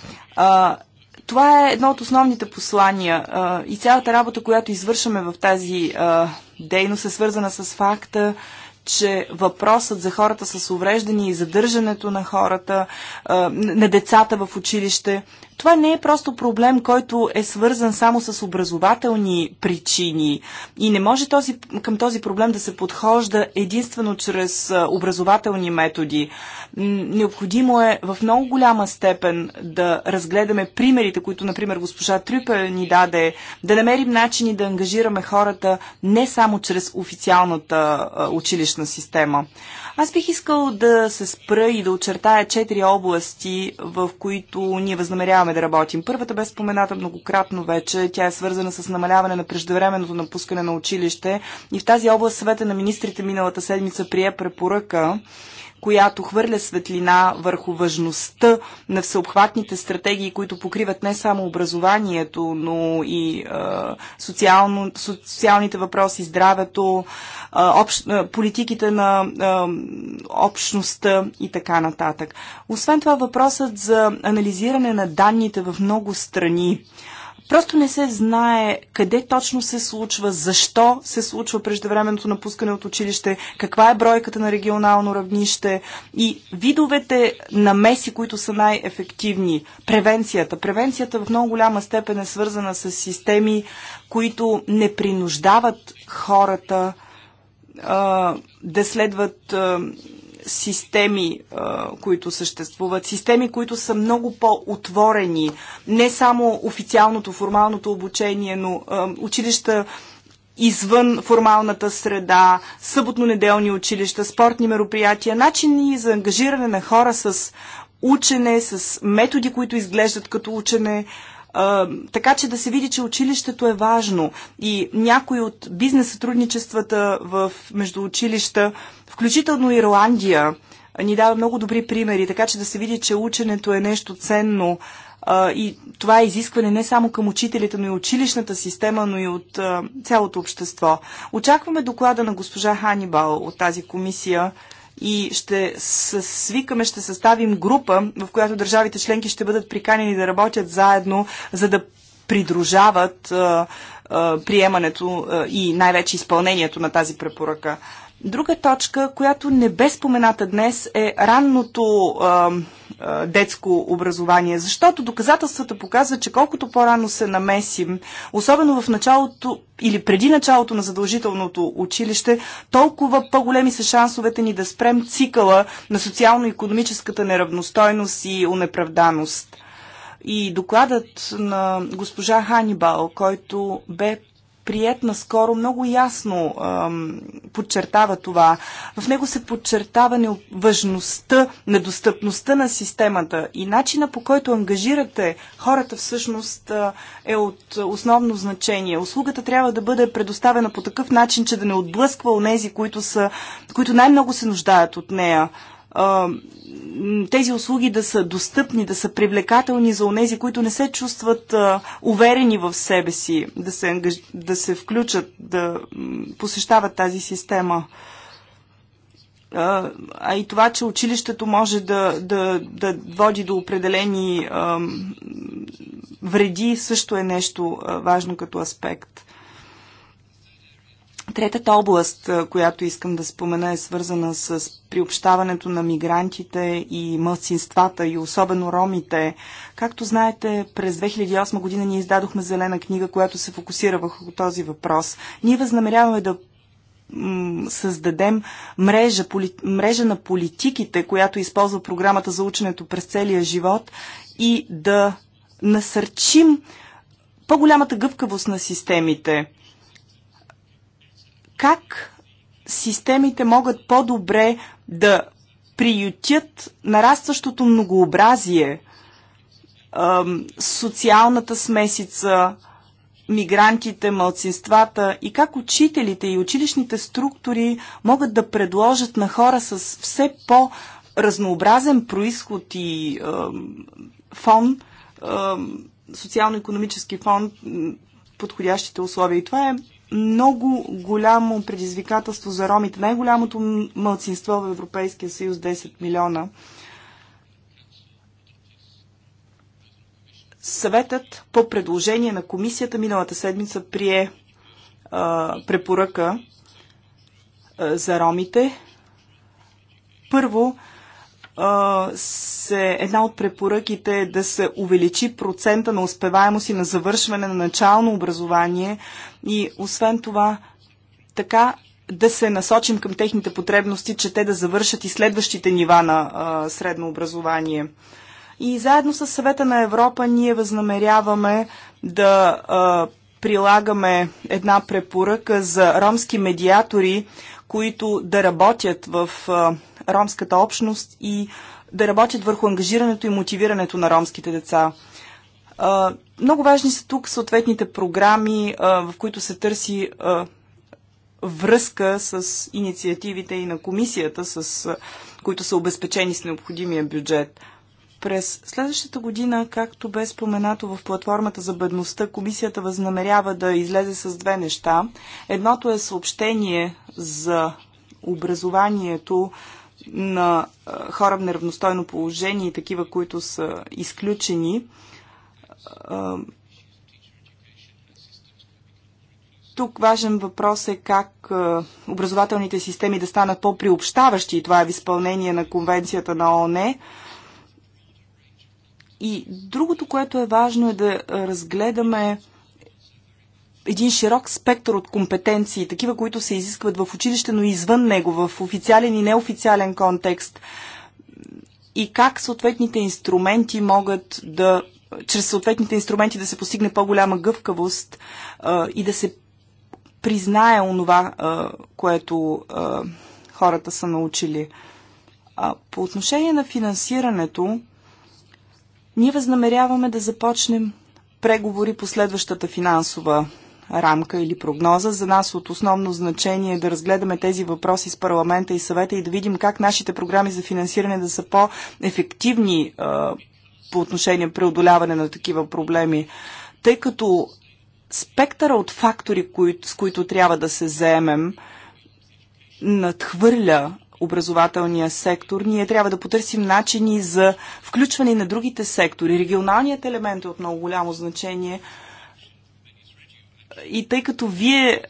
Това е едно от основните послания и цялата работа, която извършваме в тази дейност е свързана с факта, че въпросът за хората с увреждания и задържането на хората, на децата в училище, това не е просто проблем, който е свързан само с образователни причини и не може този, към този проблем да се подхожда единствено чрез образователни методи. Необходимо е в много голяма степен да разгледаме примерите, които, например, госпожа Трюпе ни даде, да намерим начини да ангажираме хората не само чрез официалната училищна система. Аз бих искал да се спра и да очертая четири области, в които ние възнамеряваме да работим. Първата бе спомената многократно вече. Тя е свързана с намаляване на преждевременното напускане на училище. И в тази област съвета на министрите миналата седмица прие препоръка която хвърля светлина върху важността на всеобхватните стратегии, които покриват не само образованието, но и е, социално, социалните въпроси, здравето, е, общ, е, политиките на е, общността и така нататък. Освен това въпросът за анализиране на данните в много страни. Просто не се знае къде точно се случва, защо се случва преждевременното напускане от училище, каква е бройката на регионално равнище и видовете намеси, които са най-ефективни. Превенцията. Превенцията в много голяма степен е свързана с системи, които не принуждават хората а, да следват а, системи, които съществуват, системи, които са много по-отворени, не само официалното, формалното обучение, но училища извън формалната среда, съботно-неделни училища, спортни мероприятия, начини за ангажиране на хора с учене, с методи, които изглеждат като учене, така че да се види, че училището е важно и някои от бизнес сътрудничествата в между училища Включително Ирландия ни дава много добри примери, така че да се види, че ученето е нещо ценно и това е изискване не само към учителите, но и училищната система, но и от цялото общество. Очакваме доклада на госпожа Ханибал от тази комисия и ще свикаме, ще съставим група, в която държавите членки ще бъдат приканени да работят заедно, за да придружават приемането и най-вече изпълнението на тази препоръка. Друга точка, която не бе спомената днес е ранното а, а, детско образование, защото доказателствата показват, че колкото по-рано се намесим, особено в началото или преди началото на задължителното училище, толкова по-големи са шансовете ни да спрем цикъла на социално-економическата неравностойност и унеправданост. И докладът на госпожа Ханибал, който бе прият наскоро, много ясно ам, подчертава това. В него се подчертава важността, недостъпността на системата и начина по който ангажирате хората всъщност е от основно значение. Услугата трябва да бъде предоставена по такъв начин, че да не отблъсква у нези, които, са, които най-много се нуждаят от нея тези услуги да са достъпни, да са привлекателни за онези, които не се чувстват уверени в себе си, да се, ангаж... да се включат, да посещават тази система а и това, че училището може да, да, да води до определени а, вреди, също е нещо важно като аспект. Третата област, която искам да спомена, е свързана с приобщаването на мигрантите и мълцинствата, и особено ромите. Както знаете, през 2008 година ние издадохме зелена книга, която се фокусира върху този въпрос. Ние възнамеряваме да създадем мрежа, поли, мрежа на политиките, която използва програмата за ученето през целия живот и да насърчим по-голямата гъвкавост на системите как системите могат по-добре да приютят нарастващото многообразие, социалната смесица, мигрантите, малцинствата и как учителите и училищните структури могат да предложат на хора с все по-разнообразен происход и фон, социално-економически фон, подходящите условия. И това е много голямо предизвикателство за ромите, най-голямото мълцинство в Европейския съюз 10 милиона. Съветът по предложение на комисията миналата седмица прие а, препоръка а, за ромите. Първо, се, една от препоръките е да се увеличи процента на успеваемост и на завършване на начално образование и освен това така да се насочим към техните потребности, че те да завършат и следващите нива на а, средно образование. И заедно с съвета на Европа ние възнамеряваме да а, прилагаме една препоръка за ромски медиатори, които да работят в а, ромската общност и да работят върху ангажирането и мотивирането на ромските деца. Много важни са тук съответните програми, в които се търси връзка с инициативите и на комисията, с които са обезпечени с необходимия бюджет. През следващата година, както бе споменато в платформата за бедността, комисията възнамерява да излезе с две неща. Едното е съобщение за образованието на хора в неравностойно положение и такива, които са изключени. Тук важен въпрос е как образователните системи да станат по-приобщаващи и това е в изпълнение на конвенцията на ООН. И другото, което е важно е да разгледаме един широк спектър от компетенции, такива, които се изискват в училище, но извън него, в официален и неофициален контекст. И как съответните инструменти могат да, чрез съответните инструменти да се постигне по-голяма гъвкавост а, и да се признае онова, а, което а, хората са научили. А, по отношение на финансирането, ние възнамеряваме да започнем преговори по следващата финансова рамка или прогноза. За нас от основно значение е да разгледаме тези въпроси с парламента и съвета и да видим как нашите програми за финансиране да са по-ефективни е, по отношение преодоляване на такива проблеми. Тъй като спектъра от фактори, които, с които трябва да се заемем, надхвърля образователния сектор, ние трябва да потърсим начини за включване на другите сектори. Регионалният елемент е от много голямо значение – и тъй като вие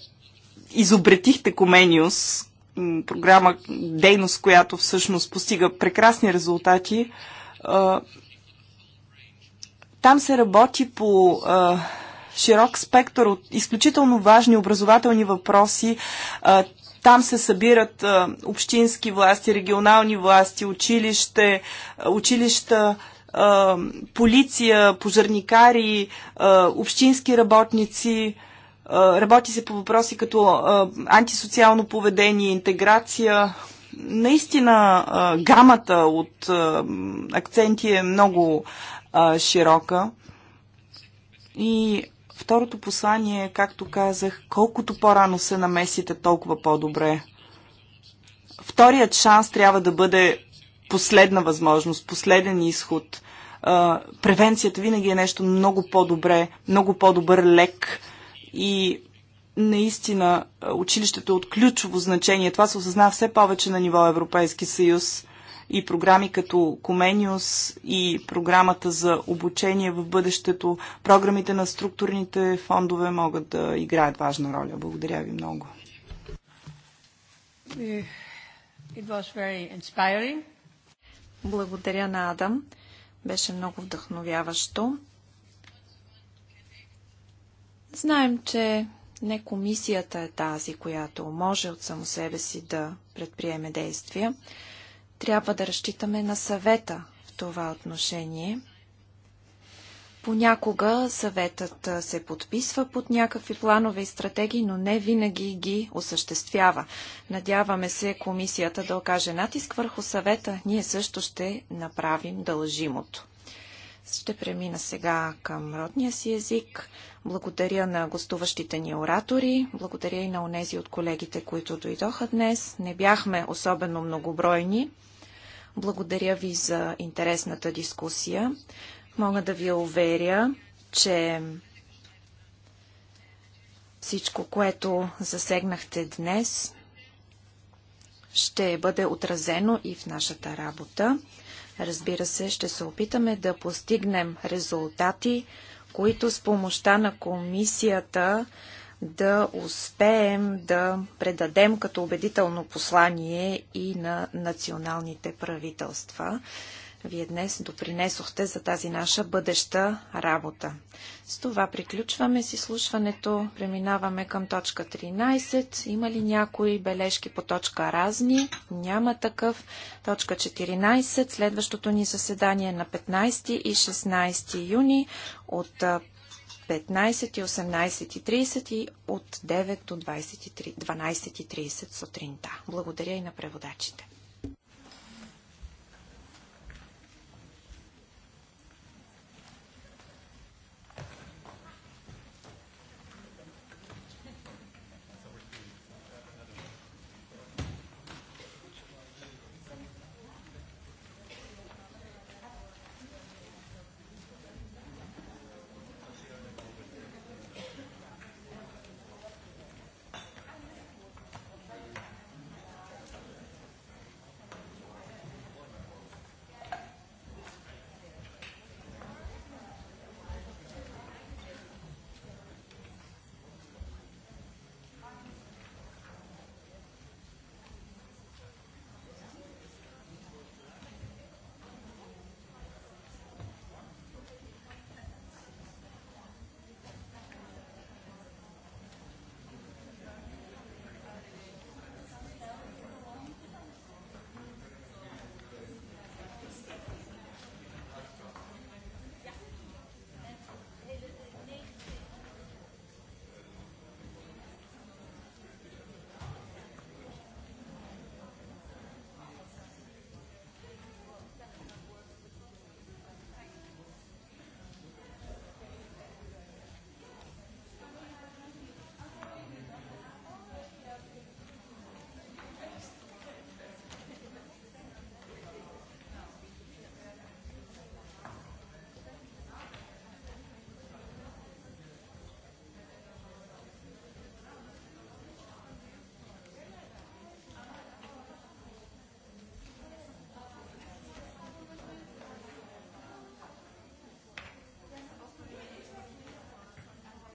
изобретихте Комениус, програма, дейност, която всъщност постига прекрасни резултати, там се работи по широк спектър от изключително важни образователни въпроси. Там се събират общински власти, регионални власти, училище, училища, полиция, пожарникари, общински работници – Работи се по въпроси като антисоциално поведение, интеграция. Наистина гамата от акценти е много широка. И второто послание е, както казах, колкото по-рано се намесите, толкова по-добре. Вторият шанс трябва да бъде последна възможност, последен изход. Превенцията винаги е нещо много по-добре, много по-добър лек и наистина е, училището е от ключово значение. Това се осъзнава все повече на ниво Европейски съюз и програми като Комениус и програмата за обучение в бъдещето, програмите на структурните фондове могат да играят важна роля. Благодаря ви много. Благодаря на Адам. Беше много вдъхновяващо. Знаем, че не комисията е тази, която може от само себе си да предприеме действия. Трябва да разчитаме на съвета в това отношение. Понякога съветът се подписва под някакви планове и стратегии, но не винаги ги осъществява. Надяваме се комисията да окаже натиск върху съвета. Ние също ще направим дължимото. Ще премина сега към родния си език. Благодаря на гостуващите ни оратори, благодаря и на онези от колегите, които дойдоха днес. Не бяхме особено многобройни. Благодаря ви за интересната дискусия. Мога да ви уверя, че всичко, което засегнахте днес, ще бъде отразено и в нашата работа. Разбира се, ще се опитаме да постигнем резултати, които с помощта на комисията да успеем да предадем като убедително послание и на националните правителства. Вие днес допринесохте за тази наша бъдеща работа. С това приключваме с изслушването. Преминаваме към точка 13. Има ли някои бележки по точка разни? Няма такъв. Точка 14. Следващото ни заседание е на 15 и 16 юни от 15 и 18.30 и от 9 до 23, 12.30 сутринта. Благодаря и на преводачите.